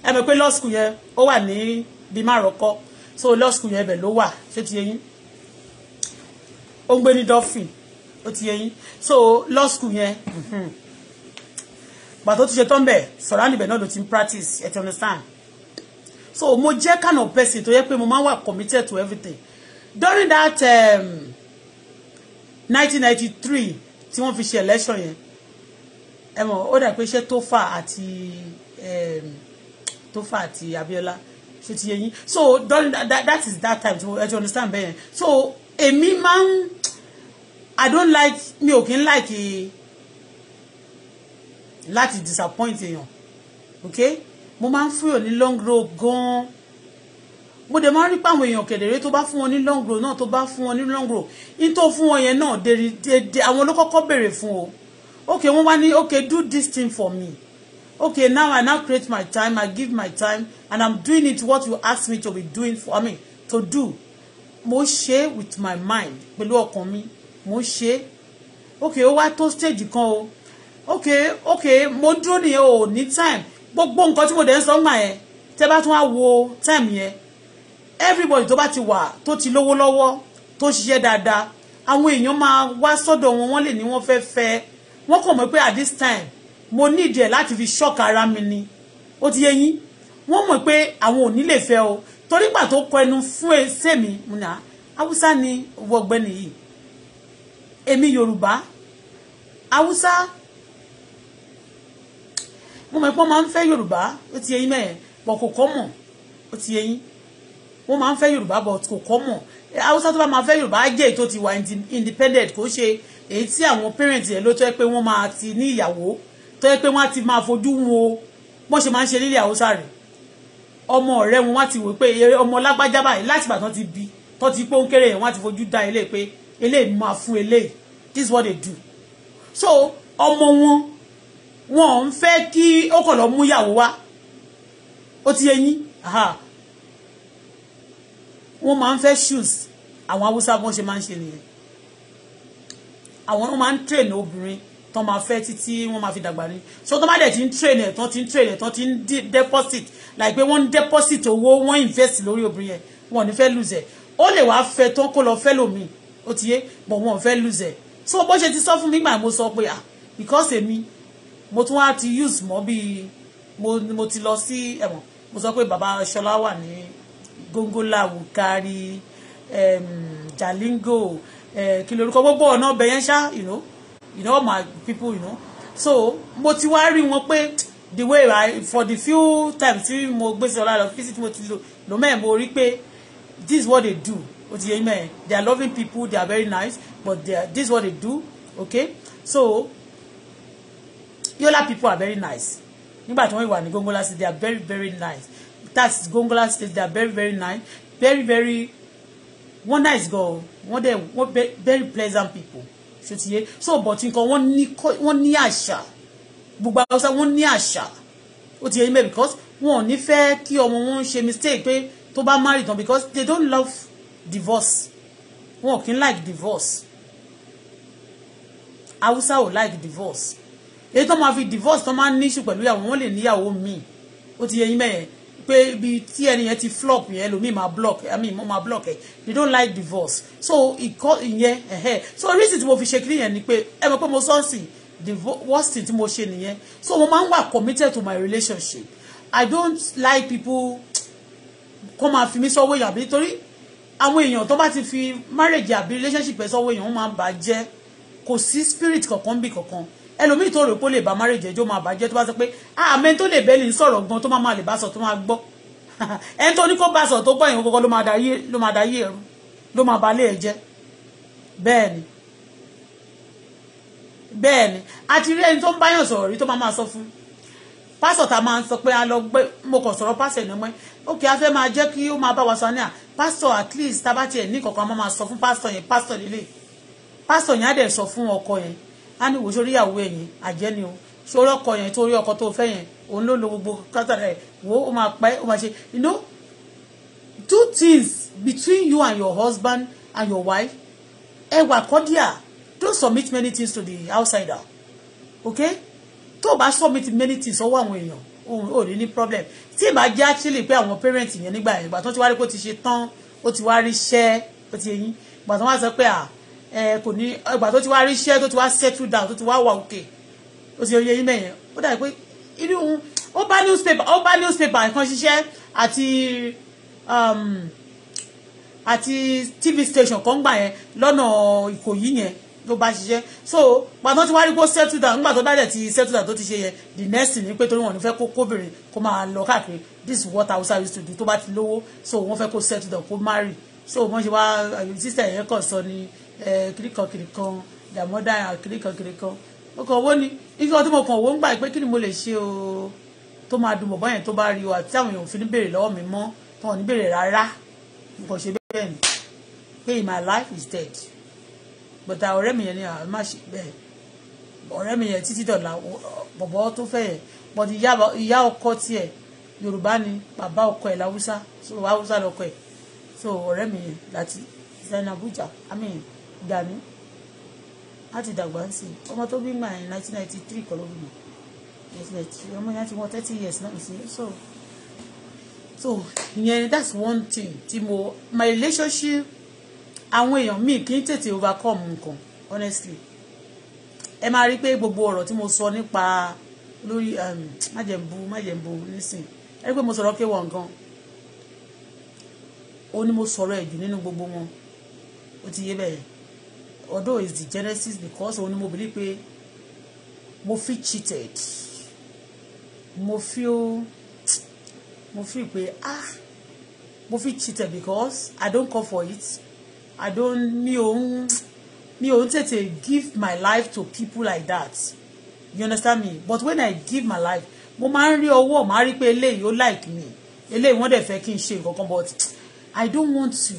ẹ mọ̀ pé law school yẹn ó wà ní bíi márọ̀kọ́ so law school yẹn ibẹ̀ ló wà ṣé ti yé yín ó ń gbé ní dolphin ó ti yé yín so law school yẹn mhm. ìgbà tó ti ṣe tán bẹ̀ sọ̀rọ̀ àníbẹ̀ náà ló ti ń practice ẹ̀ ti understand so mo jẹ́ kind of person tó yẹ pé mo máa ń wà committed to everything during that um, 1993 tí wọ́n fi ṣe election yẹn ẹ mọ̀ ó dà pé um, ṣé Tofa àti Tofa àti Abiola ṣe ti yẹ so during that, that, that is that time ẹ ti understand bẹ́ẹ̀ yẹn so èmi máa ń I don't like mi ò kí ń like láti disappoint èèyàn ok mo máa ń fúyò ní long road gan-an mo dẹ̀ máa ń rí pé àwọn èèyàn kẹ̀dẹ̀rẹ́ tó bá fún wọn ní long road náà tó bá fún wọn ní long road in tó fún wọn yẹn náà dèrè àwọn ló kọ́kọ́ béèrè fún o okay wọ́n wá ní okay do this thing for me okay now I now create my time I give my time and I'm doing it what you ask me to be doing for me to do mo ṣe with my mind pẹ̀lú ọkàn mi mo ṣe okay ó wá tó stage kan o okay okay mo dúró nìyẹn o ní time gbogbo nǹkan tí mo dẹ̀ ń sọ ń gbà yẹn tẹ́ bá tún wá wo time yẹn everybody tó bá ti wà tó ti lówó lọ́wọ́ tó ṣiṣẹ́ dáadáa àwọn èèyàn máa wá sọ́dọ̀ wọn wọ́n lè ní wọ́n fẹ́ẹ́ fẹ́ wọ́n kàn mọ̀ pé at this time mo need ẹ̀ láti fi ṣọ́ọ̀kì ara mi ni ó ti yé yín wọ́n mọ̀ pé àwọn ò ní lè fẹ́ o torí gbà tó kọ ẹnu fún èsèmi múna haúsá ni owó ọ̀gbẹ́ni yìí èmi yorùbá haúsá mo mọ̀ pé wọ́n máa ń fẹ́ yorùbá ó ti yé yín mẹ́ẹ̀ pọ̀ kò kọ́ mọ̀ ó ti yé yín wọ́n máa ń fẹ́ yorùbá but kò kọ́mọ̀ haúsá tó bá máa fẹ́ yorùbá jẹ́ èyí tó ti wà independent kò ṣe èyí tí àwọn parent yẹn ló tọ́ ẹ pé wọ́n máa ti ní ìyàwó tọ́ ẹ pé wọ́n á ti máa fojú wo wọ́n ṣe máa ń ṣe nílẹ̀ haúsá rẹ̀ ọmọ ọ̀rẹ́ wọn wá ti wò pé ọmọ lágbájá báyìí láti ìgbà tán ti bí tán ti pọ́n kéré yẹn wọ́n á ti fojú dá eléyìí pé eléyìí máa fún eléyìí this is what they do so ọmọ wọn wọn ò ń fẹ́ kí ó kọ̀ lọ mú ìyàwó wá ó ti yẹ yín wọ́n máa ń fẹ́ shoes àwọn haúsá bọ́n ṣe máa ń ṣe nìyẹn àwọn wọn máa ń train obìnrin tán máa fẹ́ títí wọ́n máa fi dàgbà ní so tán bá dẹ̀ ti ń train ẹ̀ tán ti ń train ẹ̀ tán ti ń deposit like pé wọ́n ń deposit owó wọ́n invest lórí obìnrin yẹn wọn ò ní fẹ́ lose ẹ̀ ó lè wá fẹ́ tán kó lọ fẹ́ lòmíì ó ti yé bọ̀ wọn ò fẹ́ lose ẹ̀ so bó ṣe ti sọ fún mi gbà mo sọ pé ah because èmi mo tún wá ti use mọ́ bíi mo ti lọ sí ẹ̀wọ̀n mo sọ pé bàbá Ṣọlá wà ní gongola wukari um, jalingo uh, kí lorúkọ gbogbo ọ̀nà ọbẹ̀ yẹn ṣá you know you know my people you know so mo ti wá rí wọn pé the way right? for the few times tí mo gbé sí ọlá lọ fíìsì tí mo ti lò lò mẹ́ẹ̀ mo rí pé this is what they do ó ti yé mẹ́ẹ̀ they are loving people they are very nice but they are, this is what they do okay so Yola people are very nice nígbà tí wọ́n wà ní Gongola sí they are very very nice that's Gongola state they are very very nice very very One nice gan wọ́n dẹ̀ wọ́n very pleasant people ṣe ti so but nǹkan wọ́n ní wọ́n ní àṣà gbogbo Hausa wọ́n ní àṣà ó ti yé because wọn ò ní fẹ́ kí ọmọ wọn mistake pé tó bá marry tán because they don't love divorce wọn ò like divorce Hausa ò like divorce èyí tó máa fi divorce tó máa ń níṣù pẹ̀lú ìyàwó wọn lè níyàwó míì ó ti yé yín mẹ́yẹn pé ibi tí ẹni yẹn ti flop yẹn ẹlòmíì máa block i mean mo block ẹ they don't like divorce so ìkọ ìyẹn ẹhẹ so reason tí mo fi ṣe kiri yẹn ni pé ẹ mọ̀ pé mo sọ sí the worst thing tí mo ṣe nìyẹn so mo máa ń wà committed to my relationship i don't like people come and fi mí sọ́wọ́ èèyàn àbí torí àwọn èèyàn tó bá ti fi marriage àbí relationship ẹ̀ sọ́wọ́ èèyàn wọ́n máa bà jẹ́ kò sí spirit kankan bí kankan ẹlòmíì tó rò pé ó lè ba marriage ẹjọ́ máa bàjẹ́ tó bá sọ pé ah, àmẹ́ tó lè bẹ́ẹ̀ ní sọ̀rọ̀ gan tó máa máa lè bá sọ tó máa gbọ́ ẹni tó ní kó bá sọ tó gbọ́ ìwọ̀n kọ́kọ́ ló máa dayé ẹ̀rú ló máa balẹ̀ ẹ̀ jẹ́ bẹ́ẹ̀ ni bẹ́ẹ̀ ni àti rí ẹni tó ń báyàn sọ̀rọ̀ rí tó máa máa sọ fún pásọ̀ tá a máa ń sọ pé a lọ gbé mo kàn sọ̀rọ̀ pásọ̀ ìnáwó ẹ̀ ókè a fẹ́ máa jẹ́ kí ó máa bá wa sọ ní à pásọ̀ at least tá a bá tiẹ̀ ní kankan máa máa sọ fún pásọ̀ yẹn pásọ̀ líle pásọ̀ yẹn á dẹ̀ sọ fún ọkọ yẹn á ní wò sórí ìyàwó ẹ̀yìn àjẹ́ ni o sórí ọkọ yẹn tó rí ọkọ tó fẹ́ yẹn òun ló lo gbogbo kátàkà ẹ̀ wò ó máa pẹ́ ó máa ṣe you know two things between you and your husband and your wife ẹ wà kọ́díà don't submit many things to the outsider okay tó o bá submit many things ọwọ́ àwọn èèyàn ò ní ní problem tí ìbá jẹ́ actually pé àwọn parents yẹn nígbà yẹn ìgbà tó ti wá rí pé ó ti ṣe tán ó ti wá ríṣẹ́ ó ti yẹn ìgbà tó wá sọ pé ah kò ní ìgbà tó ti wá rí iṣẹ́ tó ti wá settle down tó ti wá wà òkè ó ti yẹ yín mẹ́yẹn ó dàbí pé irú ó bá newspaper ó bá newspaper kan ṣiṣẹ́ àti um, àti tv station kan gbà yẹn lọ́nà ìkòyí yẹn ló bá ṣiṣẹ́ so pàtó tí wọ́n rí kó settle down nígbà tó bá dẹ̀ ti settle down tó ti ṣe yẹn the next thing ni pé torí wọn ní fẹ́ kó kóbìnrin kó máa lọ káàkiri this is what Hausa used to do tó bá ti lówó so wọ́n fẹ́ kó settle down kó marry so wọ́n ṣe wá um, sísẹ̀ yẹn kàn sọ ni kìrìkan kìrìkan ìdàmọ́dá kìrìkan kìrìkan mo kàn wó ni ife ọtí mo kàn wó ń gbà pé kí ni mo lè ṣe o tó máa dùn bọ̀bọ́ yẹn tó bá rí o àti àwọn èèyàn ò fi ní béèrè lọ́wọ́ mi mọ́ wọn ní béèrè rárá mo kàn ṣe bẹ́ẹ̀ ni pé my life is dead but ọ̀rẹ́ mi yẹn ni àwọn ah, má ṣe bẹ́ẹ̀ ọ̀rẹ́ mi yẹn títí dọ̀là bọ̀bọ́ tó fẹ́ yẹn but ìyá ọkọ tiẹ̀ yorùbá ni bàbá ọkọ ẹ̀ láwùsá so láwùsá lọkọ ẹ̀ so ọ̀rẹ́ mi yẹn láti Zainabu Ija amíyàn gbà mí láti dàgbà ń sìn ọmọ tó bí mà ní nineteen ninety three kọ́ ló bí mà nineteen ninety three ọmọ yẹn ti wọ thirty years náà sí so so ìyẹn that's one thing tí mo my relationship àwọn èèyàn míì kì í tètè overcome nǹkan honestly ẹ máa rí i pé gbogbo ọ̀rọ̀ tí mo sọ nípa lórí májèmbú um, májèmbú nísìn ẹ rí i pé mo sọ̀rọ̀ kéwọ̀n gan ó ní mo sọ̀rọ̀ ẹ̀jù nínú gbogbo wọn ó ti yé bẹ́ẹ̀ although it's the genesis because òun ni mo believe pé mo feel cheated mo feel mo feel pé ah mo feel cheated because I don't come for it I don't mi ò ń mi ò ń tètè give my life to people like that you understand me but when I give my life mo máa ń rí ọwọ́ màá rí pé eléyìí ó like me eléyìí wọ́n dẹ̀ fẹ́ kí n ṣe nǹkan kan but I don't want to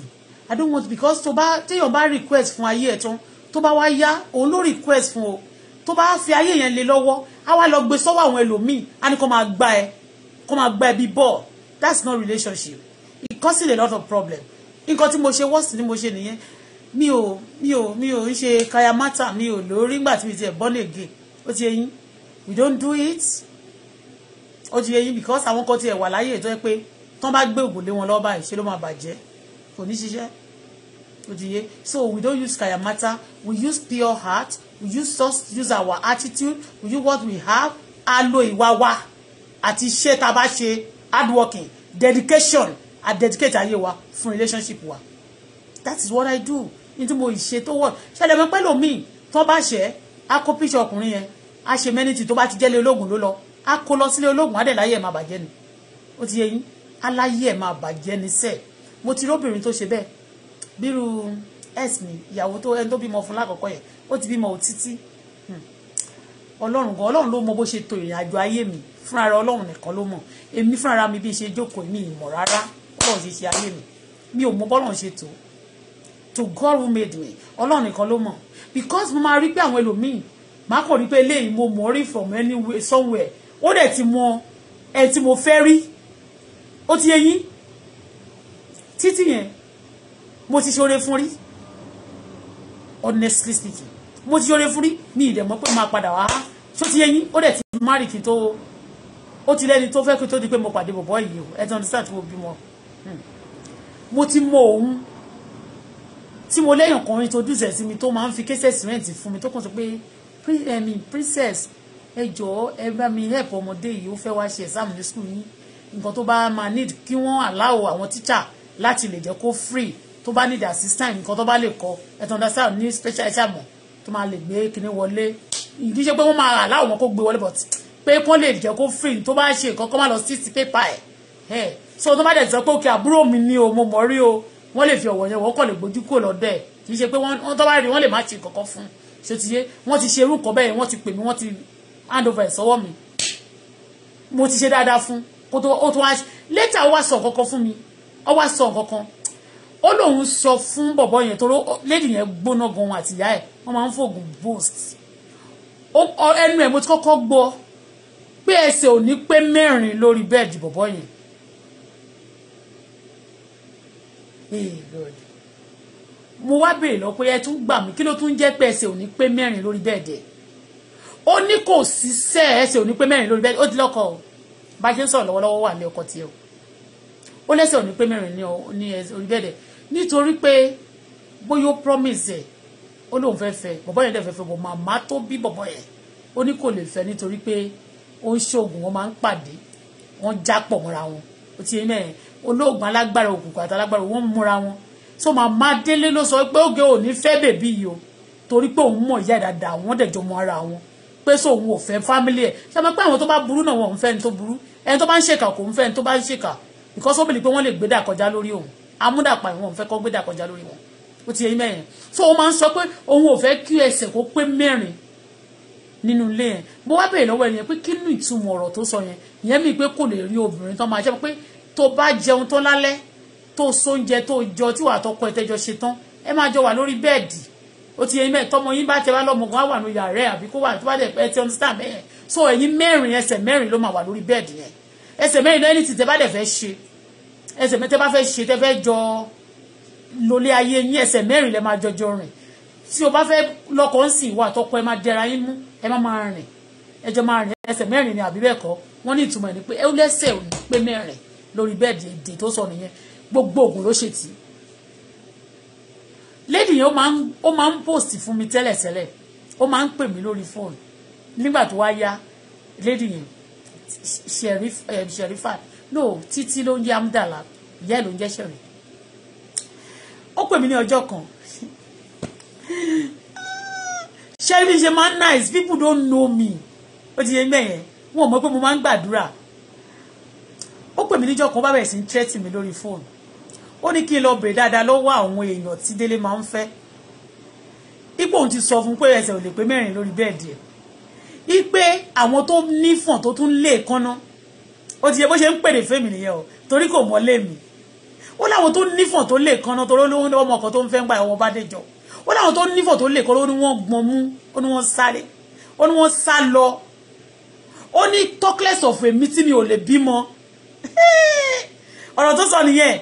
I don't want because tó bá téèyàn bá request fún ayé ẹ̀ tán tó bá wá yá òun request fún o tó bá fi ayé yẹn lé lọ́wọ́ á wá lọ gbé sọ́wọ́ àwọn ẹlòmíì á ní kó máa gbá ẹ kó máa gbá ẹ bí ball that's not relationship it causes a lot of problem nǹkan tí mo ṣe worst ni mo ṣe nìyẹn mi ò mi ò mi ò ń ṣe kayamata mi ò lórí nígbà tí mi ti ẹ̀ born again ó ti yẹn we don't do it ó ti yẹn because àwọn kan ti ẹ̀ wà láyé tó yẹ pé tán bá gbé ògùn lé wọn lọ́ọ́ báyìí ṣe ló máa bàjẹ́ kò ní ṣiṣẹ́ òdìye so we don't use kaya kayamata we use pure heart we use just use our attitude we use what we have a lo ìwà wa àti iṣẹ́ tá a bá ṣe dedication I dedicate aye wa fún relationship wa that is what i do Into tí mo ṣe tó wọ̀ ṣẹlẹ̀ mi lo mi tó bá ṣẹ́ a kó píṣọ ọkùnrin yẹn a ṣe mẹ́nìtì tó bá ti jẹ́lé ológun lo. lọ a kó lọ sílé ológun á dẹ̀ láyé ẹ̀ máa bàjẹ́ ni ó ti yẹ yín aláyé ẹ̀ máa ni sẹ́ẹ̀ mo ti rí obìnrin tó ṣe bírú ex mi ìyàwó tó ẹni tó bímọ fún lákọ̀ọ́kọ́ yẹn ó ti bímọ òtítí hmm. ọlọ́run gan ọlọ́run ló mọ bó ṣe tò ìrìn àjò ayé mi fúnra rẹ ọlọ́run nìkan ló mọ̀ èmi fúnra mi bí ṣe jókòó mi ìmọ̀ rárá ọlọ́run ṣe ṣe ayé mi mi ò mọ bọ́lọ́run ṣe tó to God who made me ọlọ́run nìkan ló mọ̀ because mo máa rí pé àwọn ẹlòmíì máa kò rí pé eléyìí mo mọ̀ rí from anywhere somewhere ó dẹ̀ ti mọ ẹ̀ tí mo fẹ́ rí ó ti yẹ yín títí yẹn mo ti ṣoore fún rí honestly speaking mo ti ṣoore fún rí mi ì dẹ̀ mọ́ pé máa padà wá tó ti yẹyin ó dẹ̀ ti márì kí n tó ó ti lẹ́ni tó fẹ́ kí n tó di pé mo pàdé bọ̀bọ̀ yìí o ẹ ti understand tí mo bímọ hmm. mo ti mọ òun tí mo lẹ́yìn kan introduce ẹ̀ sí mi tó máa ń fi kéṣẹ́ sìmẹ́ǹtì fún mi tó kàn sọ pé ẹ̀mí princess ẹ jọ̀ọ́ ẹ bá mi help ọmọdé yìí ó fẹ́ wá ṣe exam ní school yín nǹkan tó bá máa need kí wọ́n allow àwọn teacher láti lè jẹ́ kó free tó bá need assistance nǹkan tó bá lè kọ ẹ̀tàn understand ní special ẹ̀ṣà mọ̀ tó máa lè gbé kíní wọlé ìdí ṣe pé wọ́n máa aláwọ̀ wọn kó gbé wọlé but pé kán lè jẹ́ kó free tó bá ṣe nǹkan kó má lọ sí ti pépà ẹ̀ so tó bá dẹ̀ sọ pé òkè àbúrò mi ni o mo mọ̀ rí o wọ́n lè fi ọ̀wọ̀ yẹn wọ́n kàn lè gbójú kúrò lọ́dọ̀ ẹ̀ kì í ṣe pé wọ́n tó bá rí wọ́n lè má ṣe kankan fún ṣe ti yé wọ́n ti ṣe irú nǹkan bẹ́ẹ̀ wọ́n ti pè mí wọ́n ti hand over ẹ̀ mi mo ti ṣe dáadáa fún kó tó ó tó wá ó wá sọ kankan fún mi ó wá sọ kankan ó lóun sọ fún bọ̀bọ̀ yẹn tó lédi yẹn gbóná gan àtìyá ẹ̀ wọ́n máa ń fògùn boost ẹnu ẹ̀ mo ti kọ́kọ́ gbọ́ pé ẹsẹ̀ ò ní pé mẹ́rin lórí bẹ́ẹ̀dì bọ̀bọ̀ yẹn. mo wá béèrè lọ pé ẹ tún gbà mí kí ló tún jẹ́ pé ẹsẹ̀ ò ní pé mẹ́rin lórí bẹ́ẹ̀dì ó ní kò sí ẹsẹ̀ ò ní pé mẹ́rin lórí bẹ́ẹ̀dì ó ti lọ́kọ̀ o bá ṣe ń sọ̀rọ̀ lọ́wọ́lọ́wọ́ wà ní ọkọ̀ tiẹ̀ ó lẹ́sẹ̀ ò ní pé mẹ́rin ní orí bẹ́ẹ̀dì nítorí pé bóyá ó promise ẹ̀ ó lóun fẹ́ fẹ́ bọ̀bọ́ yẹn dẹ̀ fẹ́ fẹ́ bọ̀ màmá tó bí bọ̀bọ́ yẹn ó ní kò lè fẹ́ nítorí pé ó ń ṣoògùn wọn máa ń pàdé wọn já pọ̀ mọ́ra wọn ó ti mẹ́rin olóògùn alágbára òkùnkùn àti alágbára wọn múra wọn so màmá délé ló sọ pé ògè ò ní fẹ́ bèbí yìí o torí pé òun mọ̀ ìyá dáadáa àwọn dẹ̀ jọ mọ ara wọn pé so òun ò fẹ́ fámílì ẹ̀ ṣe máa pé àwọn tó bá burú náà wọn ò ń fẹ́ ẹni tó burú ẹni tó bá ń ṣèkà kò ń fẹ́ ẹni tó bá ń ṣèkà because ó bìlì pé wọ́n lè gbé dà kọjá lórí òun amúdàpá ìwọ̀n fẹ́ kọ́ gbé dàkọjá lórí wọn ó ti yẹ mẹ́rin so ó máa ń sọ pé òun ò fẹ́ kí ẹsẹ̀ kó pé mẹ́rin nínú ilé yẹn bó wá bèèrè lọ́wọ́ ẹnìyẹn pé kí ni ìtumọ̀ ọ̀rọ̀ tó sọ yẹn ìyẹn mi pé kò lè rí obìnrin tó máa jẹ́ pé tó bá jẹun tó lálẹ́ tó sóúnjẹ tó jọ tí wàá tọkọ ẹ tẹjọ ṣe tán ẹ máa jọ wà lórí bẹ́ẹ̀dì ó ti yẹ mẹ́ tọmọ yín bá tẹ wá lọ́mọ kan á wà ní àbí kó wà tó bá dẹ̀ ẹ ti understand bẹ́ẹ̀ so ẹ̀yin mẹ́rin ẹsẹ̀ mẹ́rin ló máa wà lórí bẹ́ẹ̀dì yẹn ẹsẹ̀ mẹ́rin lẹ́yìn tí tẹ bá dẹ̀ fẹ́ ṣe ẹsẹ̀ mẹ́tẹ́ bá fẹ́ ṣe tẹ́ fẹ́ jọ lólé ayé yín ẹsẹ̀ mẹ́rin lẹ́ máa jọjọ rìn tí o bá fẹ́ lọ́kọ̀ ń sìn wà tọkọ ẹ máa dẹra yín mú ẹ má máa rìn ẹjọ́ máa rìn ẹsẹ̀ mẹ́rin ni àbí bẹ́ẹ̀ kọ́ wọ́n ní ìtumọ̀ ní pé ẹ lẹ́sẹ̀ ò ní pé mẹ́rin lórí bẹ́ẹ̀dì èdè tó sọ nìyẹn gbogbo oògùn ló ṣe tì í lady yẹn ó máa ń post fún mi tẹ́lẹ̀tẹ́lẹ̀ ó máa ń pè mí lórí fóònù nígbà tó wá yá lady yẹn ṣẹ̀rífà no títí ló ń jẹ́ amúdàlà ìyá ẹ̀ ló ń jẹ́ ṣẹ̀rẹ̀ ó pè mí ní ọjọ́ kan ṣé ibi ṣe máa ń nice people don't know me ó ti yẹ mẹ́yẹn wọn ò mọ̀ pé mo máa ń gbàdúrà ó pè mí níjọ́ kan bá bẹ̀rẹ̀ sí ń tẹ́tì mi lórí fóònù ó ní kí n lọ bèrè dáadáa lọ́wọ́ àwọn èèyàn tí délé máa ń fẹ́ ipò òun ti sọ fún pé ẹsẹ̀ ò lè pé mẹ́rin lórí bẹ́ẹ̀dì ẹ̀ ipe àwọn tó nífọ̀n tó tún lè kánná ó ti yẹ bó ṣe ń pèrè fèmí nìyẹn o torí kò mọ́lé mi ó láwọn tó nífọ̀n tó lè kanná torí olówó ní ọmọ kan tó ń fẹ́ ń gba ìwọ̀n bá déjọ ó láwọn tó nífọ̀n tó lè kọ́rọ́ ó ní wọ́n gbọ́n mú ó ní wọ́n sáré ó ní wọ́n sá lọ ó ní talkless of èmi tí mi ò lè bímọ ọ̀rọ̀ tó sọ nìyẹn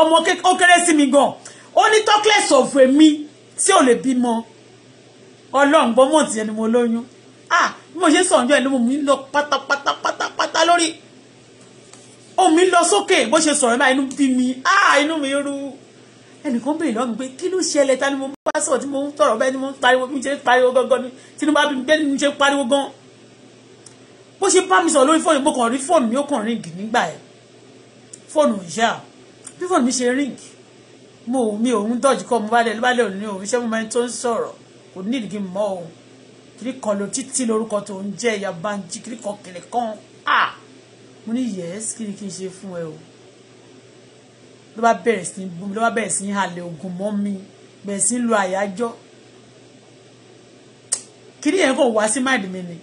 ọmọ ó kéré sí mi gan ó ní talkless of èmi tí ò lè bímọ ọlọ́run gbọ́mọ̀ tiẹ̀ ni mo lóyún ah bí mo ṣe sọ̀njọ́ ẹ̀ ló mú mi lọ pátápátápátá lórí ohùn mi lọ sókè bó ṣe sọ̀rọ̀ báyìí inú bí mi ah inú mi rú ẹnìkan bèèrè lọ́gbìn pé kí ló ṣẹlẹ̀ ta ni mo bá sọ̀rọ̀ tí mo ń tọ̀rọ̀ bẹ́ẹ̀ ni mo ń pariwo bí mo ṣe ń pariwo gangan ni tí mo bá bí bẹ́ẹ̀ ni mo ṣe ń pariwo gan bó ṣe bá mi sọ̀rọ̀ lórí fóònù mo kàn rí fóònù mi ó kàn ríǹgì nígbà ẹ̀ fóònù ìyá bí fóònù mi ṣe ríǹgì mo ò mi òun dọ̀jú kọ́ mo bá lẹ̀ ló bá lẹ̀ òní òun iṣẹ́ mo máa ń tó ń sọ̀rọ̀ kò ní ìdí mọ́ òun kiri kan lo títí lórúkọ tó ń jẹ́ ìyá banji kiri kan kiri kan ah mo ní yes kí ni kí n ṣe fún ẹ o ló bá bẹ̀rẹ̀ sí bú mi ló bá bẹ̀rẹ̀ sí halẹ̀ oògùn mọ́ mi bẹ̀rẹ̀ sí lu àyájọ́ kí ni yẹn kò wá sí máìdì mi ni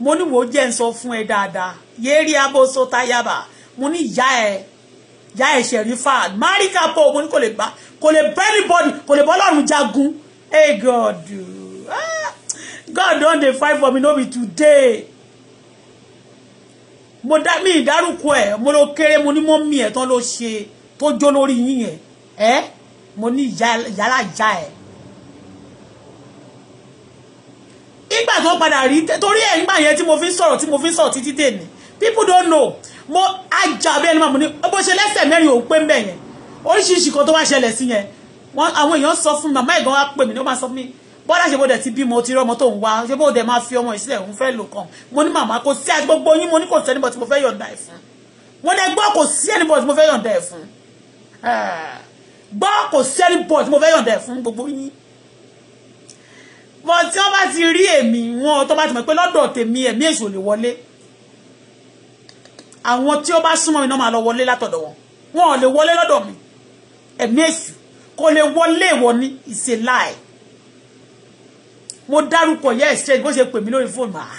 mo ní wò ó jẹ́ ń sọ fún ẹ dáadáa yéé rí abóso táyàbà mo ní ìyá ẹ ìyá ẹ ṣẹ̀rí fà máríkà pọ̀ mo ní kò lè bá kò lè bá anybody kò lè bá ọlọ́run jagun hey God ah God don dey fight for me no be today mo dá mi ìdárúkọ ẹ̀ mo ló kéré mo ní mọ́mì ẹ̀ tán ló ṣe tó jó lórí yín yẹn ẹ́ mo ní yàrá ìjà ẹ̀. ìgbà tó padà rí torí ẹ̀ nígbà yẹn tí mo fi ń sọ̀rọ̀ mo fi ń sọ̀rọ̀ títí people don't know mo ajá bí ẹni máa mo ní bó ṣe lẹ́sẹ̀ mẹ́rin òun pé ń bẹ̀ yẹn oríṣiríṣi kan tó wá ṣẹlẹ̀ sí yẹn àwọn èèyàn sọ fún mi màmá ẹ̀gbọ́n wa pè mí ni ó máa sọ fún mi bọ́dà ṣe bọ́dẹ̀ ti bímọ ti rọ́mọ tó ń wá ṣe bọ́dẹ̀ máa fi ọmọ ìsílẹ̀ òun fẹ́ lò kàn mo ní màmá kò sí gbogbo yín mo ní kò sẹ́ni bọ̀ tí mo fẹ́ yọ̀ǹda ẹ̀ fún mo ní gbọ́ kò sí ẹni bọ̀ tí mo fẹ́ yọ̀ǹda ẹ̀ fún gbọ́ kò sí ẹni bọ̀ tí mo fẹ́ yọ̀ǹda ẹ̀ fún gbogbo yín bọ̀ tí wọ́n bá ti rí èmi wọn tó bá ti mọ̀ pé lọ́dọ̀ tèmi ẹ̀mí èṣù lè wọlé àwọn tí ó bá súnmọ́ mi náà máa lọ wọlé látọ̀dọ̀ ẹ̀mí èṣù kò lè wọlé ìwọ ní ìṣe láì mo dárúkọ yẹ exchange bó ṣe pè mí lórí fóònù ah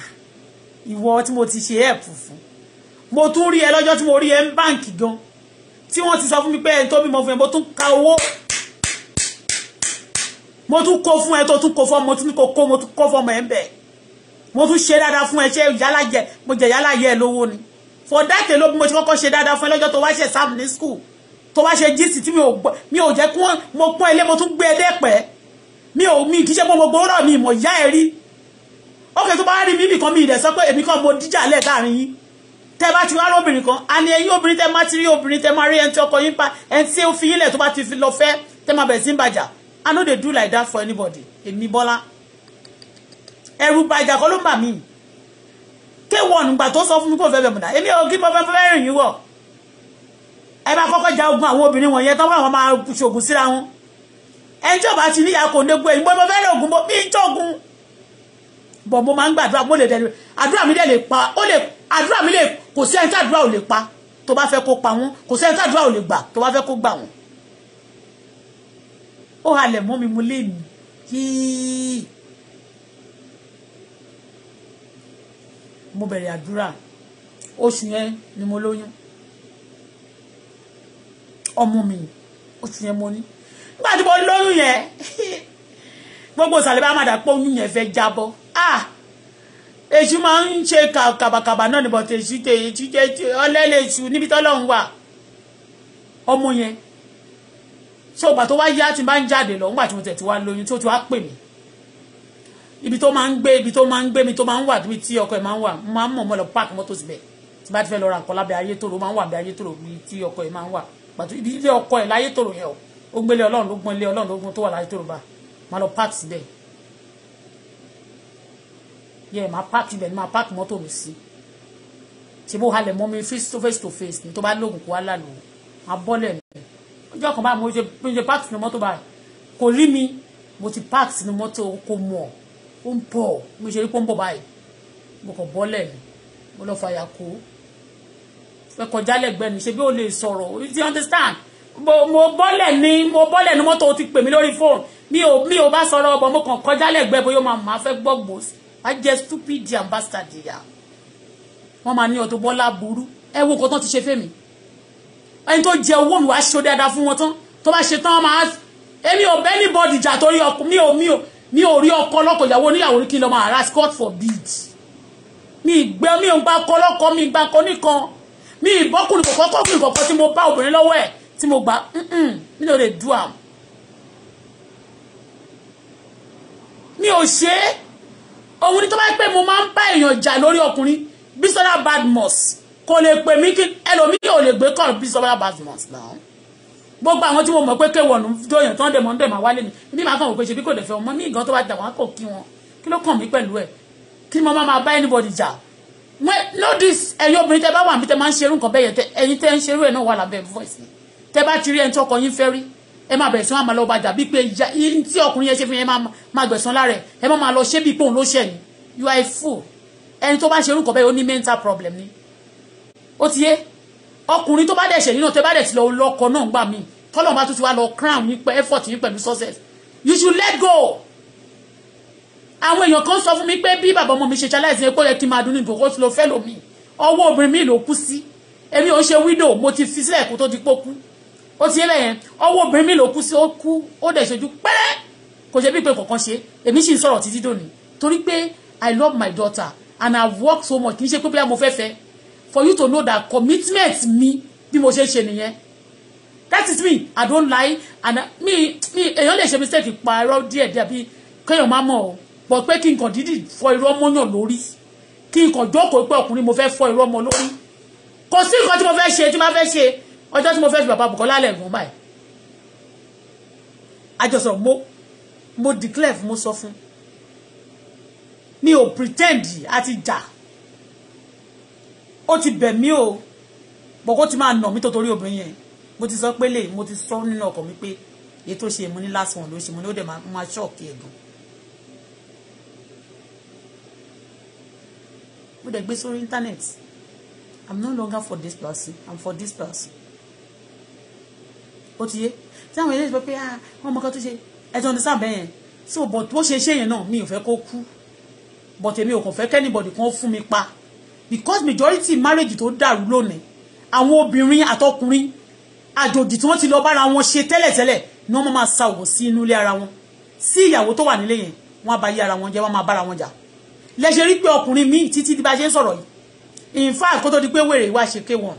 ìwọ tí mo ti ṣe help fún mo tún rí ẹ lọ́jọ́ tí mo rí ẹ ń báǹkì gan tí wọ́n ti sọ fún mi pé ẹni tó bímọ fún ẹ mo tún ka owó mo tún kó fún ẹ tó tún kó fún ọ mo tún kó kó mo tún kó fún ọmọ ẹ ń bẹ mo tún ṣe dáadáa fún ẹ ṣe yálà mo jẹ yálà yẹ ẹ lówó ni for that alone bí mo ti kọ́kọ́ ṣe dáadáa fún ẹ lọ́jọ́ tó wá ṣe sáàmù ní school tó wá ṣe gist tí mi ò jẹ́ kí wọ́n mo pọ́n ilé mo tún gbé ẹ dẹ́pẹ́ mi ò mi kì í ṣe pé gbogbo ọ̀rọ̀ mi ìmọ̀ ìyá ẹ̀ rí ókè tó bá rí mi nìkan mi ìdẹ̀ sọ pé èmi kan mo díjà lẹ̀ láàrin yín tẹ́ bá ti wá lóbìnrin kan a ní ẹ̀yin obìnrin tẹ́ máa ti rí obìnrin tẹ́ máa rí ẹni tí ọkọ yín pa ẹni tí ó fi yín lẹ̀ tó bá ti fi lọ fẹ́ tẹ́ máa bẹ̀rẹ̀ sí ń bàjá I no dey do like that for anybody èmi Bọ́lá ẹ̀rù bàjá kọ́ ló ń bà mí kéwọ̀n nígbà tó sọ fún mi kò fẹ́ bẹ̀ mọ̀dá èmi ò kí mo fẹ́ fẹ́ rìn yín wọ̀ ẹ bá kọ́kọ́ ja ogun àwọn obìnrin wọ̀nyẹn tán wọ́n máa ṣògùn síra wọn ẹni tí ò bá ti ní ìyá kò ní gbé ìgbọ́n mo fẹ́ lè ògùn mo bí ń tógun bọ̀ mo máa ń gbàdúrà mo lè dẹ̀ àdúrà mi lè pa ó lè àdúrà mi lè kò sí ẹni tí àdúrà ò lè pa tó bá fẹ́ kó pa wọ́n kò sí ẹni tí àdúrà ò lè gbà tó bá fẹ́ kó gbà wọ́n ó halẹ̀ mọ́ mi mo lè nì yíí mo bẹ̀rẹ̀ àdúrà oṣù yẹn ni mo lóyún ọmọ mi oṣù yẹn mo ní nígbà tí mo lóyún yẹn gbogbo ìsàlẹ̀ bá máa dà pé oyún yẹn fẹ́ jábọ́ ah èṣù máa ń ṣe kàbàkàbà náà níbọ̀ tí èṣù tè èṣù jẹ́ ọlẹ́lẹ̀ èṣù níbi tọ́lọ́run wà ọmọ yẹn so ìgbà tó wá yá tí n bá ń jáde lọ ńgbà tí mo tẹ̀ tí wá lóyún tó ti wá pè mí ibi tó máa ń gbé ibi tó máa ń gbé mi tó máa ń wà níbi tí ọkọ ẹ̀ máa ń wà mo máa ń mọ̀ mọ́ lọ páàkì mọ́tò síbẹ̀ tí bá ti fẹ́ lọ ra nǹkan lábẹ́ ayétòrò máa ń wà bí ayétòrò bí tí ọkọ ẹ̀ máa ń wà pàtó ibi ilé ọkọ ẹ̀ láyétòrò yẹn o ó gbélé ọlọ́run ló gbọ́n ilé ọlọ́run ló gbọ́n tó wà láyé tó rúbà máa lọ páàkì síbẹ̀ yẹ máa páàkì síbẹ̀ ni máa páàkì mọ́tò mi sí tí mo halẹ̀ mọ́ mi face to face to face ni tó bá lóògùn kó wá lálò máa bọ́lẹ̀ mi ọjọ́ kan báyìí mo ṣe mo ṣe páàkì sínú mọ́tò báyìí kò rí mi mo ti páàkì sínú mọ́tò kò mọ̀ ó ń pọ̀ mo ṣe rí pọ́ ń bọ̀ báyìí mo kàn bọ́lẹ̀ mi mo lọ fàyà kó ẹ kọjá lẹ́gbẹ̀ẹ́ mi ṣe bí ó lè sọ̀rọ̀ you understand mo bọ́lẹ̀ ní mo bọ́lẹ̀ ní mọ́tò ti pè mí lórí fóònù mi ò mi ò bá sọ̀rọ̀ ọ̀bọ̀ mo kàn kọjá lẹ́gbẹ̀ẹ́ bóyá máa máa fẹ́ gbọ́gbọ́ sí wá jẹ́ stupid ambassador yà wọ́n máa ní Auto Bola burú ẹ wo nǹkan tán ti ṣe fẹ́mi ẹni tó jẹ owó mi wá ṣe dáadáa fún wọn tán tó bá ṣe tán wọn máa èmi ò bẹ́ ní bọ́ọ̀dì ìjà torí ọkọ mi ò mi ò mi ò rí ọkọ lọ́kọ ìyàwó oníyàwó kí n lọ máa ra scott for bead mi gbẹ mi ò gbà kọ lọ́kọ mi gbà kọ nìkan mi ìbọ́kùnrin kọ̀kọ́ kọ́kùnrin kọ̀kọ́ tí mo bá obìnrin lọ́wọ́ ẹ̀ tí mo gbà mi ò lè do am mi ò ṣe é òun ni tó bá pé mo máa ń bá èèyàn jà lórí ọkùnrin Bisola Badmus kò lè pè mí kí ẹlòmíì ò lè gbé kọ́ Bisola Badmus náà gbogbo àwọn tí mo mọ̀ pé kéwọ̀n ló ń dóyàn tán dẹ̀ mọ́ ń dẹ̀ máa wálé mi bí màá kàn wò pé ṣe bí kò dẹ̀ fẹ́ ọmọ ní ìgàn tó bá dà wọ́n kò kí wọn kí ló kàn mí pẹ̀lú ẹ̀ kí mo máa máa bá anybody jà no dis ẹ̀yin obìnrin tẹ bá wà níbi tẹ máa ń ṣerú nǹkan bẹ́ẹ̀ yẹn ẹ̀yin tẹ ń ṣerú ẹ̀ náà wà lábẹ́ voice mi tẹ́ bá ti rí ẹni tí ọkọ yín fẹ́ rí ẹ máa bẹ̀rẹ̀ sí wọn máa lọ bàjá bíi pé tí ọkùnrin yẹn ṣe fún yẹn máa gbẹ̀sán lára ẹ̀ ẹ máa lọ ṣé bíi pé òun ló ṣẹ̀ ni you are a fool ẹni tó bá ṣe orúkọ bẹ́ẹ̀ ó ní mental problem ni ó ti yé ọkùnrin tó bá dẹ̀ ṣẹ̀ nínú tẹ́ bá dẹ̀ ti lọ lọ́kọ náà gbà mí tọ́lọ̀ bá tún ti wá lọ crown yín pẹ́ effort yín pẹ̀lú success you should let go àwọn èèyàn kan sọ fún mi pé bí bàbá ọmọ mi ṣe ṣaláìsí epo yẹ lo fẹ́ mi ló kú sí èmi ò ṣe widow mo ti fi sílẹ̀ ó ti yé bẹ́yẹn ọwọ́ obìnrin mi ló kú sí ó kú ó dẹ̀ ṣojú pẹ́rẹ́ kò ṣe bí pé kọ̀ọ̀kan ṣe èmi sì ń sọ̀rọ̀ títí dòní torí pé I love my daughter and I work so much kì í ṣe pé bí mo fẹ́ fẹ́ for you to know that commitment mi bí mo ṣe ń ṣe nìyẹn that is me I don't lie and mi mi èèyàn lè ṣe mistake pa irọ́ díẹ̀ díẹ̀ bí kéèyàn má mọ̀ ọ́ pọ̀ pé kí n kàn dídì fọ irọ́ mọ́yàn lórí kí n kàn jókòó pé ọkùnrin mo fẹ́ fọ irọ́ mọ́ lórí kò sí nǹkan tí mo fẹ́ ṣe tí mo fẹ́ ṣe ọjọ́ tí mo fẹ́ fi bàbá Bùkọ́lá lẹ́gùn báyìí àjọsọ mo mo declare fún mo sọ fún mi ò pretend àti jà ó ti bẹ̀ mí o bọ̀kó ti máa nà mí tó torí obìnrin yẹn mo ti sọ pé lè mo ti sọ nínú ọkàn mi pé èyí tó ṣe mo ní last one ló ṣe mo ní ó dẹ̀ máa ṣọ́ọ̀kì ẹ̀gàn mo dẹ̀ gbé sórí íńtánẹ́ẹ̀tì I'm no longer for this person I'm for this person ó ti yé tí àwọn eléyìí sọ pé ah wọn mọ kan tó ṣe ẹjọ ní sábẹ yẹn so but bó ṣe ṣe yẹn náà mi ò fẹ́ kó kú but èmi ò kàn fẹ́ kẹ́nìbọ̀dì kan fún mi pa because majority marriage tó dàrú lónìí àwọn obìnrin àtọkùnrin àjòjì tí wọ́n ti lọ bára wọn ṣe tẹ́lẹ̀tẹ́lẹ̀ ni wọ́n máa sa òwò sí inú ilé ara wọn sí ìyàwó tó wà nílé yẹn wọ́n á ba yé ara wọn jẹ́ wọ́n máa bára wọn jà lẹ́sẹ̀ rí pé ọkùnrin míì títí bí bá ṣe ń sọ̀rọ̀ yìí in fact kó tó di pé wèrè ìwà ṣe ké wọn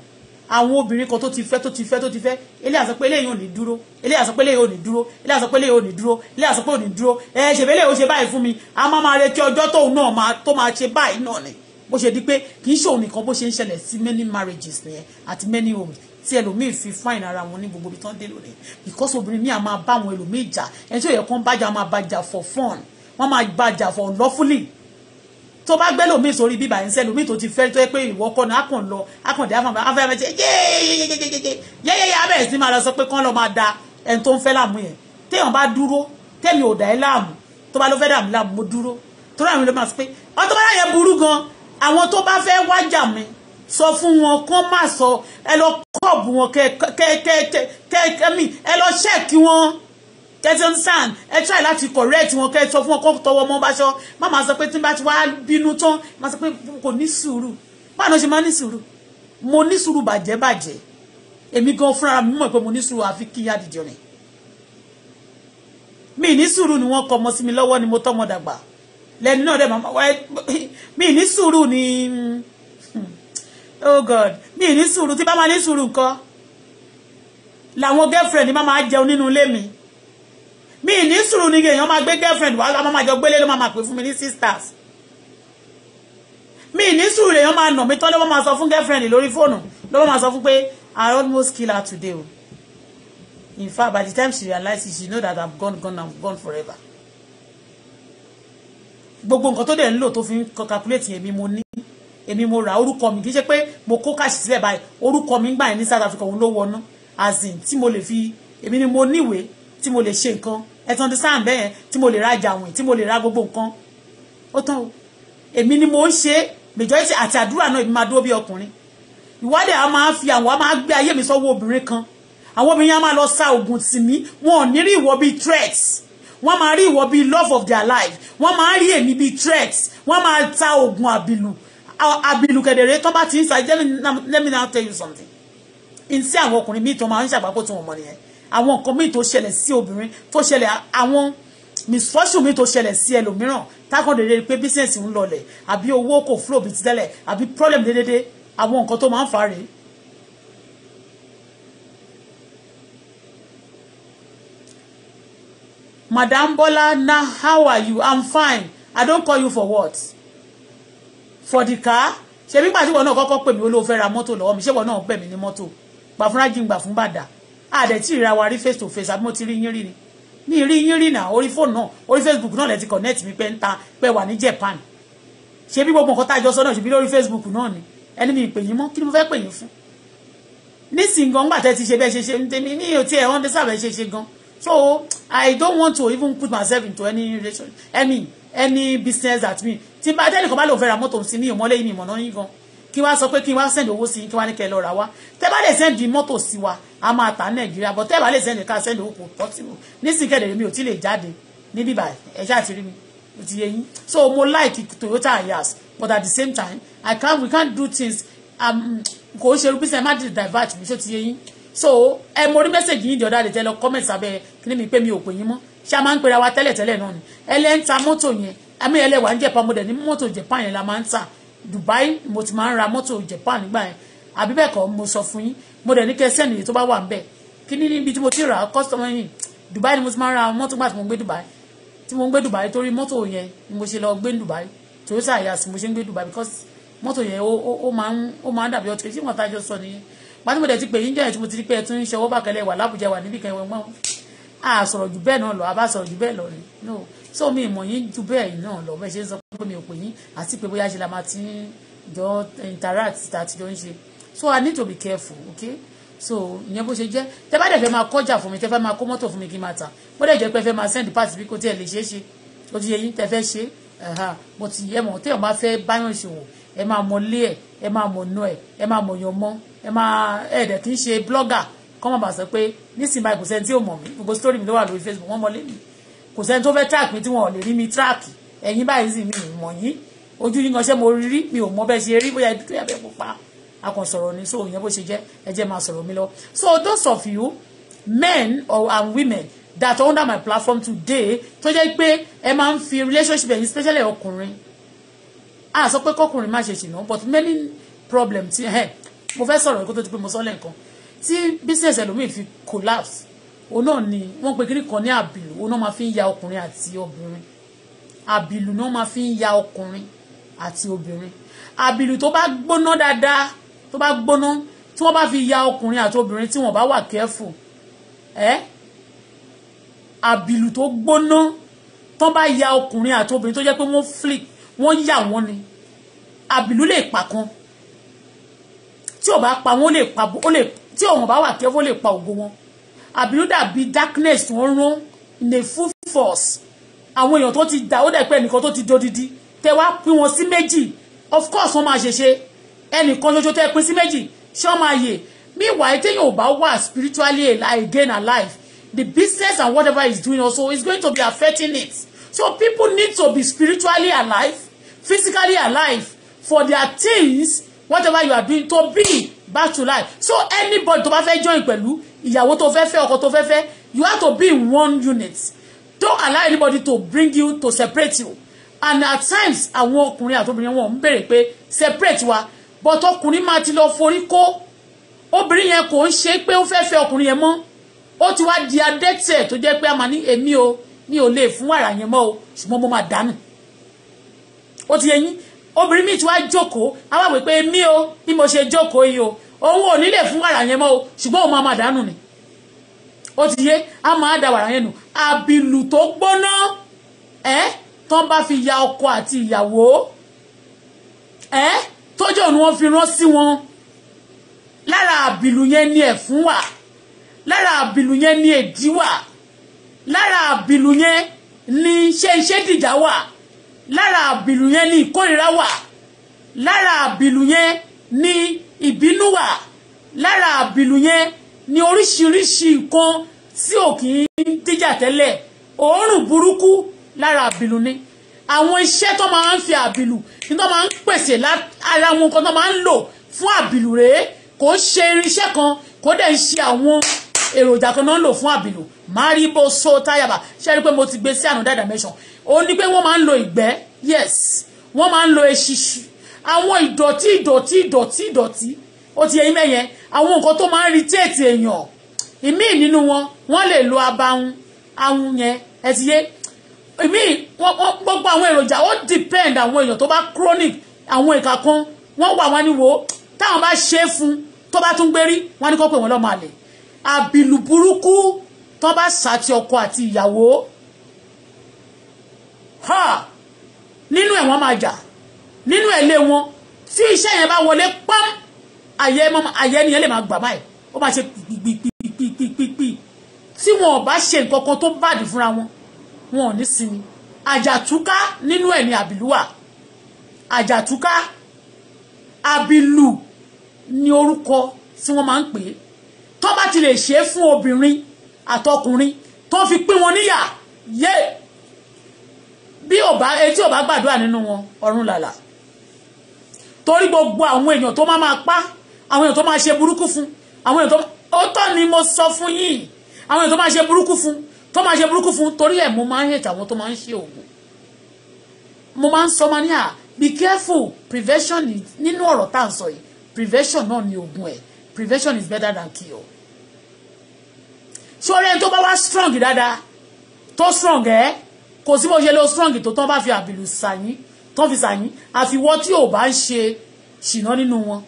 àwọn obìnrin kan tó ti fẹ́ tó ti fẹ́ tó ti fẹ́ eléyà sọ pé eléyìí ò ní dúró eléyà sọ pé eléyìí ò ní dúró eléyà sọ pé eléyìí ò ní dúró eléyà sọ pé ò ní dúró ẹ ṣe bẹ́ẹ̀ eléyìí ó ṣe báyìí fún mi a máa máa retí ọjọ́ tóun náà máa tó máa ṣe báyìí náà ni bó ṣe di pé kì í ṣe òun nìkan bó ṣe ń ṣẹlẹ̀ sí many marriages nìyẹn àti many homes tí ẹlòmíì fi fáìn ara wọn ní gbogbo ibi tán dé lónìí because obìnrin míì a máa bá àwọn ẹlòmíì jà ẹni tí ò yẹ kán bájà máa for fun wọ́n máa bájà for lawfully tó bá gbẹ́ lómi sórí bíbà ń sẹ́nu mi tó ti fẹ́ tó yẹ pé ìwọ kọ́nà á kàn lọ á kàn dé àfàmà àfàmà ti yéyéyéyéyéyéyéyé abẹ́rẹ́ sí máa lọ sọ pé kán lọ máa da ẹni tó ń fẹ́ láàmú yẹn téèyàn bá dúró tẹ́mi ò dà ẹ́ láàmú tó bá ló fẹ́ dà mí láàmú mo dúró tó rà mí ló máa sọ pé ọtọ́ bá yẹ burú gan àwọn tó bá fẹ́ wájà mi sọ fún wọn kán má sọ ẹ lọ kọ́ọ̀bù wọn kẹ́ẹ̀kẹ́ẹ̀kẹ́ẹ̀kẹ́ẹ̀mí ẹ lọ ṣẹ́ẹ̀kì wọn kẹtí understand ẹ try láti correct wọn kẹ sọ fún wọn kó tọwọ́ mọ́ báṣọ má máa sọ pé tí n bá ti wá bínú tán má sọ pé kò ní sùúrù báwo ló ṣe máa ní sùúrù mo ní sùúrù bàjẹ́ bàjẹ́ èmi gan fúnra mi mọ̀ pé mo ní sùúrù àfi kí yá dìjọ rẹ̀ mi ní sùúrù ni wọ́n kọ ọmọ sí mi lọ́wọ́ ni mo tọ́mọ dàgbà lẹ́ni náà dẹ̀ màmá wáyé mi ní sùúrù ni hmm, oh god mi ní sùúrù tí bá máa ní sùúrù nǹkan làwọn girlfriend ni má máa jẹun nínú ilé mi mi ní sùúrù ni èèyàn máa gbé girlfriend wá lọ́mọ máa jọ gbélé ló máa máa pè fún mi ní sisters mi ní sùúrù èèyàn máa nà mí tán lọ́wọ́ máa sọ fún girlfriend lórí fóònù lọ́wọ́ máa sọ fún pé I almost kill her today o in fact by the time she realizes she know that I'm gone gone I'm gone forever gbogbo nǹkan tó dẹ̀ ń lò tó fi ń calculate èmi mo ní èmi mo ra orúkọ mi kì í ṣe pé mo kó káàsì sílẹ̀ báyìí orúkọ mi ń gbà yẹn ní South Africa òun ló wọnú as in tí mo lè fi èmi ni mo níwèé tí mo lè ṣe nǹkan ẹ̀tàn ti sáà bẹ́ẹ̀ tí mo lè ra jàwìn tí mo lè ra gbogbo nǹkan ó tán o èmi ni mo ń ṣe majority àti àdúrà náà èmi máa dúró bí ọkùnrin ìwádìí àwọn máa ń fi àwọn máa ń gbé ayé mi sọ́wọ́ obìnrin kan àwọn obìnrin yẹn máa lọ sa oògùn tì mí wọn ò ní rí ìwọ bíi threat wọ́n máa rí ìwọ bíi love of their life wọ́n máa rí èmi bíi threat wọ́n máa ta oògùn àbìlù àbìlù kẹ̀dẹ̀rẹ́ tó bá ti ń sa let me now tell you something n sí àwọn ọkùnrin míì tó máa ń ṣàgbákò tí wọ́n mọ̀ nìyẹn àwọn nǹkan míì tó ṣẹlẹ̀ sí obìnrin tó ṣẹlẹ̀ àwọn misfortune mi tó ṣẹlẹ̀ sí ẹlòmíràn tákàn dédé pé business ń lọlẹ̀ àbí owó kò flow bí ti tẹ́lẹ̀ àbí problem dédédé àwọn nǹkan tó máa ń fà rèé. Madam Bola na how are you? I'm fine. I don't call you for what? For the car? ṣebí gbàtíwọ̀ náà kọ́kọ́ pè mí olóòfẹ́ ra mọ́tò lọ́wọ́ mi ṣé wọ́n náà pè mí ní mọ́tò gbà fúnra jí ń gbà fún bàdà àdẹ̀tí ìra wa rí face to face àbí mo ti rí yín rí ni mi rí yín rí náà orí fóònù náà orí facebook náà lẹ ti connect mi pé ń ta pé wà ní japan ṣé bí gbogbo nǹkan tá a jọ sọ náà ṣe lórí facebook náà ni ẹni mi pè yín mọ́ kí ni mo fẹ́ pè yín fún nísìnyí gan gbà tẹ́ ti ṣe bẹ́ẹ̀ ṣe ṣe ń tẹ́mi ní ìyóò tí ẹ̀ wọ́n dé sábẹ́ ṣe ṣe gan so i don't want to even put myself into any relation any any business that me tí bá tẹ́nìkan bá lòun fẹ́ ra mọ́tò sí ní ìmọ̀lẹ́yìn ìmọ̀nà yín gan kí wá sọ pé kí wá send owó sí kí wá ní kẹ́ lọ rà wá tẹ́ bá lè send mọ́tò sí wa a máa tà nàìjíríà bọ̀ tẹ́ bá lè send ká send owó kò possible nísìnyí kẹ́dẹ̀rẹ́ mi ò tí lè jáde ní bíbá ẹ̀ ṣáà ti rí mi ó ti yé yín so mo like Toyota Hiace but at the same time I can't we can't do things um, kò ṣe rú bísí ẹ má dì divert mi ṣó ti yé yín so ẹ mo rí message yín di ọ̀dà lè tẹ́ lọ comment sábẹ́ kí ni mi pé mi ò pè yín mọ́ ṣé a máa ń pera wa tẹ́lẹ̀ tẹ́lẹ̀ náà ni ẹ lẹ́ ń ta mọ́tò yẹn àmì ẹlẹ́wàá ń jẹ̀pá mo ní mọ́tò jẹ̀pá yẹn la máa ń tà Dubai mo ti máa ń ra mọ́tò Japan nígbà yẹn àbí bẹ́ẹ̀ kọ́ mo sọ fún yín mo dẹ̀ ní kẹ́ sẹ́ni tó bá wà ń bẹ̀ kí ní níbi tí mo ti rà á yìí Dubai ni mo ti máa ń ra mọ́tò gbà tí mo gbé Dubai tí mo gbé Dubai torí mọ́tò yẹn ni mo ṣe lọ gbé Dubai Toyota Yaris mo ṣe ń gbé Dubai because mọ́tò yẹn ó máa ń ó máa ń dàbí ọtí tí wọ́n tá jọ sọ nìyẹn pàtó mo dẹ̀ ti pè yín jẹ́ tí mo ti rí pé ẹ tún ń ṣọwọ́ bàkẹ́lẹ̀ wà lábùjá wà níbìkan ẹ̀wọ̀n ah, mọ́ àà jù bẹ́ẹ̀ náà lọ àbá sọ̀rọ̀ jù bẹ́ẹ̀ lọ ni no so mi ìmọ̀ yín ju bẹ́ẹ̀ náà lọ bẹ́ẹ̀ ṣe ń sọ pé mi ò pè yín àti pé bóyá ṣe la máa ti ń jọ interact tá a ti jọ ń ṣe so I need to be careful okay so ìyẹn bó ṣe jẹ́ tẹ́ bá dẹ̀ fẹ́ máa kọjá fún mi tẹ́ fẹ́ máa kó mọ́tò fún mi kí n máa tà bó dẹ̀ jẹ́ pé fẹ́ máa send pass bí kò tiẹ̀ lè ṣeé ṣe ó ti yẹ yín tẹ́ fẹ́ ṣe mo ti yẹ mọ̀ téèyàn bá fẹ́ báyọ̀ ìṣòwò ẹ máa mọ lé ẹ ẹ máa mọ nú ẹ ẹ máa mọ yan mọ ẹ máa ẹ dẹ̀ kì í ṣe blogger kọ́ mọ̀ bá sọ pé nísìnyí báyìí kò sẹ́ni tí ò mọ̀ mí gbogbo story mi ló wà lórí Facebook wọ́n mọ lé mi kò sẹ́ni tó fẹ́ track mi tí wọn lè rí mi track ẹ̀yin báyìí sì mi ò mọ̀ yín ojú yín kan mo rí mi ò mọ bẹ́ẹ̀ ṣe rí bóyá dúdú yàbẹ̀ pupa a kàn sọ̀rọ̀ ní so ìyẹn bó ṣe jẹ́ ẹ máa sọ̀rọ̀ mi lọ so those of you men or and women that are under my platform today tó jẹ́ pé ẹ máa ń fi relationship ẹ̀yin especially ọkùnrin a sọ pé kọkùnrin má ṣe ṣìnà but many problems. ti ẹ mo fẹ́ sọ̀rọ̀ kó tó ti pé mo sọ lẹ́ẹ̀kan tí business ẹlòmíì fi collapse òun náà ni wọ́n pe kíní kan ní àbìlù òun náà máa fi ń ya ọkùnrin àti obìnrin àbìlù náà máa fi ń ya ọkùnrin àti obìnrin àbìlù tó bá gbóná dáadáa tó bá gbóná tí wọ́n bá fi ya ọkùnrin àti obìnrin tí wọ́n bá wà kẹ́fù ẹ́ àbìlù tó gbóná tán bá ya ọkùnrin àti obìnrin tó jẹ́ pé wọ́n flick wọ́n yà wọ́n ni àbìlù lè pa kan tí ò bá pa wọ́n lè pa ó lè tí òun bá wà kẹ́fù ó lè pa ògo wọn àbí ló darkness tó ń rán in a full force àwọn èèyàn tó ti dà ó dẹ̀ pé ẹnìkan tó ti dodidi tẹ wá pín wọn sí méjì of course wọ́n máa ṣèṣe ẹnìkan ṣoṣo tẹ pín sí méjì ṣé wọ́n máa yè meanwhile téèyàn ò bá wà spiritually again alive the business and whatever he's doing also is going to be affecting it so people need to be spiritually alive physically alive for their things whatever you are doing to be back to life so anybody tó bá fẹ́ join pẹ̀lú ìyàwó tó fẹ́ fẹ́ ọkọ tó fẹ́ fẹ́ you have to be in one unit don't allow anybody to bring you to separate you and at times àwọn ọkùnrin àtobìnrin wọn ń béèrè pé separate wa but ọkùnrin máa ti lọ forí kó obìnrin yẹn kò ń ṣe pé ó fẹ́ fẹ́ ọkùnrin yẹn mọ́ ó ti wá di adẹ́tẹ̀ tó jẹ́ pé a máa ní èmi o mi ò lè fún wàrà yẹn mọ́ o ṣùgbọ́n mo máa dànù ó ti yẹ yín obìnrin mi ti wá jókòó a wá wí pé èmi o bí mo ṣe jókòó yìí o òun ò nílè fún wàrà yẹn mọ́ o ṣùgbọ́n òun máa máa dànù ni ó ti yé a máa da wàrà yẹn nù àbìlù tó gbóná ẹ tán bá fi ya ọkọ àti ìyàwó ẹ tójọ́ ni wọ́n fi rán sí wọn lára àbìlù yẹn ni ẹ̀fún wà lára àbìlù yẹn ni èdí wà lára àbìlù yẹn ni ṣe iṣẹ́ dìjà wà lára àbìlù yẹn ni ìkórìíra wà lára àbìlù yẹn ni ìbínú wà lára àbìlù yẹn ni oríṣiríṣi nǹkan tí ò kì í díjà tẹ́lẹ̀ òórùn burúkú lára àbìlù ni àwọn iṣẹ́ tó máa ń fi àbìlù ní tó máa ń pèsè ara wọn kan tó máa ń lò fún àbìlù rèé kò ṣe irinṣẹ́ kan kò dẹ̀ ń ṣe àwọn èròjà kan náà ń lò fún àbìlù máríbó so táyàbà ṣe rí pé mo ti gbé sí ànúdà dimension ó ní pé wọ́n máa ń lo ìgbẹ́ yes wọ́n máa ń lo eṣiṣi àwọn ìdọ̀tí ìdọ̀tí ìdọ̀tí ìdọ̀tí ó ti ẹyin mẹ́yẹn àwọn nǹkan tó máa ń irritate èèyàn ìmíì nínú wọn wọ́n lè lo abahun ahun yẹn ẹ ti yé ìmíì wọ́n gbogbo àwọn èròjà ó depend àwọn èèyàn tó bá chronic àwọn ìka kan wọ́n wà wọ́n ní wo táwọn bá ṣe é fún tó bá tún gbérí wọ́n ní kó pè wọ́n lọ́mọ àlè àbìlù burúkú tó bá sàti ọkọ àti ìyàwó nínú ẹ̀ wọ́n máa jà nínú ẹ̀lé wọn tí iṣẹ́ yẹn bá wọlé pọ́n àyẹ àyẹ nìyẹn lè máa gbà báyìí ó bá ṣe pìpìpìpìpìpì tí wọn ò bá ṣe nǹkan kan tó bàdì fúnra wọn wọn ò ní sinmi àjàtúká nínú ẹ̀ ní àbìlúwà àjàtúká àbìlù ni orúkọ tí wọ́n máa ń pè é tó bá ti lè ṣe é fún obìnrin àtọkùnrin tó fi pín wọn níyà yé bí ò etí ò gbàdúrà nínú wọn ọ̀run làlà torí gbogbo àwọn èèyàn tó máa máa pa àwọn èèyàn tó máa ṣe burúkú fún àwọn èèyàn tó ó tọ́ ni mo sọ fún yín àwọn èèyàn tó máa ṣe burúkú fún tó máa ṣe burúkú fún torí ẹ̀ mo máa ń hẹ̀tà àwọn tó máa ń ṣe òògùn mo máa ń sọ ma ní à be careful prevention nínú ọ̀rọ̀ tá à ń sọ yìí prevention náà ni òògùn ẹ̀ prevention is better than cure ṣé ọ̀rẹ́ tó bá wá strong dáadáa tó strong ẹ̀ kò sí bó ṣe lo strong tó tán bá fi àbìlù sàyín tán fi sàyín àfiwọ́ tí ò bá ń ṣe ṣìnà nínú wọn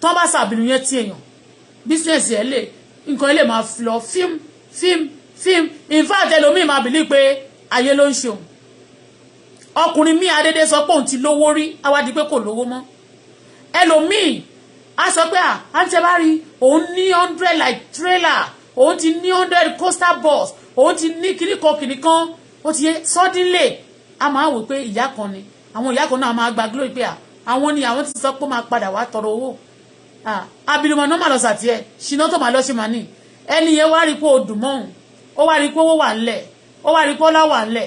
tán bá sàbìnrin yẹn tí èèyàn bísíǹsì ẹ̀ lè nǹkan ẹ̀ lè máa lọ fíìm fíìm fíìm in fact ẹlòmíì máa bìlí pé ayé ló ń ṣe òun ọkùnrin míì adédé sọ pé òun ti lówó rí awádìí pé kò lówó mọ́ ẹlòmíì a sọ pé à á ń tẹ bá rí òun ní hundred like trailer òun ti ní hundred coaster bus òun ti ní kíníkan kíníkan ó ti yé suddenly a máa wò pé ìyá kan ni àwọn ìyá kan náà máa gba glory pé ah, àwọn ni àwọn ti sọ pé máa padà wá tọrọ owó ah, abilimọ náà máa lọ sàtìẹ ṣìnà tó máa lọ sí màní ẹni yẹn wá rí pé o dùn mọ́hùn ó wá rí pé owó wà ńlẹ̀ ó wá rí pé ọlá wà ńlẹ̀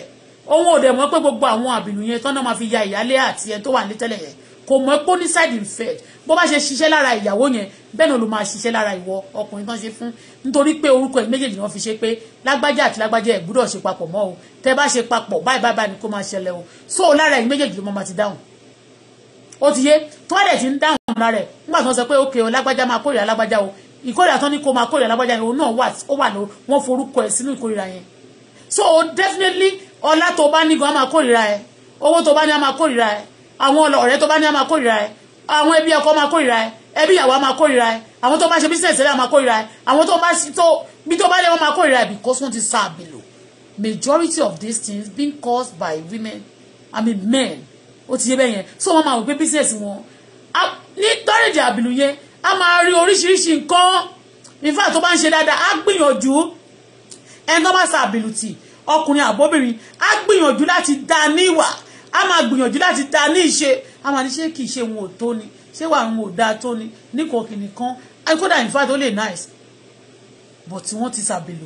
òun ò dẹ̀ mọ́ pé gbogbo àwọn àbìlù yẹn tán náà máa fi ya ìyálé àti ẹni tó wà ní tẹ́lẹ̀ yẹn kò mọ̀ pé ó ní side effect bó bá ṣe ṣiṣẹ́ lára ìyàwó yẹn bẹ́ẹ̀ náà ló máa ṣiṣẹ́ lára ìwọ ọkùnrin tán ṣe fún nítorí pé orúkọ ẹ̀ méjèèjì náà fi ṣe pé lágbájá àti lágbájá ẹ̀ gbúdọ̀ ṣe papọ̀ mọ́ o tẹ́ bá ṣe papọ̀ báyìí báyìí báyìí ni kó máa ṣẹlẹ̀ o so lára ẹ̀ méjèèjì ló máa ti dáhùn ó ti yé tó wá dẹ̀ ti ń dáhùn ara rẹ̀ nígbà tó ń sọ pé ókè o lágbájá máa kórìíra lágbájá o ìkórìíra tán ní kó máa kórìíra lágbájá yẹn náà wà ó wà ló wọ́n forúkọ ẹ̀ sínú ìkórìíra yẹn so definitely ọlá tó bá ní á máa kórìíra ẹ owó tó bá ní á máa kórìíra ẹ àwọn ọ̀rẹ́ tó bá ní á máa kórìíra ẹ àwọn ẹbí ọkọ máa kórìíra ẹ ẹbí ìyàwó á máa kórìíra ẹ àwọn tó bá ṣe business rẹ á máa kórìíra ẹ àwọn tó bá tó bí tó bá lé wọn máa kórìíra ẹ because wọn ti sá àbìlò majority of these things being caused by women I mean men ó ti yé bẹ́ẹ̀ yẹn so wọ́n máa wò pé business wọn nítorí ìdí àbìlù yẹn a máa rí oríṣiríṣi nǹkan in fact tó bá ń ṣe dáadáa á gbìyànjú ẹni tó bá sa àbìlù tì ọkùnrin àbóbìnrin á gbìyànjú láti dá ní ìwà á máa gbìyànjú láti dá ní ìṣe a máa ní ṣé kì í ṣe òun ò tó ni ṣé wà òun ò dáa tó ni níkan kìnìkan kódà in fact ó lè nice but tí wọ́n ti sàbèlò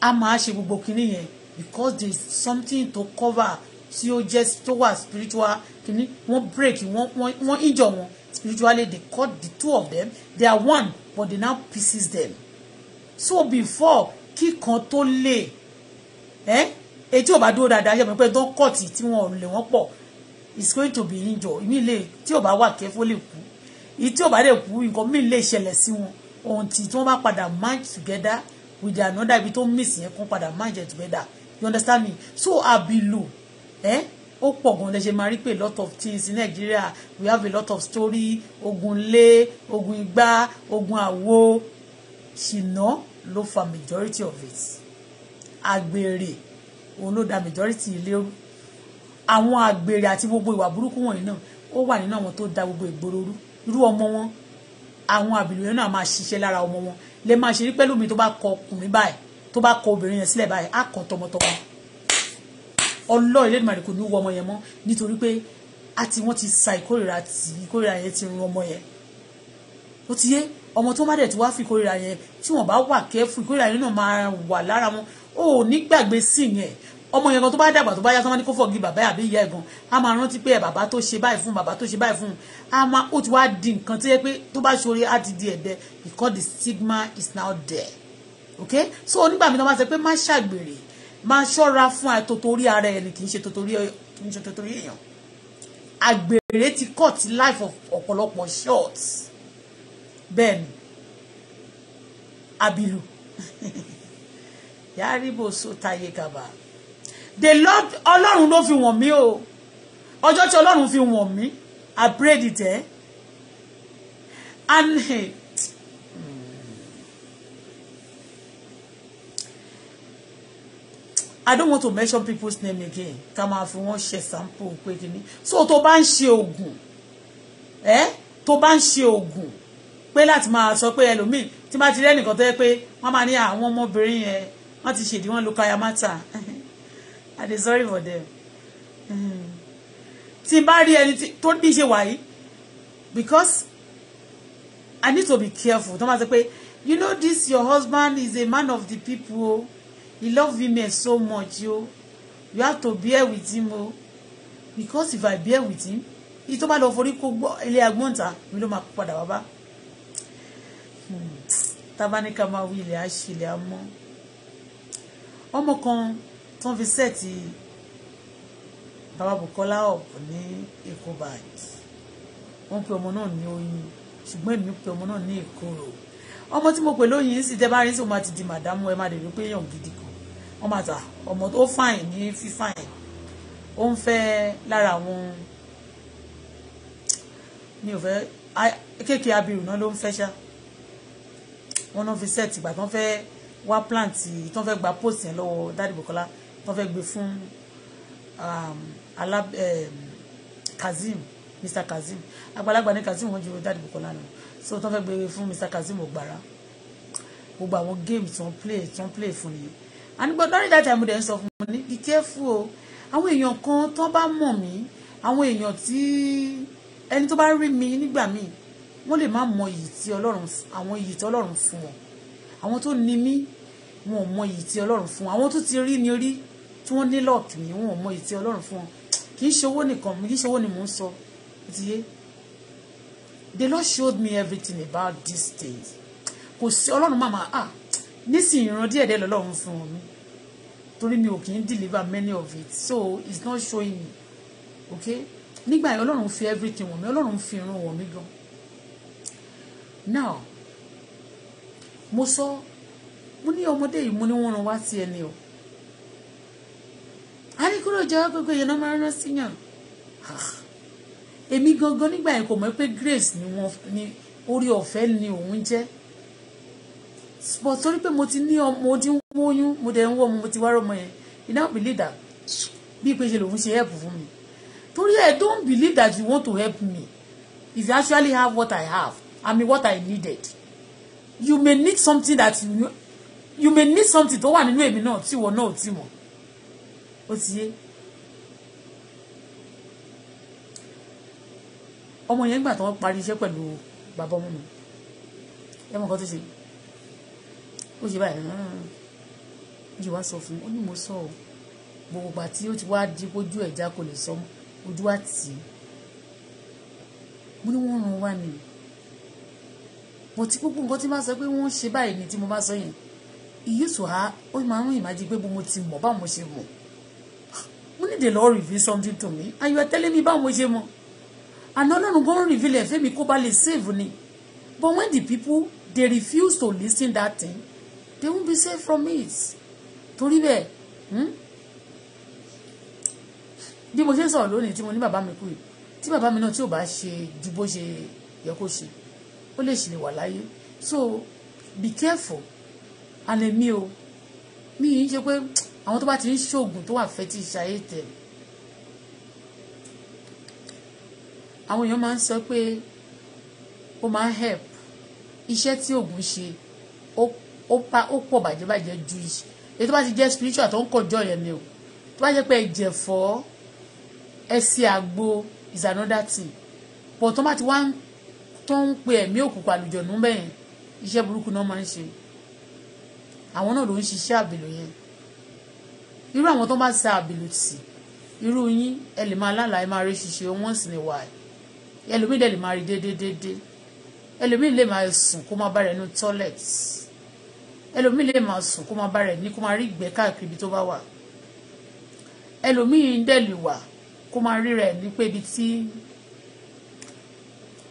a máa ṣe gbogbo kinní yẹn because there is something to cover tí ó jẹ́ tó wà spiritual kinní wọ́n break wọ́n wọ́n injọ wọn spiritually they cut the two of them they are one but they now pieces them so before kíkan tó lè eh? èyí tí ò bá dúró dáadáa yẹ pé tó ń kọ̀tì tí wọn ò lè wọ́n pọ̀ is going to be injured ìmí lè tí ò bá wà kẹfọ lè kú ìyí tí ò bá lè kú nǹkan míì lè ṣẹlẹ̀ sí wọn ohun tí tí wọ́n bá match together with their another ibi tó ń miss yẹn kó padà match together you understand me so abilu eh? ó pọ̀ gan lẹ́sẹ̀ máa rí pé lot of things in Nigeria we have a lot of story ogun lé ogun igbá ogun àwo ṣìnà ló fa majority of it àgbèrè òun ló da majority ilé àwọn àgbèrè àti gbogbo ìwà burúkú wọ̀nyí náà ó wà nínú àwọn tó da gbogbo ìgboro rú irú ọmọ wọn àwọn àbìlú yẹn náà máa ṣiṣẹ́ lára ọmọ wọn lè máa ṣe rí pẹ̀lú mi tó bá kọ ọkùnrin báyìí tó bá kọ obìnrin yẹn sílẹ̀ báyìí á kọ tọmọtọmọ ọlọ́ ilé ìdìmọ̀ àdìkò ní wọ ọmọ yẹn mọ́ nítorí pé àti wọ́n ti sa ìkórìíra tì ìkórìíra yẹn ti run ọmọ yẹn ó ti yé ọmọ tó bá dẹ̀ ti wá fi ìkórìíra yẹn tí wọ́n bá wà kẹ́fù ìkórìíra yẹn náà máa wà lára wọn ò ní gbàgbé sí yẹn ọmọ yẹn gan tó bá dàgbà tó bá yá sọmọdé kó fọgì bàbá àbí ìyá ẹ̀gàn a máa rántí pé bàbá tó ṣe báyìí fún bàbá tó ṣe báyìí fún a máa ó ti wá di nǹkan tó yẹ pé tó bá ṣoore á ti di ẹ̀dẹ because the stigma is now there okay so onígbà mi náà máa sọ pé má ṣàgbèrè má ṣọ́ra fún àtòtórí ara ẹni kì í ṣe tòtórí kì í ṣe tòtórí èèyàn àgbèrè ti cut life ọ̀pọ̀lọpọ̀ short bẹ́ẹ̀ ni abiru yàrá ibo so táyé kaba the lord ọlọ́run ló fi wọ̀n mí o ọjọ́ tí ọlọ́run fi wọ̀n mí i pray it eh and eh, i don't want to mention people's name again ká máa fi wọ́n ṣe sample pé kíní so tó bá ń ṣe oògùn ẹ eh? tó bá ń ṣe oògùn pé láti máa sọ pé ẹlòmíì tí bá ti rẹ́nìkan tó yẹ pé wọ́n máa ní ah, àwọn ọmọbìnrin yẹn wọ́n ti ṣèdí wọn lo kayamata I dey sorry for them hmm. tí n bá rí ẹni tó ní ṣe wàyí because I need to be careful tó máa sọ pé you know this your husband is a man of the people o he love women so much o you have to bear with him o because if I bear with him iye tó bá lọ forí kó gbọ́ ilé agbóǹta mi ló máa padà wá bá hmm. tábánikà máa wí ilẹ̀ àṣìlẹ̀ àmọ́ ọmọ kan tán fi sẹ́ẹ̀tì bàbá Bukola ọ̀pọ̀ ní èkó báyìí wọ́n pe ọmọ náà ní oyin ṣùgbọ́n èmi pe ọmọ náà ní ìkorò ọmọ tí mo pè lóyin ń sì tẹ́ bá rí sí òun àti di màdámù ẹ má lè rí pé èèyàn gidi kan wọ́n máa ta ọmọ tó fàìn ní fífàìn ó ń fẹ́ lára àwọn mi ò fẹ́ kéèké abirù náà ló ń fẹ́ ṣá wọ́n náà fi sẹ́ẹ̀tì ìgbà tó ń fẹ́ wá plant tó ń fẹ́ gba post yẹn lọ́wọ́ dádì Bukola wọ́n fẹ́ gbé fún um, um, Kazeem Mr Kazeem àgbàlagbà ní Kazeem wọ́n ju dáàdì Bukola nù so wọ́n fẹ́ gbé fún Mr Kazeem Ogbara gbogbo àwọn games wọ́n play tí wọ́n play fún nìyẹn but lórí that time dẹ̀ ń sọ fún mi be careful o àwọn èèyàn kan tó bá mọ̀ mí àwọn èèyàn tí ẹni tó bá rí mi nígbà míì wọ́n lè má mọ iyì tí ọlọ́run àwọn iyì tí ọlọ́run fún wọn àwọn tó ní mí wọn ò mọ iyì tí ọlọ́run fún wọn àwọn tó ti rí ni rí tí wọ́n nílò kìíní wọn ò mọ ìtì ọlọ́run fún wọn kì í ṣe nìkan kì í ṣe ni mò ń sọ ti the Lord showed me everything about these things kò sí ọlọ́run màmá ah nísìnyí ìran díẹ̀ díẹ̀ lọ́lọ́run fún mi torí mi ò kì í deliver many of it so it's not showing me okay nígbà yẹn ọlọ́run fi everything wọ̀n mi ọlọ́run fi irun wọ̀n mi gan now mo sọ mo ní ọmọdé yìí mo ní wọ́n rán wá sí ẹni o àríkúròjọ gbogbo èèyàn máa rán síyàn èmi gangan nígbà yẹn kò mọ̀ pé grace ni wọ́n ní orí ọ̀fẹ́ ni òun jẹ́ but pé mo ti ní ọmọ mo wóyún mo dẹ̀ ń wọ́ ọmọ mo ti wá rọ́mọ yẹn you now believe that bí pé lòun ṣe help fún mi torí ẹ don't believe that you want to help me if you actually have what I have I mean what I needed you may need something that you you may need something tó wà nínú èmi náà tí ìwọ náà ò tí mọ̀ ó ti yé ọmọ yẹn gbà tó wọ́n parí iṣẹ́ pẹ̀lú bàbá ọmọ mi ẹ mọ̀ nǹkan tó ṣe ó ṣe báyìí ó ṣe wá sọ fún un ó ní mo sọ ọ gbogbo ìgbà tí ó ti wá di ojú ẹ̀já kò lè sọ ojú wa tì í mo ní wọ́n ràn wá ni bó ti gbogbo nǹkan tí máa sọ pé wọ́n ṣe báyìí ni tí mo bá sọ yẹn ìyíṣù ha ó máa ń rìn ìmájí pé mo ti mọ̀ báwo mo ṣe mọ̀ we need the Lord reveal something to me and you are telling me báwo ṣe mọ àná ọlọ́run gan reveal ẹ̀ fẹ́mi kó ba lè save ni but when the people they refuse to listen that thing they won't be saved from it torí bẹ́ẹ̀ hmm? bí mo ṣe ń sọ̀rọ̀ lónìí tí mo ní bàbá mi kú yìí tí bàbá mi náà tí ò bá ṣe ju bó ṣe yẹ kó ṣe ó lè ṣì wà láyé so be careful and me, o mi yìí ṣe pé àwọn tó bá ti ń ṣoògùn tó wà fẹ́ tí ìṣayé tẹ̀ àwọn èèyàn máa ń sọ pé ó máa ń help iṣẹ́ tí oògùn ṣe ó pọ̀ bàjẹ́bàjẹ́ ju iṣẹ́ èyí tó bá ti jẹ́ spiritual tó ń kọjọ́ yẹn ni o tó bá jẹ́ pé ẹ̀jẹ̀ fọ́ ẹsẹ̀ àgbo is another thing pọ̀ tó bá ti wá tó ń pe ẹ̀mí òkùnkùn àlùjọ̀nú bẹ́ẹ̀ iṣẹ́ burúkú náà máa ń ṣe àwọn náà ló ń ṣiṣẹ́ àbèlò yẹn irú àwọn tó bá sa àbìlùtì irú yín ẹ lè máa lálàá ẹ máa rí ṣiṣẹ once in a while ẹlòmíì dẹ̀ lè máa rí déédéédéé ẹlòmíì lè máa sùn kó máa bá rẹ̀ ní toilet ẹlòmíì lè máa sùn kó máa bá rẹ̀ ní kó máa rí ìgbẹ́ káàkiri ibi tó bá wà ẹlòmíì dẹ̀ lè wà kó máa rí rẹ̀ ní pé ibi tí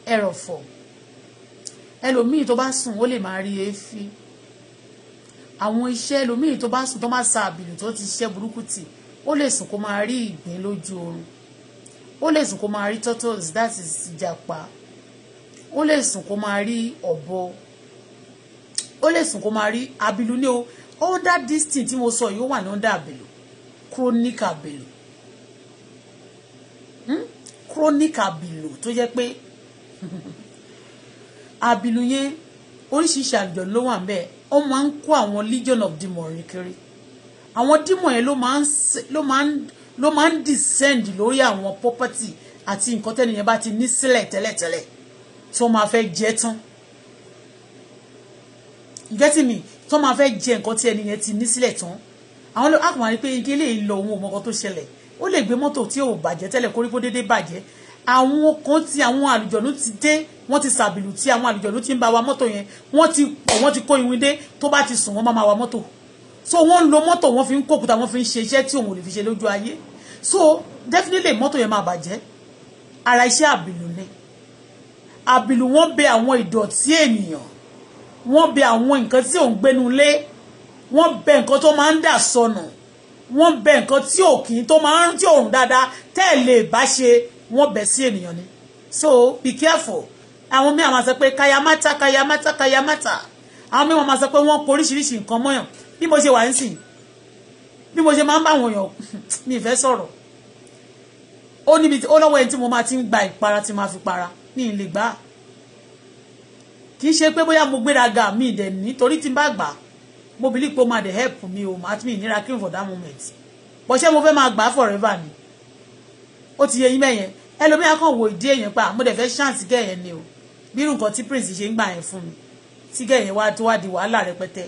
ẹrọ̀fọ̀ ẹlòmíì tó bá sùn ó lè máa rí èéfín àwọn iṣẹ́ lómìnì tó bá sùn tó máa sa àbìlù tó ti ṣiṣẹ́ burúkú tì ó lè sùn kó máa rí ìgbín lójú oorun ó lè sùn kó máa rí turtles that is ìjàpá ó lè sùn kó máa rí ọ̀bọ ó lè sùn kó máa rí àbìlù ní o under this thing tí mo sọ yìí ó wà ní under àbìlù chronic àbìlù hmm? chronic àbìlù tó jẹ́ pé àbìlù yẹn oríṣiríṣi àjọ ló wà ń bẹ́ẹ̀ ó máa ń kó àwọn legion of demon rìn kiri àwọn demon yẹn ló máa ń ló máa ń descend lórí àwọn property àti nǹkan tẹ́nìyẹn bá ti ní sílẹ̀ tẹ́lẹ̀tẹ́lẹ̀ tó máa fẹ́ jẹ tán gẹ́tì mi tó máa fẹ́ jẹ nǹkan tí ẹnìyẹn ti ní sílẹ̀ tán àwọn àpò máa rí pé igi eléyìí lọ ohun ọmọkan tó ṣẹlẹ̀ ó lè gbé mọ́tò tí ò bàjẹ́ tẹ́lẹ̀ koríko déédéé bàjẹ́ àwọn kan ti àwọn àlùjọ̀nú ti dé wọ́n ti sàbìlù tí àwọn àlùjọ̀nú ti ń ba wa mọ́tò yẹn wọ́n ti pọ̀ wọ́n ti kó iwin dé tó bá ti sùn wọ́n máa ma wa mọ́tò so wọ́n ń lo mọ́tò wọ́n fi ń kókùtà wọ́n fi ń ṣe iṣẹ́ tí òun ò lè fi ṣe lójú ayé so definitely mọ́tò yẹn máa bàjẹ́ ara iṣẹ́ àbìlù ni àbìlù wọ́n bẹ àwọn ìdọ̀tí ènìyàn wọ́n bẹ àwọn nǹkan tí òun gbénu lé wọ́n bẹ nǹkan tó máa ń dà sọnù wọ́n bẹ nǹkan tí òkín tó máa ń tí òun dáadáa tẹ́ẹ̀ lè bá ṣe wọ́n bẹ̀ sí ènìyàn ni so be careful àwọn mí àwọn sọ pé kayamata kayamata kayamata àwọn mí wọn máa sọ pé wọ́n kó oríṣiríṣi nǹkan mọ́yàn bí mo ṣe wà ń sìn bí mo ṣe máa ń bá àwọn èèyàn mi ìfẹ́ sọ̀rọ̀ ó níbi ó lọ́wọ́ ẹni tí mo máa ti ń gba ìpara tí máa fi para ní ilé gbá kì í ṣe pé bóyá mo gbéraga mi ìdẹ̀ nítorí tí n bá gbà mo believe pé ó máa dey help mi o àti mi ìnira kí n for that moment bọ́ṣẹ́ mo fẹ́ máa gbà forever ni ó ti yẹ yín mẹ́yẹn ẹlòmíà kàn wo ìdí èèyàn pa mo dẹ̀ fẹ́ ṣáǹsì gẹ̀yẹn ni o bí nǹkan tí prince ṣe ń gbà yẹn fún mi tí gẹ̀yẹn wá tó wá di wàhálà rẹpẹtẹ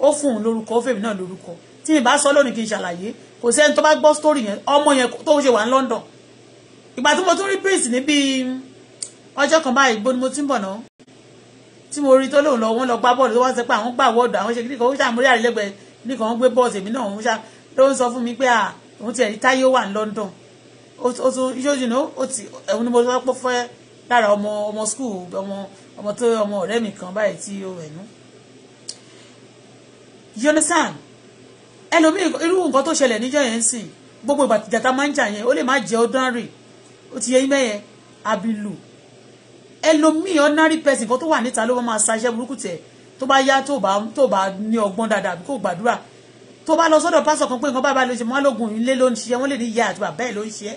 ó fún un lórúkọ ó fèmí náà lórúkọ tí mi bá sọ lónìí kí n ṣàlàyé kò sẹ́ni tó bá gbọ́ story yẹn ọmọ yẹn tó ṣe wà ní London ìgbà tí mo tún rí prince ní bíi ọjọ́ kan báyìí gbóni mo ti ń bọ̀ náà tí mo rí tó lóun lọ wọn lọ gbá bọ́ọ̀lù tó wọ́n sọ pé àwọn gbà wọ́ọ̀dù àwọn ṣe kí nìkan ó ṣàmúrí àrílẹ́gbẹ̀ẹ́ nìkan ó gbé bọ́ọ̀sì èmi náà òun ń sọ fún mi pé à òun tiẹ̀ rí táyé wà ní London o tún you know o ti ẹ̀hún ni mo sọ pé fẹ́ lára ọmọ ọmọ school ọmọ ọmọ tó ọmọ ọ̀rẹ́ mi kan báyìí tí o ẹ̀nu you understand ẹlòmíì irú nǹkan tó ṣẹlẹ̀ níjọ́ yẹn sì gbogbo ìgbà tìjà tá máa ń jà yẹn ó lè má jẹ́ ordinary ó ti yẹ yín bẹ́yẹn abilu ẹlòmíì ordinary person kan tó wà níta ló máa ṣaṣẹ́ burúkú tẹ̀ tó bá yá tó bá ní ọgbọ́n dáadáa àbí gbàdúrà tó bá lọ sọ́dọ̀ pásọ̀ kan pé nǹkan báyìí ló ṣe wọ́n lóògùn ilé ló ń ṣiṣẹ́ wọ́n lè ní ìyá àti bàbá ẹ̀ ló ń ṣe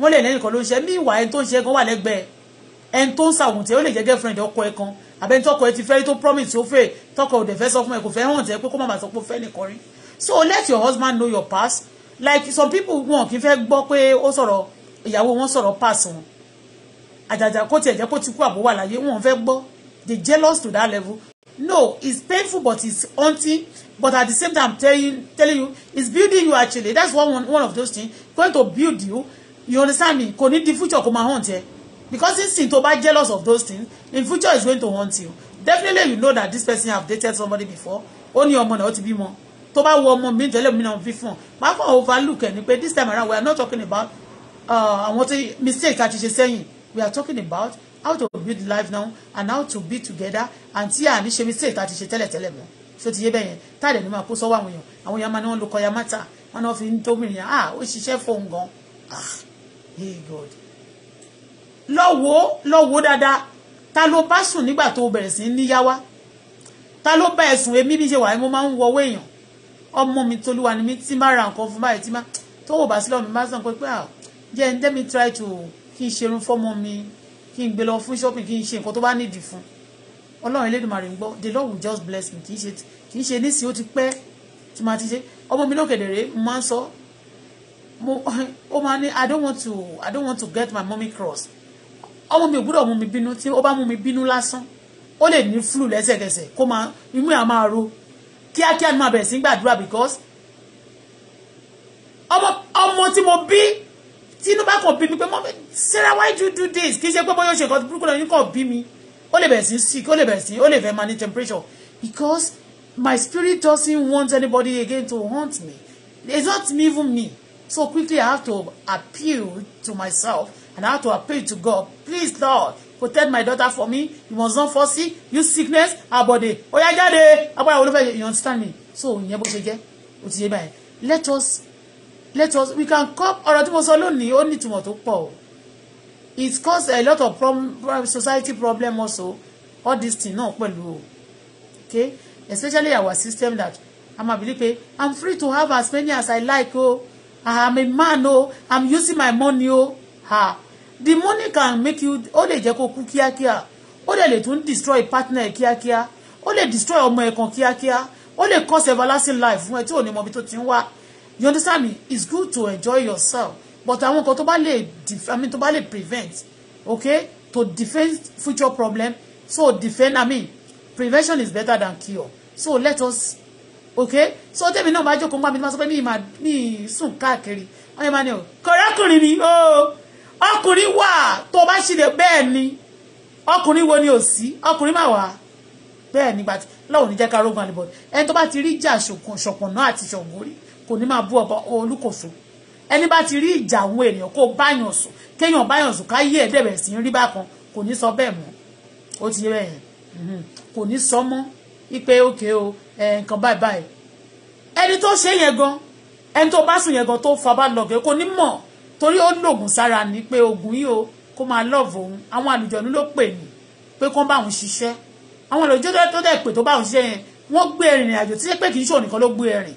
wọ́n lè lẹ́yìn kan ló ń ṣe míì wà ẹni tó ń ṣe kan wà lẹ́gbẹ̀ẹ́ ẹni tó ń ṣàwùn tí ó lè jẹ́ girlfriend ọkọ ẹ̀ kan àbẹ́ni tọkọ ẹ̀ ti fẹ́ tó promise ó fẹ́ tọkọ òde fẹ́ sọ fún ẹ̀ kò fẹ́ hàn tẹ́ pé kó má sọ pé ó fẹ́ nìkan rí so let your husband know your past like some people wọn kì í fẹ́ gbọ́ pé ó sọ̀rọ̀ ìyàwó wọn sọ̀rọ̀ past wọn àjàjà kó tiẹ̀ jẹ́ kó ti kú àbówà láyé wọn fẹ́ gbọ́ they jealous to that level No, it's painful, but it's haunting. But at the same time, I'm telling, telling you, it's building you actually. That's one, one, one of those things. Going to build you. You understand me? Kò ní di future kó máa haunt ẹ. Because since tó bá jealous of those things, in future is going to haunt you. Definitely you know that this person have dated somebody before. Ó ní ọmọ náà ó ti bímọ. Tó bá wo ọmọ mi tẹ́lẹ̀ mi náà fi fún ọ. Màá overlook ẹ̀ ni pé this time around we are not talking about uh, àwọn uh, mistake àti ṣe sẹ́yìn. We are talking about how to build life now and how to be together and tí à ní ṣe mistake tá a ti ṣe tẹ́lẹ̀tẹ́lẹ̀ mọ́ ṣé ti yé bẹ́ẹ̀ yẹn tá a lè ní máa kó sọ́wọ́ àwọn èèyàn àwọn èèyàn máa ní wọ́n lo kọ́ya mátà wọ́n náà fi ń tómìnira ah ó ṣiṣẹ́ fóun gan ah hey God lọ́wọ́ lọ́wọ́ dáadáa ta ló bá sùn nígbà tó bẹ̀rẹ̀ sí níyáwá ta ló bá ẹ̀sùn èmi bí ṣe wà ní mo máa ń wọwọ́ èèyàn ọmọ mi tolúwa ni mi ti máa ra nǹkan fún báyìí ti máa tó wò bá sílọ̀ mi máa sàn pé pé ah jẹ́ ẹ̀ ń dẹ́mi try to kí n ṣerun fọ́mọ mi kí n gbé lọ fún shopping kí n ṣe nǹkan tó bá nídìí fún ọlọ́run elédùnmarè ń gbọ́ the lord will just bless me kì í ṣe kì í ṣe nísìnyí ó ti pẹ́ tí màá ti ṣe ọmọ mi lókèdè rèé mo máa ń sọ mo ó máa ní i don't want to i don't want to get my mommy cross ọmọ mi ò gbúdọ̀ mú mi bínú tí ó bá mú mi bínú lásán ó lè ní flu lẹ́sẹ̀kẹsẹ̀ kó máa imú ẹ̀ máa ro kíákíá ni máa bẹ̀rẹ̀ sí gbàdúrà because ọmọ ọmọ tí mo bí tí inú bá kàn bí mi pé mọ́ Sarah why you do this kì í ṣe pé bóyá ó ṣe nǹkan burúkú náà yín kàn bí mi ó lè bẹ̀rẹ̀ sí sick ó lè bẹ̀rẹ̀ sí ó lè fẹ́ máa ní temperature because my spirit doesn't want anybody again to haunt me it's not even me so quickly I have to appeal to myself and I have to appeal to God please Lord protect my daughter for me you must not foresee you sickness abode oya jade agbára olúfẹ́ you understand me so ìyẹn bó ṣe jẹ́ ó ti yé báyìí let us let us we can come ọ̀rọ̀ tí mo sọ lónìí ó ní ìtumọ̀ tó pọ̀ o it cause a lot of problem, society problem also all this thing náà pẹ̀lú o okay especially our system that i'm abili pe i'm free to have as many as i like o oh. i'm a man o oh. i'm using my money o oh. ha the money can make you ó lè jẹ́ kó kú kíákíá ó lè lè tún destroy partner kíákíá ó lè destroy ọmọ ẹ̀ kan kíákíá ó lè cause everlasting life fún ẹ tí ò ní mọ ibi tó ti ń wá you understand me it's good to enjoy yourself but àwọn nǹkan tó bá lè i mean tó bá lè prevent okay to defend future problem so defend i mean prevention is better than cure so let us okay so tẹ́mi náà bá jókòó ń bá mi máa sọ pé mi máa ní sùn káàkiri wọ́n yẹ máa ní o kọ̀rẹ́kùnrin ni o ọkùnrin wà tó bá ṣílẹ̀ bẹ́ẹ̀ ni ọkùnrin wo ni ò sí ọkùnrin máa wà bẹ́ẹ̀ nígbà tí lọ́wọ́ ní jẹ́ ká rógun àlebọ̀ ẹni tó bá ti rí jà ṣọ̀pọ̀nà àti ṣọ̀gbórí kò ní máa bú ọba olúkòso ẹni bá ti rí ìjà àwọn ènìyàn kó báyàn sùn kéèyàn báyàn sùn káyé ẹ̀ dẹ̀bẹ̀ sí rí bákan kò ní sọ bẹ́ẹ̀ mọ́ ó ti rẹ̀ yẹn mhm. kò ní sọ mọ́ ipe òkè o nǹkan báyìí báyìí ẹni tó ṣe yẹn gan ẹni tó bá sùn yẹn gan tó fa bá lọ̀gẹ́ kò ní mọ̀ torí ó lògùn sára ni pé oògùn yìí o kó máa lọ́ọ̀vù òun àwọn àlùjọ̀nú ló pè ní pé kó bá òun ṣiṣẹ́ àwọn àlùjọ̀nú tó dẹ̀ pè tó bá òun ṣiṣẹ́ yẹn wọ́n gbé ẹ̀rìn àjò tí pé kì í ṣòun nìkan ló gbé ẹ̀rìn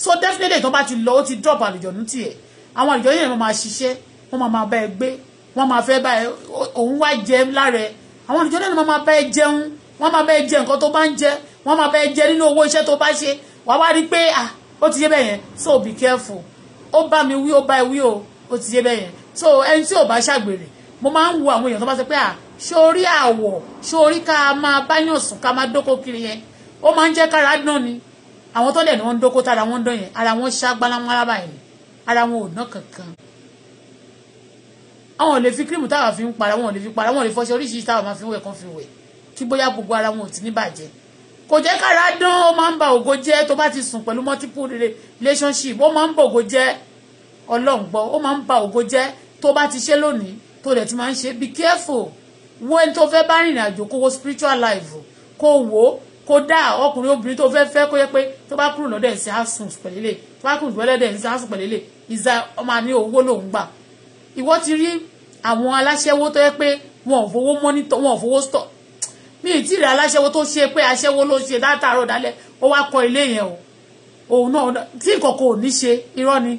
so definitely tó bá ti lọ ó ti drop àlùjọ̀nù tiẹ̀ àwọn àlùjọ̀nù yẹn máa ṣiṣẹ́ wọ́n máa máa bá ẹ gbé wọ́n máa fẹ́ bá ẹ òun wá jẹ lára ẹ àwọn àlùjọ̀nù yẹn máa bá ẹ jẹun wọ́n máa bá ẹ jẹ nǹkan tó bá ń jẹ wọ́n máa bá ẹ jẹ nínú owó iṣẹ́ tó bá ṣe wàá wá rí pé ah ó ti yé bẹ́ẹ̀ yẹn so be careful ó bá mi wí ó bá ẹ wí o ó ti yé bẹ́ẹ̀ yẹn so ẹni tí ò bá ṣàgbèrè mo máa ń wo àwọn èèyàn tó bá ṣe pé à ṣorí àwọ̀ ṣorí ká máa báyàn sùn ká máa dóko yẹn ó máa ń jẹ́ kára dán ni àwọn tó lẹ̀ ni wọ́n ń dókó tára wọn dán yẹn ara wọn ṣá gbálámọ́lá báyìí ara wọn ò ná kankan àwọn ò lè fi kírímù táwa fi ń para wọn ò lè fi para wọn ò lè fọṣẹ oríṣiríṣi táwa máa fi ń wẹ̀ kán fi wẹ̀ kí bóyá gbogbo ara wọn ò ti ní bàjẹ́ kò jẹ́ kára dán ó máa ń ba ògo jẹ́ tó bá ti sùn pẹ̀lú multiple relationship ó máa ń ba ògo jẹ́ ọlọ́run gbọ́ ó máa ń ba ògo jẹ́ tó bá ti ṣe lónìí tó dẹ̀ ti máa ń ṣe be careful wo tó fẹ́ bá rìnrìn àjò kó spiritual life kó wo kódà ọkùnrin obìnrin tó fẹ́ fẹ́ kó yẹ pé tó bá kúrò lọ́dọ̀ ẹ̀sìn àsùn pẹ̀lẹ́lẹ̀ tó bá kúrò lọ́dọ̀ ẹ̀sìn àsùn pẹ̀lẹ́lẹ̀ ìza ọmọ ní owó lòún gbà ìwọ ti rí àwọn aláṣẹ́wó tó yẹ pé wọn ò fowó mọ́nítọ̀ wọn ò fowó stọ̀ mi ì tí ì rí aláṣẹ́wó tó ṣe pé aṣẹ́wó ló ṣe látàárọ̀ dálẹ̀ ó wá kọ́ ilé yẹn o òun náà tí ìkọ̀kọ̀ ò ní ṣe irọ́ ni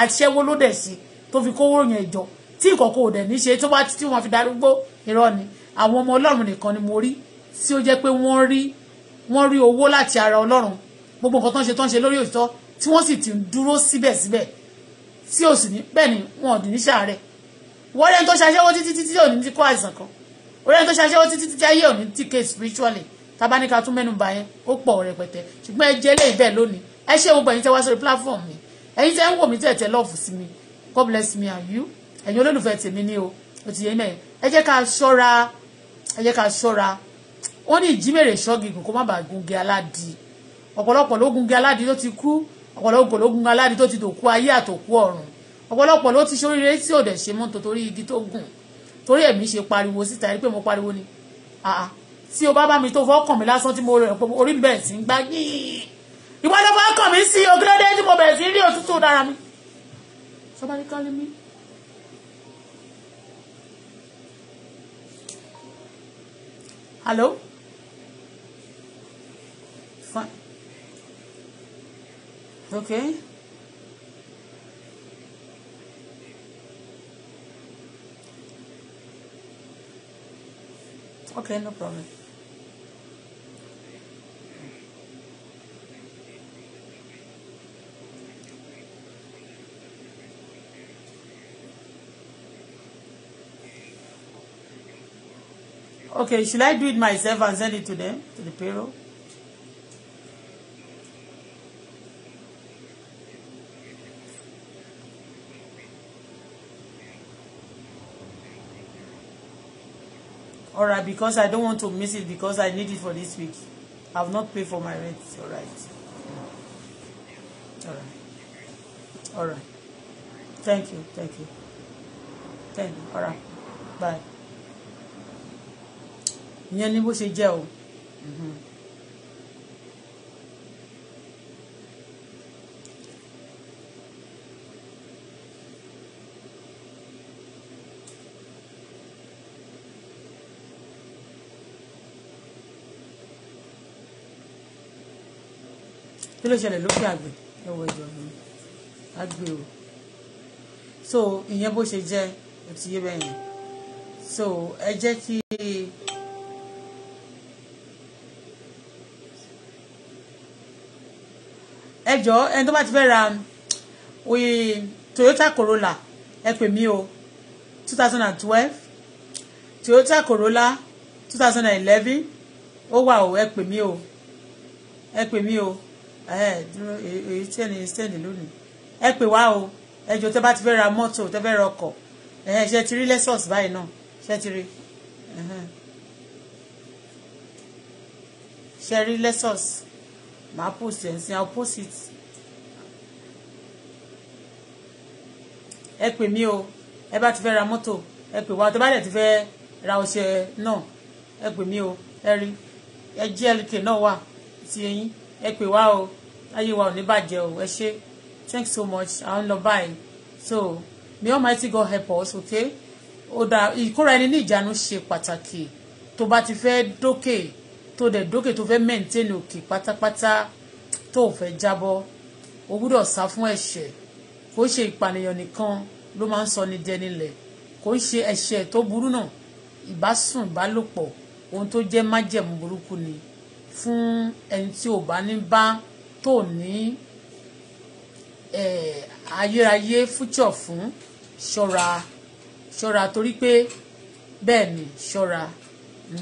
aṣẹ́wó ló dẹ̀ sí tó fi kówó yẹn jọ tí ìkọ̀kọ̀ ò dẹ̀ ní ṣe tó bá tí wọ́n fi darúgbó irọ́ ni àwọn ọmọ ọlọ́run nìkan ni mo rí tí ó jẹ́ pé wọ́n rí wọ́n rí owó láti ara Ọlọ́run gbogbo nǹkan tó ń ṣe tó ń ṣe lórí òtítọ́ tí wọ́n sì ti ń dúró síbẹ̀síbẹ̀ tí ò sì ní bẹ́ẹ̀ ni wọn ò dì ní ṣàárẹ̀ wọ́n rẹ́ni tó ṣaṣẹ́wó títí títí òní ti kó àìsàn kan orẹ́ni tó ṣaṣẹ́wó títí títí ayé òní ti ké spiritually tabaníka tún mẹ́nu bàyẹn ó pọ̀ rẹpẹtẹ ṣùgbọ́n ẹ jẹ́ léyìí bẹ́ẹ̀ lónìí ẹ ṣé gbogbo ẹ̀yin tẹ́ wá sórí platform mi ẹ̀yin tẹ́ ń wò mí tẹ́ tẹ́ wọ́n ní ìjímèrè ṣọ́ọ̀gì kò má bàa gungi aládi ọ̀pọ̀lọpọ̀ ló gungi aládi tó ti kú ọ̀pọ̀lọpọ̀ ló gungi aládi tó ti dòkú ayé àtòkú ọ̀run ọ̀pọ̀lọpọ̀ ló ti ṣoríire tí ò dẹ̀ ṣe mú torí igi tó gùn torí ẹ̀mí ṣe pariwo síta rí pé mo pariwo ni tí o bá bá mi tó fọ́kàn mi lásán tí mo rẹ̀ pé orí mi bẹ̀rẹ̀ sí ń gbá yín ìwọ ló fọ́kàn mi sí ogúnlódé tí mo bẹ̀rẹ̀ sí rí somebody calling me. hello. Okay. Okay, no problem. Okay, should I do it myself and send it to them, to the payroll? Alright, because i don't want to miss it because i need it for this week i have not paid for my rent Alright. Alright. all thank you thank you thank you Alright. bye ìyẹn ni bó ṣe jẹ́ o. Mm-hmm. ló ṣẹlẹ̀ lókè àgbẹ̀ ẹ wọ ìjọ mi àgbẹ̀ o so ìyẹn bó ṣe jẹ́ ó ti yé bẹ́yẹn so ẹ jẹ́ kí. ẹ jọ̀ọ́ ẹni tó bá ti fẹ́ ra oye Toyota Corolla ẹ pè mí o two thousand and twelve Toyota Corolla two thousand and eleven ó wà o ẹ pè mí o ẹ pè mí o ẹ dúró èyí tí ẹni stand lónìí ẹ pè wá o ẹ jọ tẹ bá ti fẹ́ ra mọ́tò tẹ fẹ́ ra ọkọ̀ ẹ ṣe ti rí lexus báyìí náà ṣe ti rí ṣe rí lexus màá post ẹ̀ sí i'll ẹ pè mí o ẹ bá ti fẹ́ ra mọ́tò ẹ pè wá tẹ bá dẹ̀ ti fẹ́ ra ọṣẹ náà ẹ pè mí o ẹ rí ẹ GLK náà wà ti eyín ẹ pè wá o ayé wa ò ní bàjẹ́ o ẹ ṣé thank you so much à ń lọ báyìí so may almighty God help us okay ó dá ìkóra ẹni ní ìjánu ṣe pàtàkì tó bá ti fẹ́ dókè tó dẹ̀ dókè tó fẹ́ maintain òkè pátápátá tó fẹ́ jábọ́ o gbúdọ̀ sá fún ẹ̀ṣẹ̀ kò ṣe ìpànìyàn nìkan ló máa ń sọ ní dẹnilẹ̀ kò ń ṣe ẹ̀ṣẹ̀ tó burú náà ìbásùn ìbálòpọ̀ ohun tó jẹ́ májẹ̀mú burúkú ni fún ẹni tí ò bá ní bá tó ní ayérayé future fún ṣọ́ra ṣọ́ra torí pé bẹ́ẹ̀ ni ṣọ́ra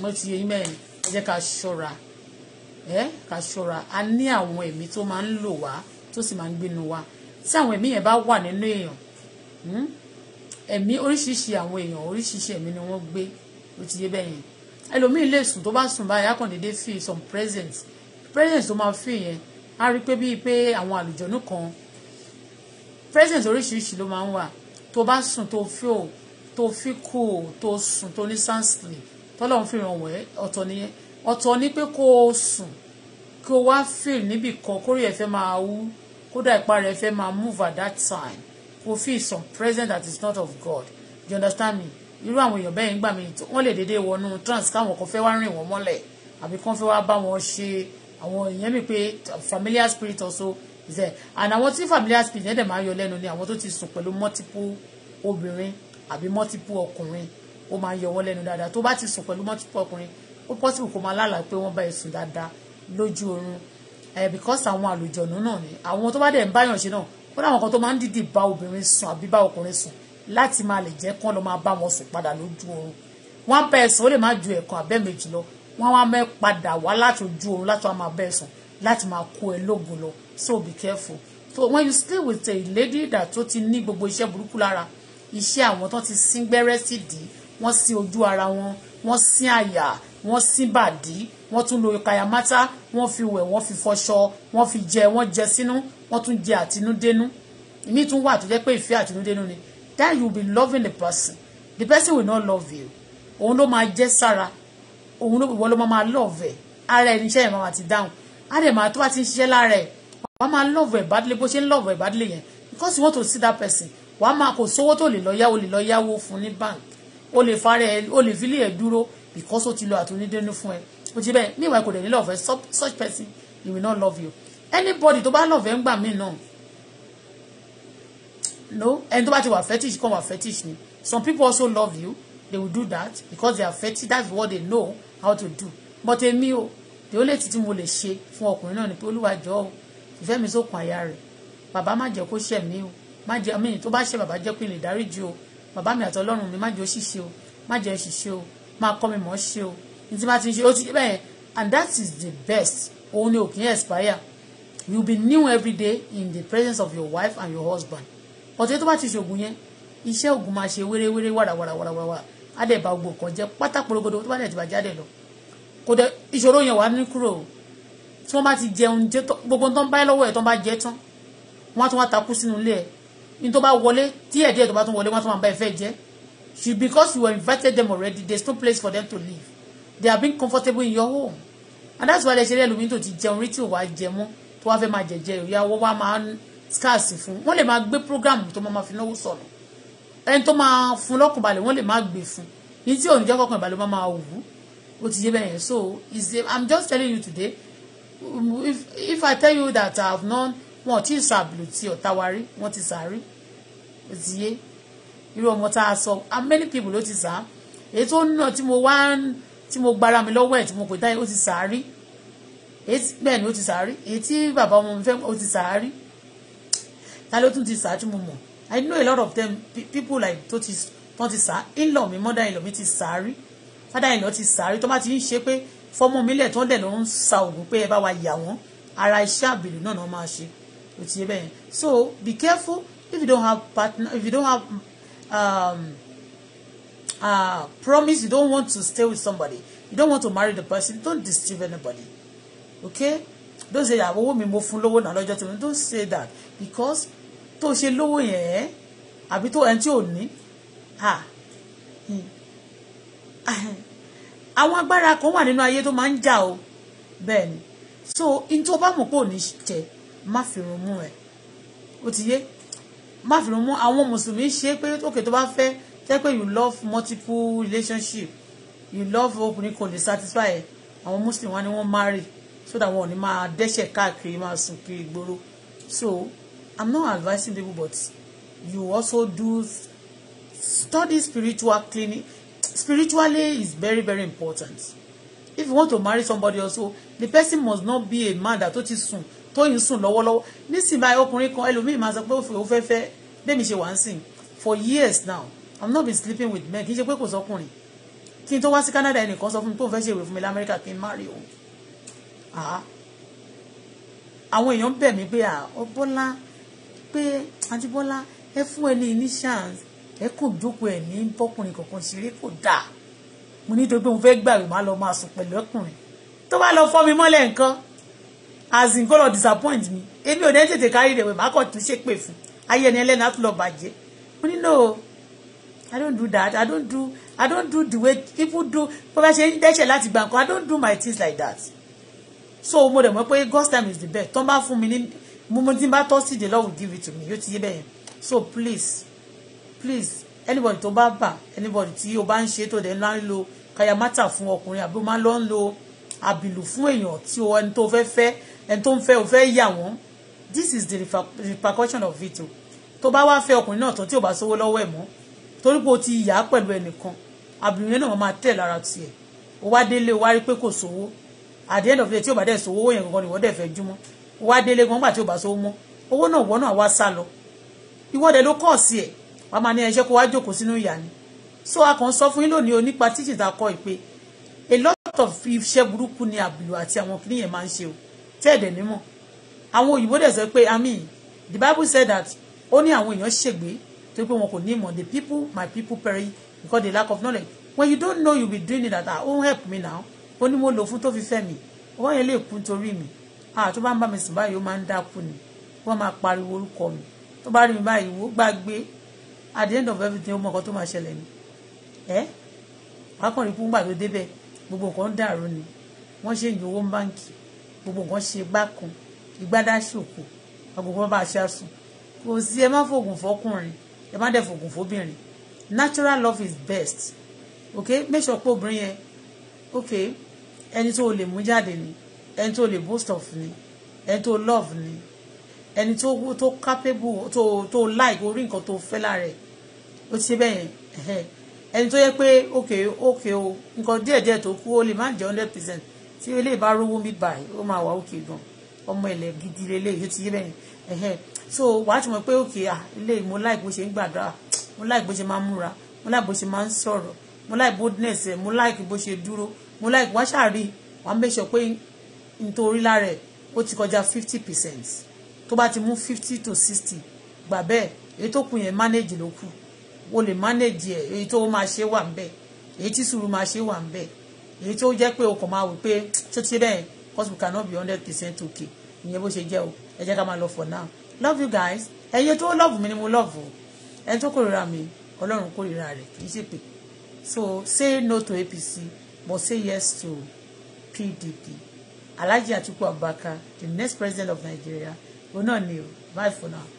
mo ti yẹ mẹ́rin ẹ jẹ́ ká ṣọ́ra ẹ ká ṣọ́ra a ní àwọn ẹ̀mí tó máa ń lò wá tó sì máa ń gbénu wá tí àwọn ẹ̀mí yẹn bá wà nínú èèyàn hmm, ẹ̀mí oríṣiríṣi àwọn èèyàn oríṣiríṣi ẹ̀mí ni wọ́n gbé ó ti yé bẹ́ẹ̀ yẹn ẹlòmíín lè sùn tó bá sùn báyìí akọ̀ndédé fi some presents presents tó máa fi yẹn a rí pé bíi pé àwọn àlùjọ̀nù kan present oríṣiríṣi ló máa ń wà tó bá sùn tó fi ò tó fi kù ò tó sùn tó ní sansley tọ́lọ́ ń fi ràn wẹ́ ọ̀tọ̀ nìyẹn ọ̀tọ̀ ni pé kó o sùn kí o wá feel níbì kan kórè ẹ̀ máa wú kódà ìpa rẹ̀ fẹ́ máa move at that time kò feel some present that is not of God you understand me irú àwọn èèyàn bẹ́ẹ̀ ń gbà mí wọ́n lè déédéé wọnú trance káwọn kan fẹ́ wá rìn wọ́n mọ́lẹ̀ àbí kán fẹ́ wá bá wọn ṣe àwọn èèyàn mi pé familiar spirit also is there and àwọn tí familiar spirit ẹ̀dẹ̀ máa yọ lẹ́nu ni àwọn tó ti sùn pẹ̀lú multiple obìnrin àbí multiple ọkùnrin ó máa ń yọ wọ́n lẹ́nu dáadáa tó bá ti sùn pẹ̀lú multiple ọkùnrin ó possible kó máa lálàá pé wọ́n bá ẹ sùn dáadáa lójú oorun ẹ̀ eh, because àwọn àlùjọ̀nù náà ni àwọn tó bá dẹ̀ ń báyàn ṣe náà ó láwọn kan tó máa ń dìde bá obìnrin sùn àbí bá ọkùnrin sùn láti máa lè jẹ́ kán lọ máa bá wọn sùn padà lójú oorun wọ́n á bá ẹ sùn ó lè má ju ẹ̀kan àbẹ́ẹ̀mejì lọ wọ́n wá mẹ́ padà wá láti ojú oorun láti wá máa bẹ́ẹ̀ sùn láti máa kó ẹ lógo lọ so be careful so when you stay with a lady that tó ti ní gbogbo iṣẹ́ burúkú lára iṣẹ́ àwọn tó ti sín gbẹ́rẹ́ sí dì í wọ́n sín ojú ara wọn wọ́n sín àyà wọ́n sín bàdí wọ́n tún lo ìkàyàmátá wọ́n fi wẹ̀ wọ́n fi fọṣọ wọ́n fi jẹ wọ́n jẹ sínú wọ́n tún jẹ àtinúdénú ìmí tún wà tó jẹ́ pé ìfẹ́ àtinúdénú ni then you be loving the person the person will not love you òun ló máa jẹ́ sára òun ló wọ́n ló máa lọ́ọ̀vẹ̀ ara ẹni iṣẹ́ yẹn máa ti dáhùn á dẹ̀ máa tó bá ti ń ṣiṣẹ́ lára ẹ̀ wàá máa lọ́ọ̀vẹ̀ ìbádìlé bó ṣe ń lọ́ọ̀vẹ̀ ìbádìlé yẹn because you want to see that person wàá máa kò sówó tó lè lọ yá o lè lọ yáwó fún ní bank o lè fara ẹ o lè fi lè dúró because o ti lọ àtúndínlẹ́nu fún ẹ o ti bẹ́ẹ̀ meanwhile kò dẹ̀ ní lọ́ọ̀vẹ̀ such person he will not love you anybody tó bá lọ́ọ̀vẹ̀ ń gbà mí náà no ẹni tó bá ti wà fetish kan wà fetish ni some people also love you they will do that because they are fetish that's what they know how to do but èmi o the only thing tí mo lè ṣe fún ọkùnrin náà ni pé olúwa jọ̀ọ́ o ìfẹ́ mi sókun àyà rẹ̀ bàbá má jẹ́ kó ṣẹ̀ mí o má jẹ́ àmì tó bá ṣẹ̀ bàbá jẹ́ pé lè dáríjì o bàbá mi àti ọlọ́run mi má jẹ́ òṣìṣe o má jẹ́ òṣìṣe o máa kọ́ mi mọ̀ ọ́ ṣe o ní tí bá ti ṣe ó ti bẹ́ẹ̀ and that is the best òun ni òkè expire you be new every day in the presence of your wife and your husband ọ̀tẹ́ tó bá ti ṣògùn yẹn iṣẹ́ ògùn máa ṣe wéré wéré wàrà wàrà á dẹ̀ kan jẹ́ pátá tó bá dẹ̀ ti bàjẹ́ á lọ kò dẹ̀ ìṣòro yẹn wà ní kúrò tí wọ́n bá ti jẹun jẹ gbogbo tó ń bá lọ́wọ́ ẹ̀ tó ń bá jẹ tán wọ́n á tún wá takú sínú ilé ẹ̀ ní tó bá wọlé díẹ̀ díẹ̀ tó bá tún wọlé wọ́n á tún máa bá ẹ fẹ́ jẹ́ she because you were invited them already there is no place for them to live they are being comfortable in your home and that's why ẹ ṣe rí ẹlòmíín tó ti jẹun rí tí ò wá jẹ mọ́ tó wá fẹ́ máa jẹ̀jẹ̀ ìyàwó wa máa ń scarce fún wọ́n lè máa gbé program tó máa fi náwó sọ̀rọ̀ ẹni tó máa fún lọ́kàn balẹ̀ wọ́n lè má gbé fún ní tí òun jẹ́ kọ́kàn balẹ̀ wọ́n máa wù ó ti yé bẹ́ẹ̀ yẹn so is a i'm just telling you today if if i tell you that i have known wọn ti sàbùlù ti ọ̀tá wa rí wọ́n ti sàárí ó ti yé irú ọmọ tá a sọ how many people ló ti sà á èyí tó nà tí mo wá tí mo gbára mi lọ́wọ́ ẹ̀ tí mo pè táyé ó ti sàárí bẹ́ẹ̀ ni ó ti sàárí èyí tí bàbá ọmọ mi fẹ́ ó ti sàárí ta ló tún ti sàá tí mo mọ̀ I know a lot of them people like tó ti wọ́n ti sá in-law mi mother-in-law mi ti sàárì father-in-law ti sàárì tó bá ti ń ṣe pé fọmọ mi lẹ̀ tó ń dẹ̀ ló ń sa oògùn pé ẹ bá wa yà wọ́n ara iṣẹ́ àbèlè náà náà máa ṣe ó ti yé bẹ́ẹ̀ so be careful if you don't have partner if you don't have um, uh, promise you don't want to stay with somebody you don't want to marry the person don't deceive anybody okay don't say àwọn ah, owó mi mo fún lówó náà lọ́jọ́ tó don't say that because tó ṣe lówó yẹn àbí tó ẹni tí ò ní hmm. àwọn agbára kan wà nínú ayé tó máa ń jà o bẹ́ẹ̀ ni so in tó bá mọ̀ pé ò ní jẹ má fi irun mú ẹ̀ ó ti yé má fi irun mú àwọn mùsùlùmí ṣe pé òkè tó bá fẹ́ tẹ́ pé you love multiple relationship you love ọkùnrin kò lè satisfy ẹ̀ àwọn muslim wa ni wọ́n marry so that wọn ò ní máa dẹ́ṣẹ̀ káàkiri máa sùn kiri ìgboro so I'm not advising people, but you also do study spiritual cleaning. Spiritually is very, very important. If you want to marry somebody also, the person must not be a man that tó ti sùn tóyìn sùn lọ́wọ́lọ́wọ́. Nísìnyí báyìí ọkùnrin kan ẹlòmíì máa sọ pé ó fẹ́ fẹ́ bẹ́ẹ̀ mi ṣe wá ń sìn for years now. I'm not been sleeping with men. Kì í ṣe pé kò sọkùnrin. Kí n tó wá sí Canada ẹnìkan sọ fún mi tó ń fẹ́ ṣe ìwé fún mi l'Amẹ́ríkà kí n má rí òun. Àwọn èèyàn bẹ̀ mí pé Bọ́lá pé Adébọ́lá ẹ fún ẹ ní ní chance ẹ kò jókòó ẹ ní bọ́kùnrin kankan ṣeré kò dáa mo ní tó gbé mo fẹ́ gbàwé má lọ máa sùn pẹ̀lú ọkùnrin tó bá lọ fọ́ mi mọ́lẹ̀ nǹkan as in kó lọ disappoint mi èmi ò ní tètè kárí rẹ̀ wẹ̀ má kàn tún ṣépè fún ayé ẹni ẹlẹ́ni á tún lọ bàjẹ́ mo ní no I don't do that I don't do I don't do the way people do bó bá ṣe ń dẹ́ṣẹ̀ láti gbà nǹkan I don't do my things like that so mo dẹ̀ mọ̀ pé God's time is the best tó ń bá fún mi ní mo mo ti bá tọ́ sí the Lord will give it to me yóò ti yé bẹ́ẹ̀ so please please anybody tó bá bà anybody tí o bá ń ṣe tó dẹ̀ ń lo kayamata fún ọkùnrin àbí o máa lọ ń lo àbìlù fún èèyàn tí o ẹni tó fẹ́ fẹ́ ẹni tó ń fẹ́ o fẹ́ yà wọ́n this is the repercussion of it o tó bá wá fẹ́ ọkùnrin náà tán tí o bá sówó lọ́wọ́ ẹ̀ mọ́ torí pé o ti yà á pẹ̀lú ẹnìkan àbìlù yẹn náà máa tẹ̀ lára tiẹ̀ o wá délé o wá rí pé kò sówó at the end of the day tí o bá dẹ̀ sówó yẹn kankan ni wọ́n dẹ̀ fẹ́ jùmọ̀ wá délé gan gbà tí ò bá sówó mọ́ owó náà wọ́n náà wá sá lọ ìwọ́de ló kọ̀ sí ẹ̀ wàá máa ní ẹṣẹ́ kó wá jókòó sínú ìyá ni so a kàn sọ fún yín lónìí onípa títí ta kọ́ ìpè a lot of iṣẹ́ burúkú ni àbùlù àti àwọn kìnìyàn máa ń ṣe o tẹ́ẹ̀dẹ̀ nímọ̀ àwọn òyìnbó dẹ̀ sọ pé àmì the bible said that ó ní àwọn èèyàn ṣègbé tó pé wọn kò ní ìmọ̀ the people my people perish because they lack of knowledge when you don't know you be doing it at ah oh help me now ó ní mo lò fún tó fi fẹ́ mi ó wáyé lè kú torí mi àwọn tó bá ń bá mi sùn báyìí ó máa ń dákú ni wọ́n máa pariwo orúkọ mi tó bá rí mi báyìí wọ́n gbàgbé at the end of everything ó mọ nǹkan tó máa ṣẹlẹ̀ ni ẹ́ akọ̀rin fún gbàgbé débẹ̀ gbogbo nǹkan dàrú ni wọ́n ṣe ìyìn owó báǹkì gbogbo nǹkan ṣe bákan ìgbádàṣòkò agogo bá ṣe àsùn kò sí ẹ má fògùn fọkùnrin ẹ má dẹ̀ fògùn fóbìnrin natural love is best okay make sure pé obìnrin yẹn okay ẹni tó o lè mú jáde ni ẹni tó lè boast of ni ẹni tó love ni ẹni tó tó capable tó tó like orí nǹkan tó fẹ́ lára ẹ̀ ó ti ṣe bẹ́ẹ̀ yẹn ẹni tó yẹ pé òkè òkè o nǹkan díẹ̀díẹ̀ tó kú ó lè má jẹ́ hundred percent tí ilé ìbá rówó mi báyìí ó máa wà òkè gan ọmọ ilẹ̀ gidi lélẹ̀ yìí ti yé bẹ́ẹ̀ ẹ̀hẹ́n so wàá ti mọ̀ pé òkè à ilé mo like bó ṣe ń gbàdúrà mo like bó ṣe máa ń múra mo like bó ṣe máa ń sọ̀rọ̀ mo like boldness ẹ̀ mo like bó ṣe dúró mo like wá ṣàrí wàá make sure pé nítorí lára ẹ̀ ó ti kọjá fifty percent tó bá ti mú fifty to sixty gbà bẹ́ẹ̀ èyí tó kù yẹn manage ló kù o lè manage ẹ̀ èyí tó máa ṣe wà ń bẹ̀ èyí tí sùúrù máa ṣe wà ń èyí tó jẹ́ pé o kàn máa wò pé ṣé ti bẹ́ẹ̀ cause we cannot be hundred percent okay ìyẹn bó ṣe jẹ́ o ẹ jẹ́ ká máa lọ for now love you guys ẹyẹ tó love mi ni mo love o ẹni tó kórìíra mi ọlọ́run kórìíra rẹ̀ kì í ṣe pé so say no to APC but say yes to PDP. Alhaji Atiku Abubakar the next president of Nigeria òun náà ni o bye for now.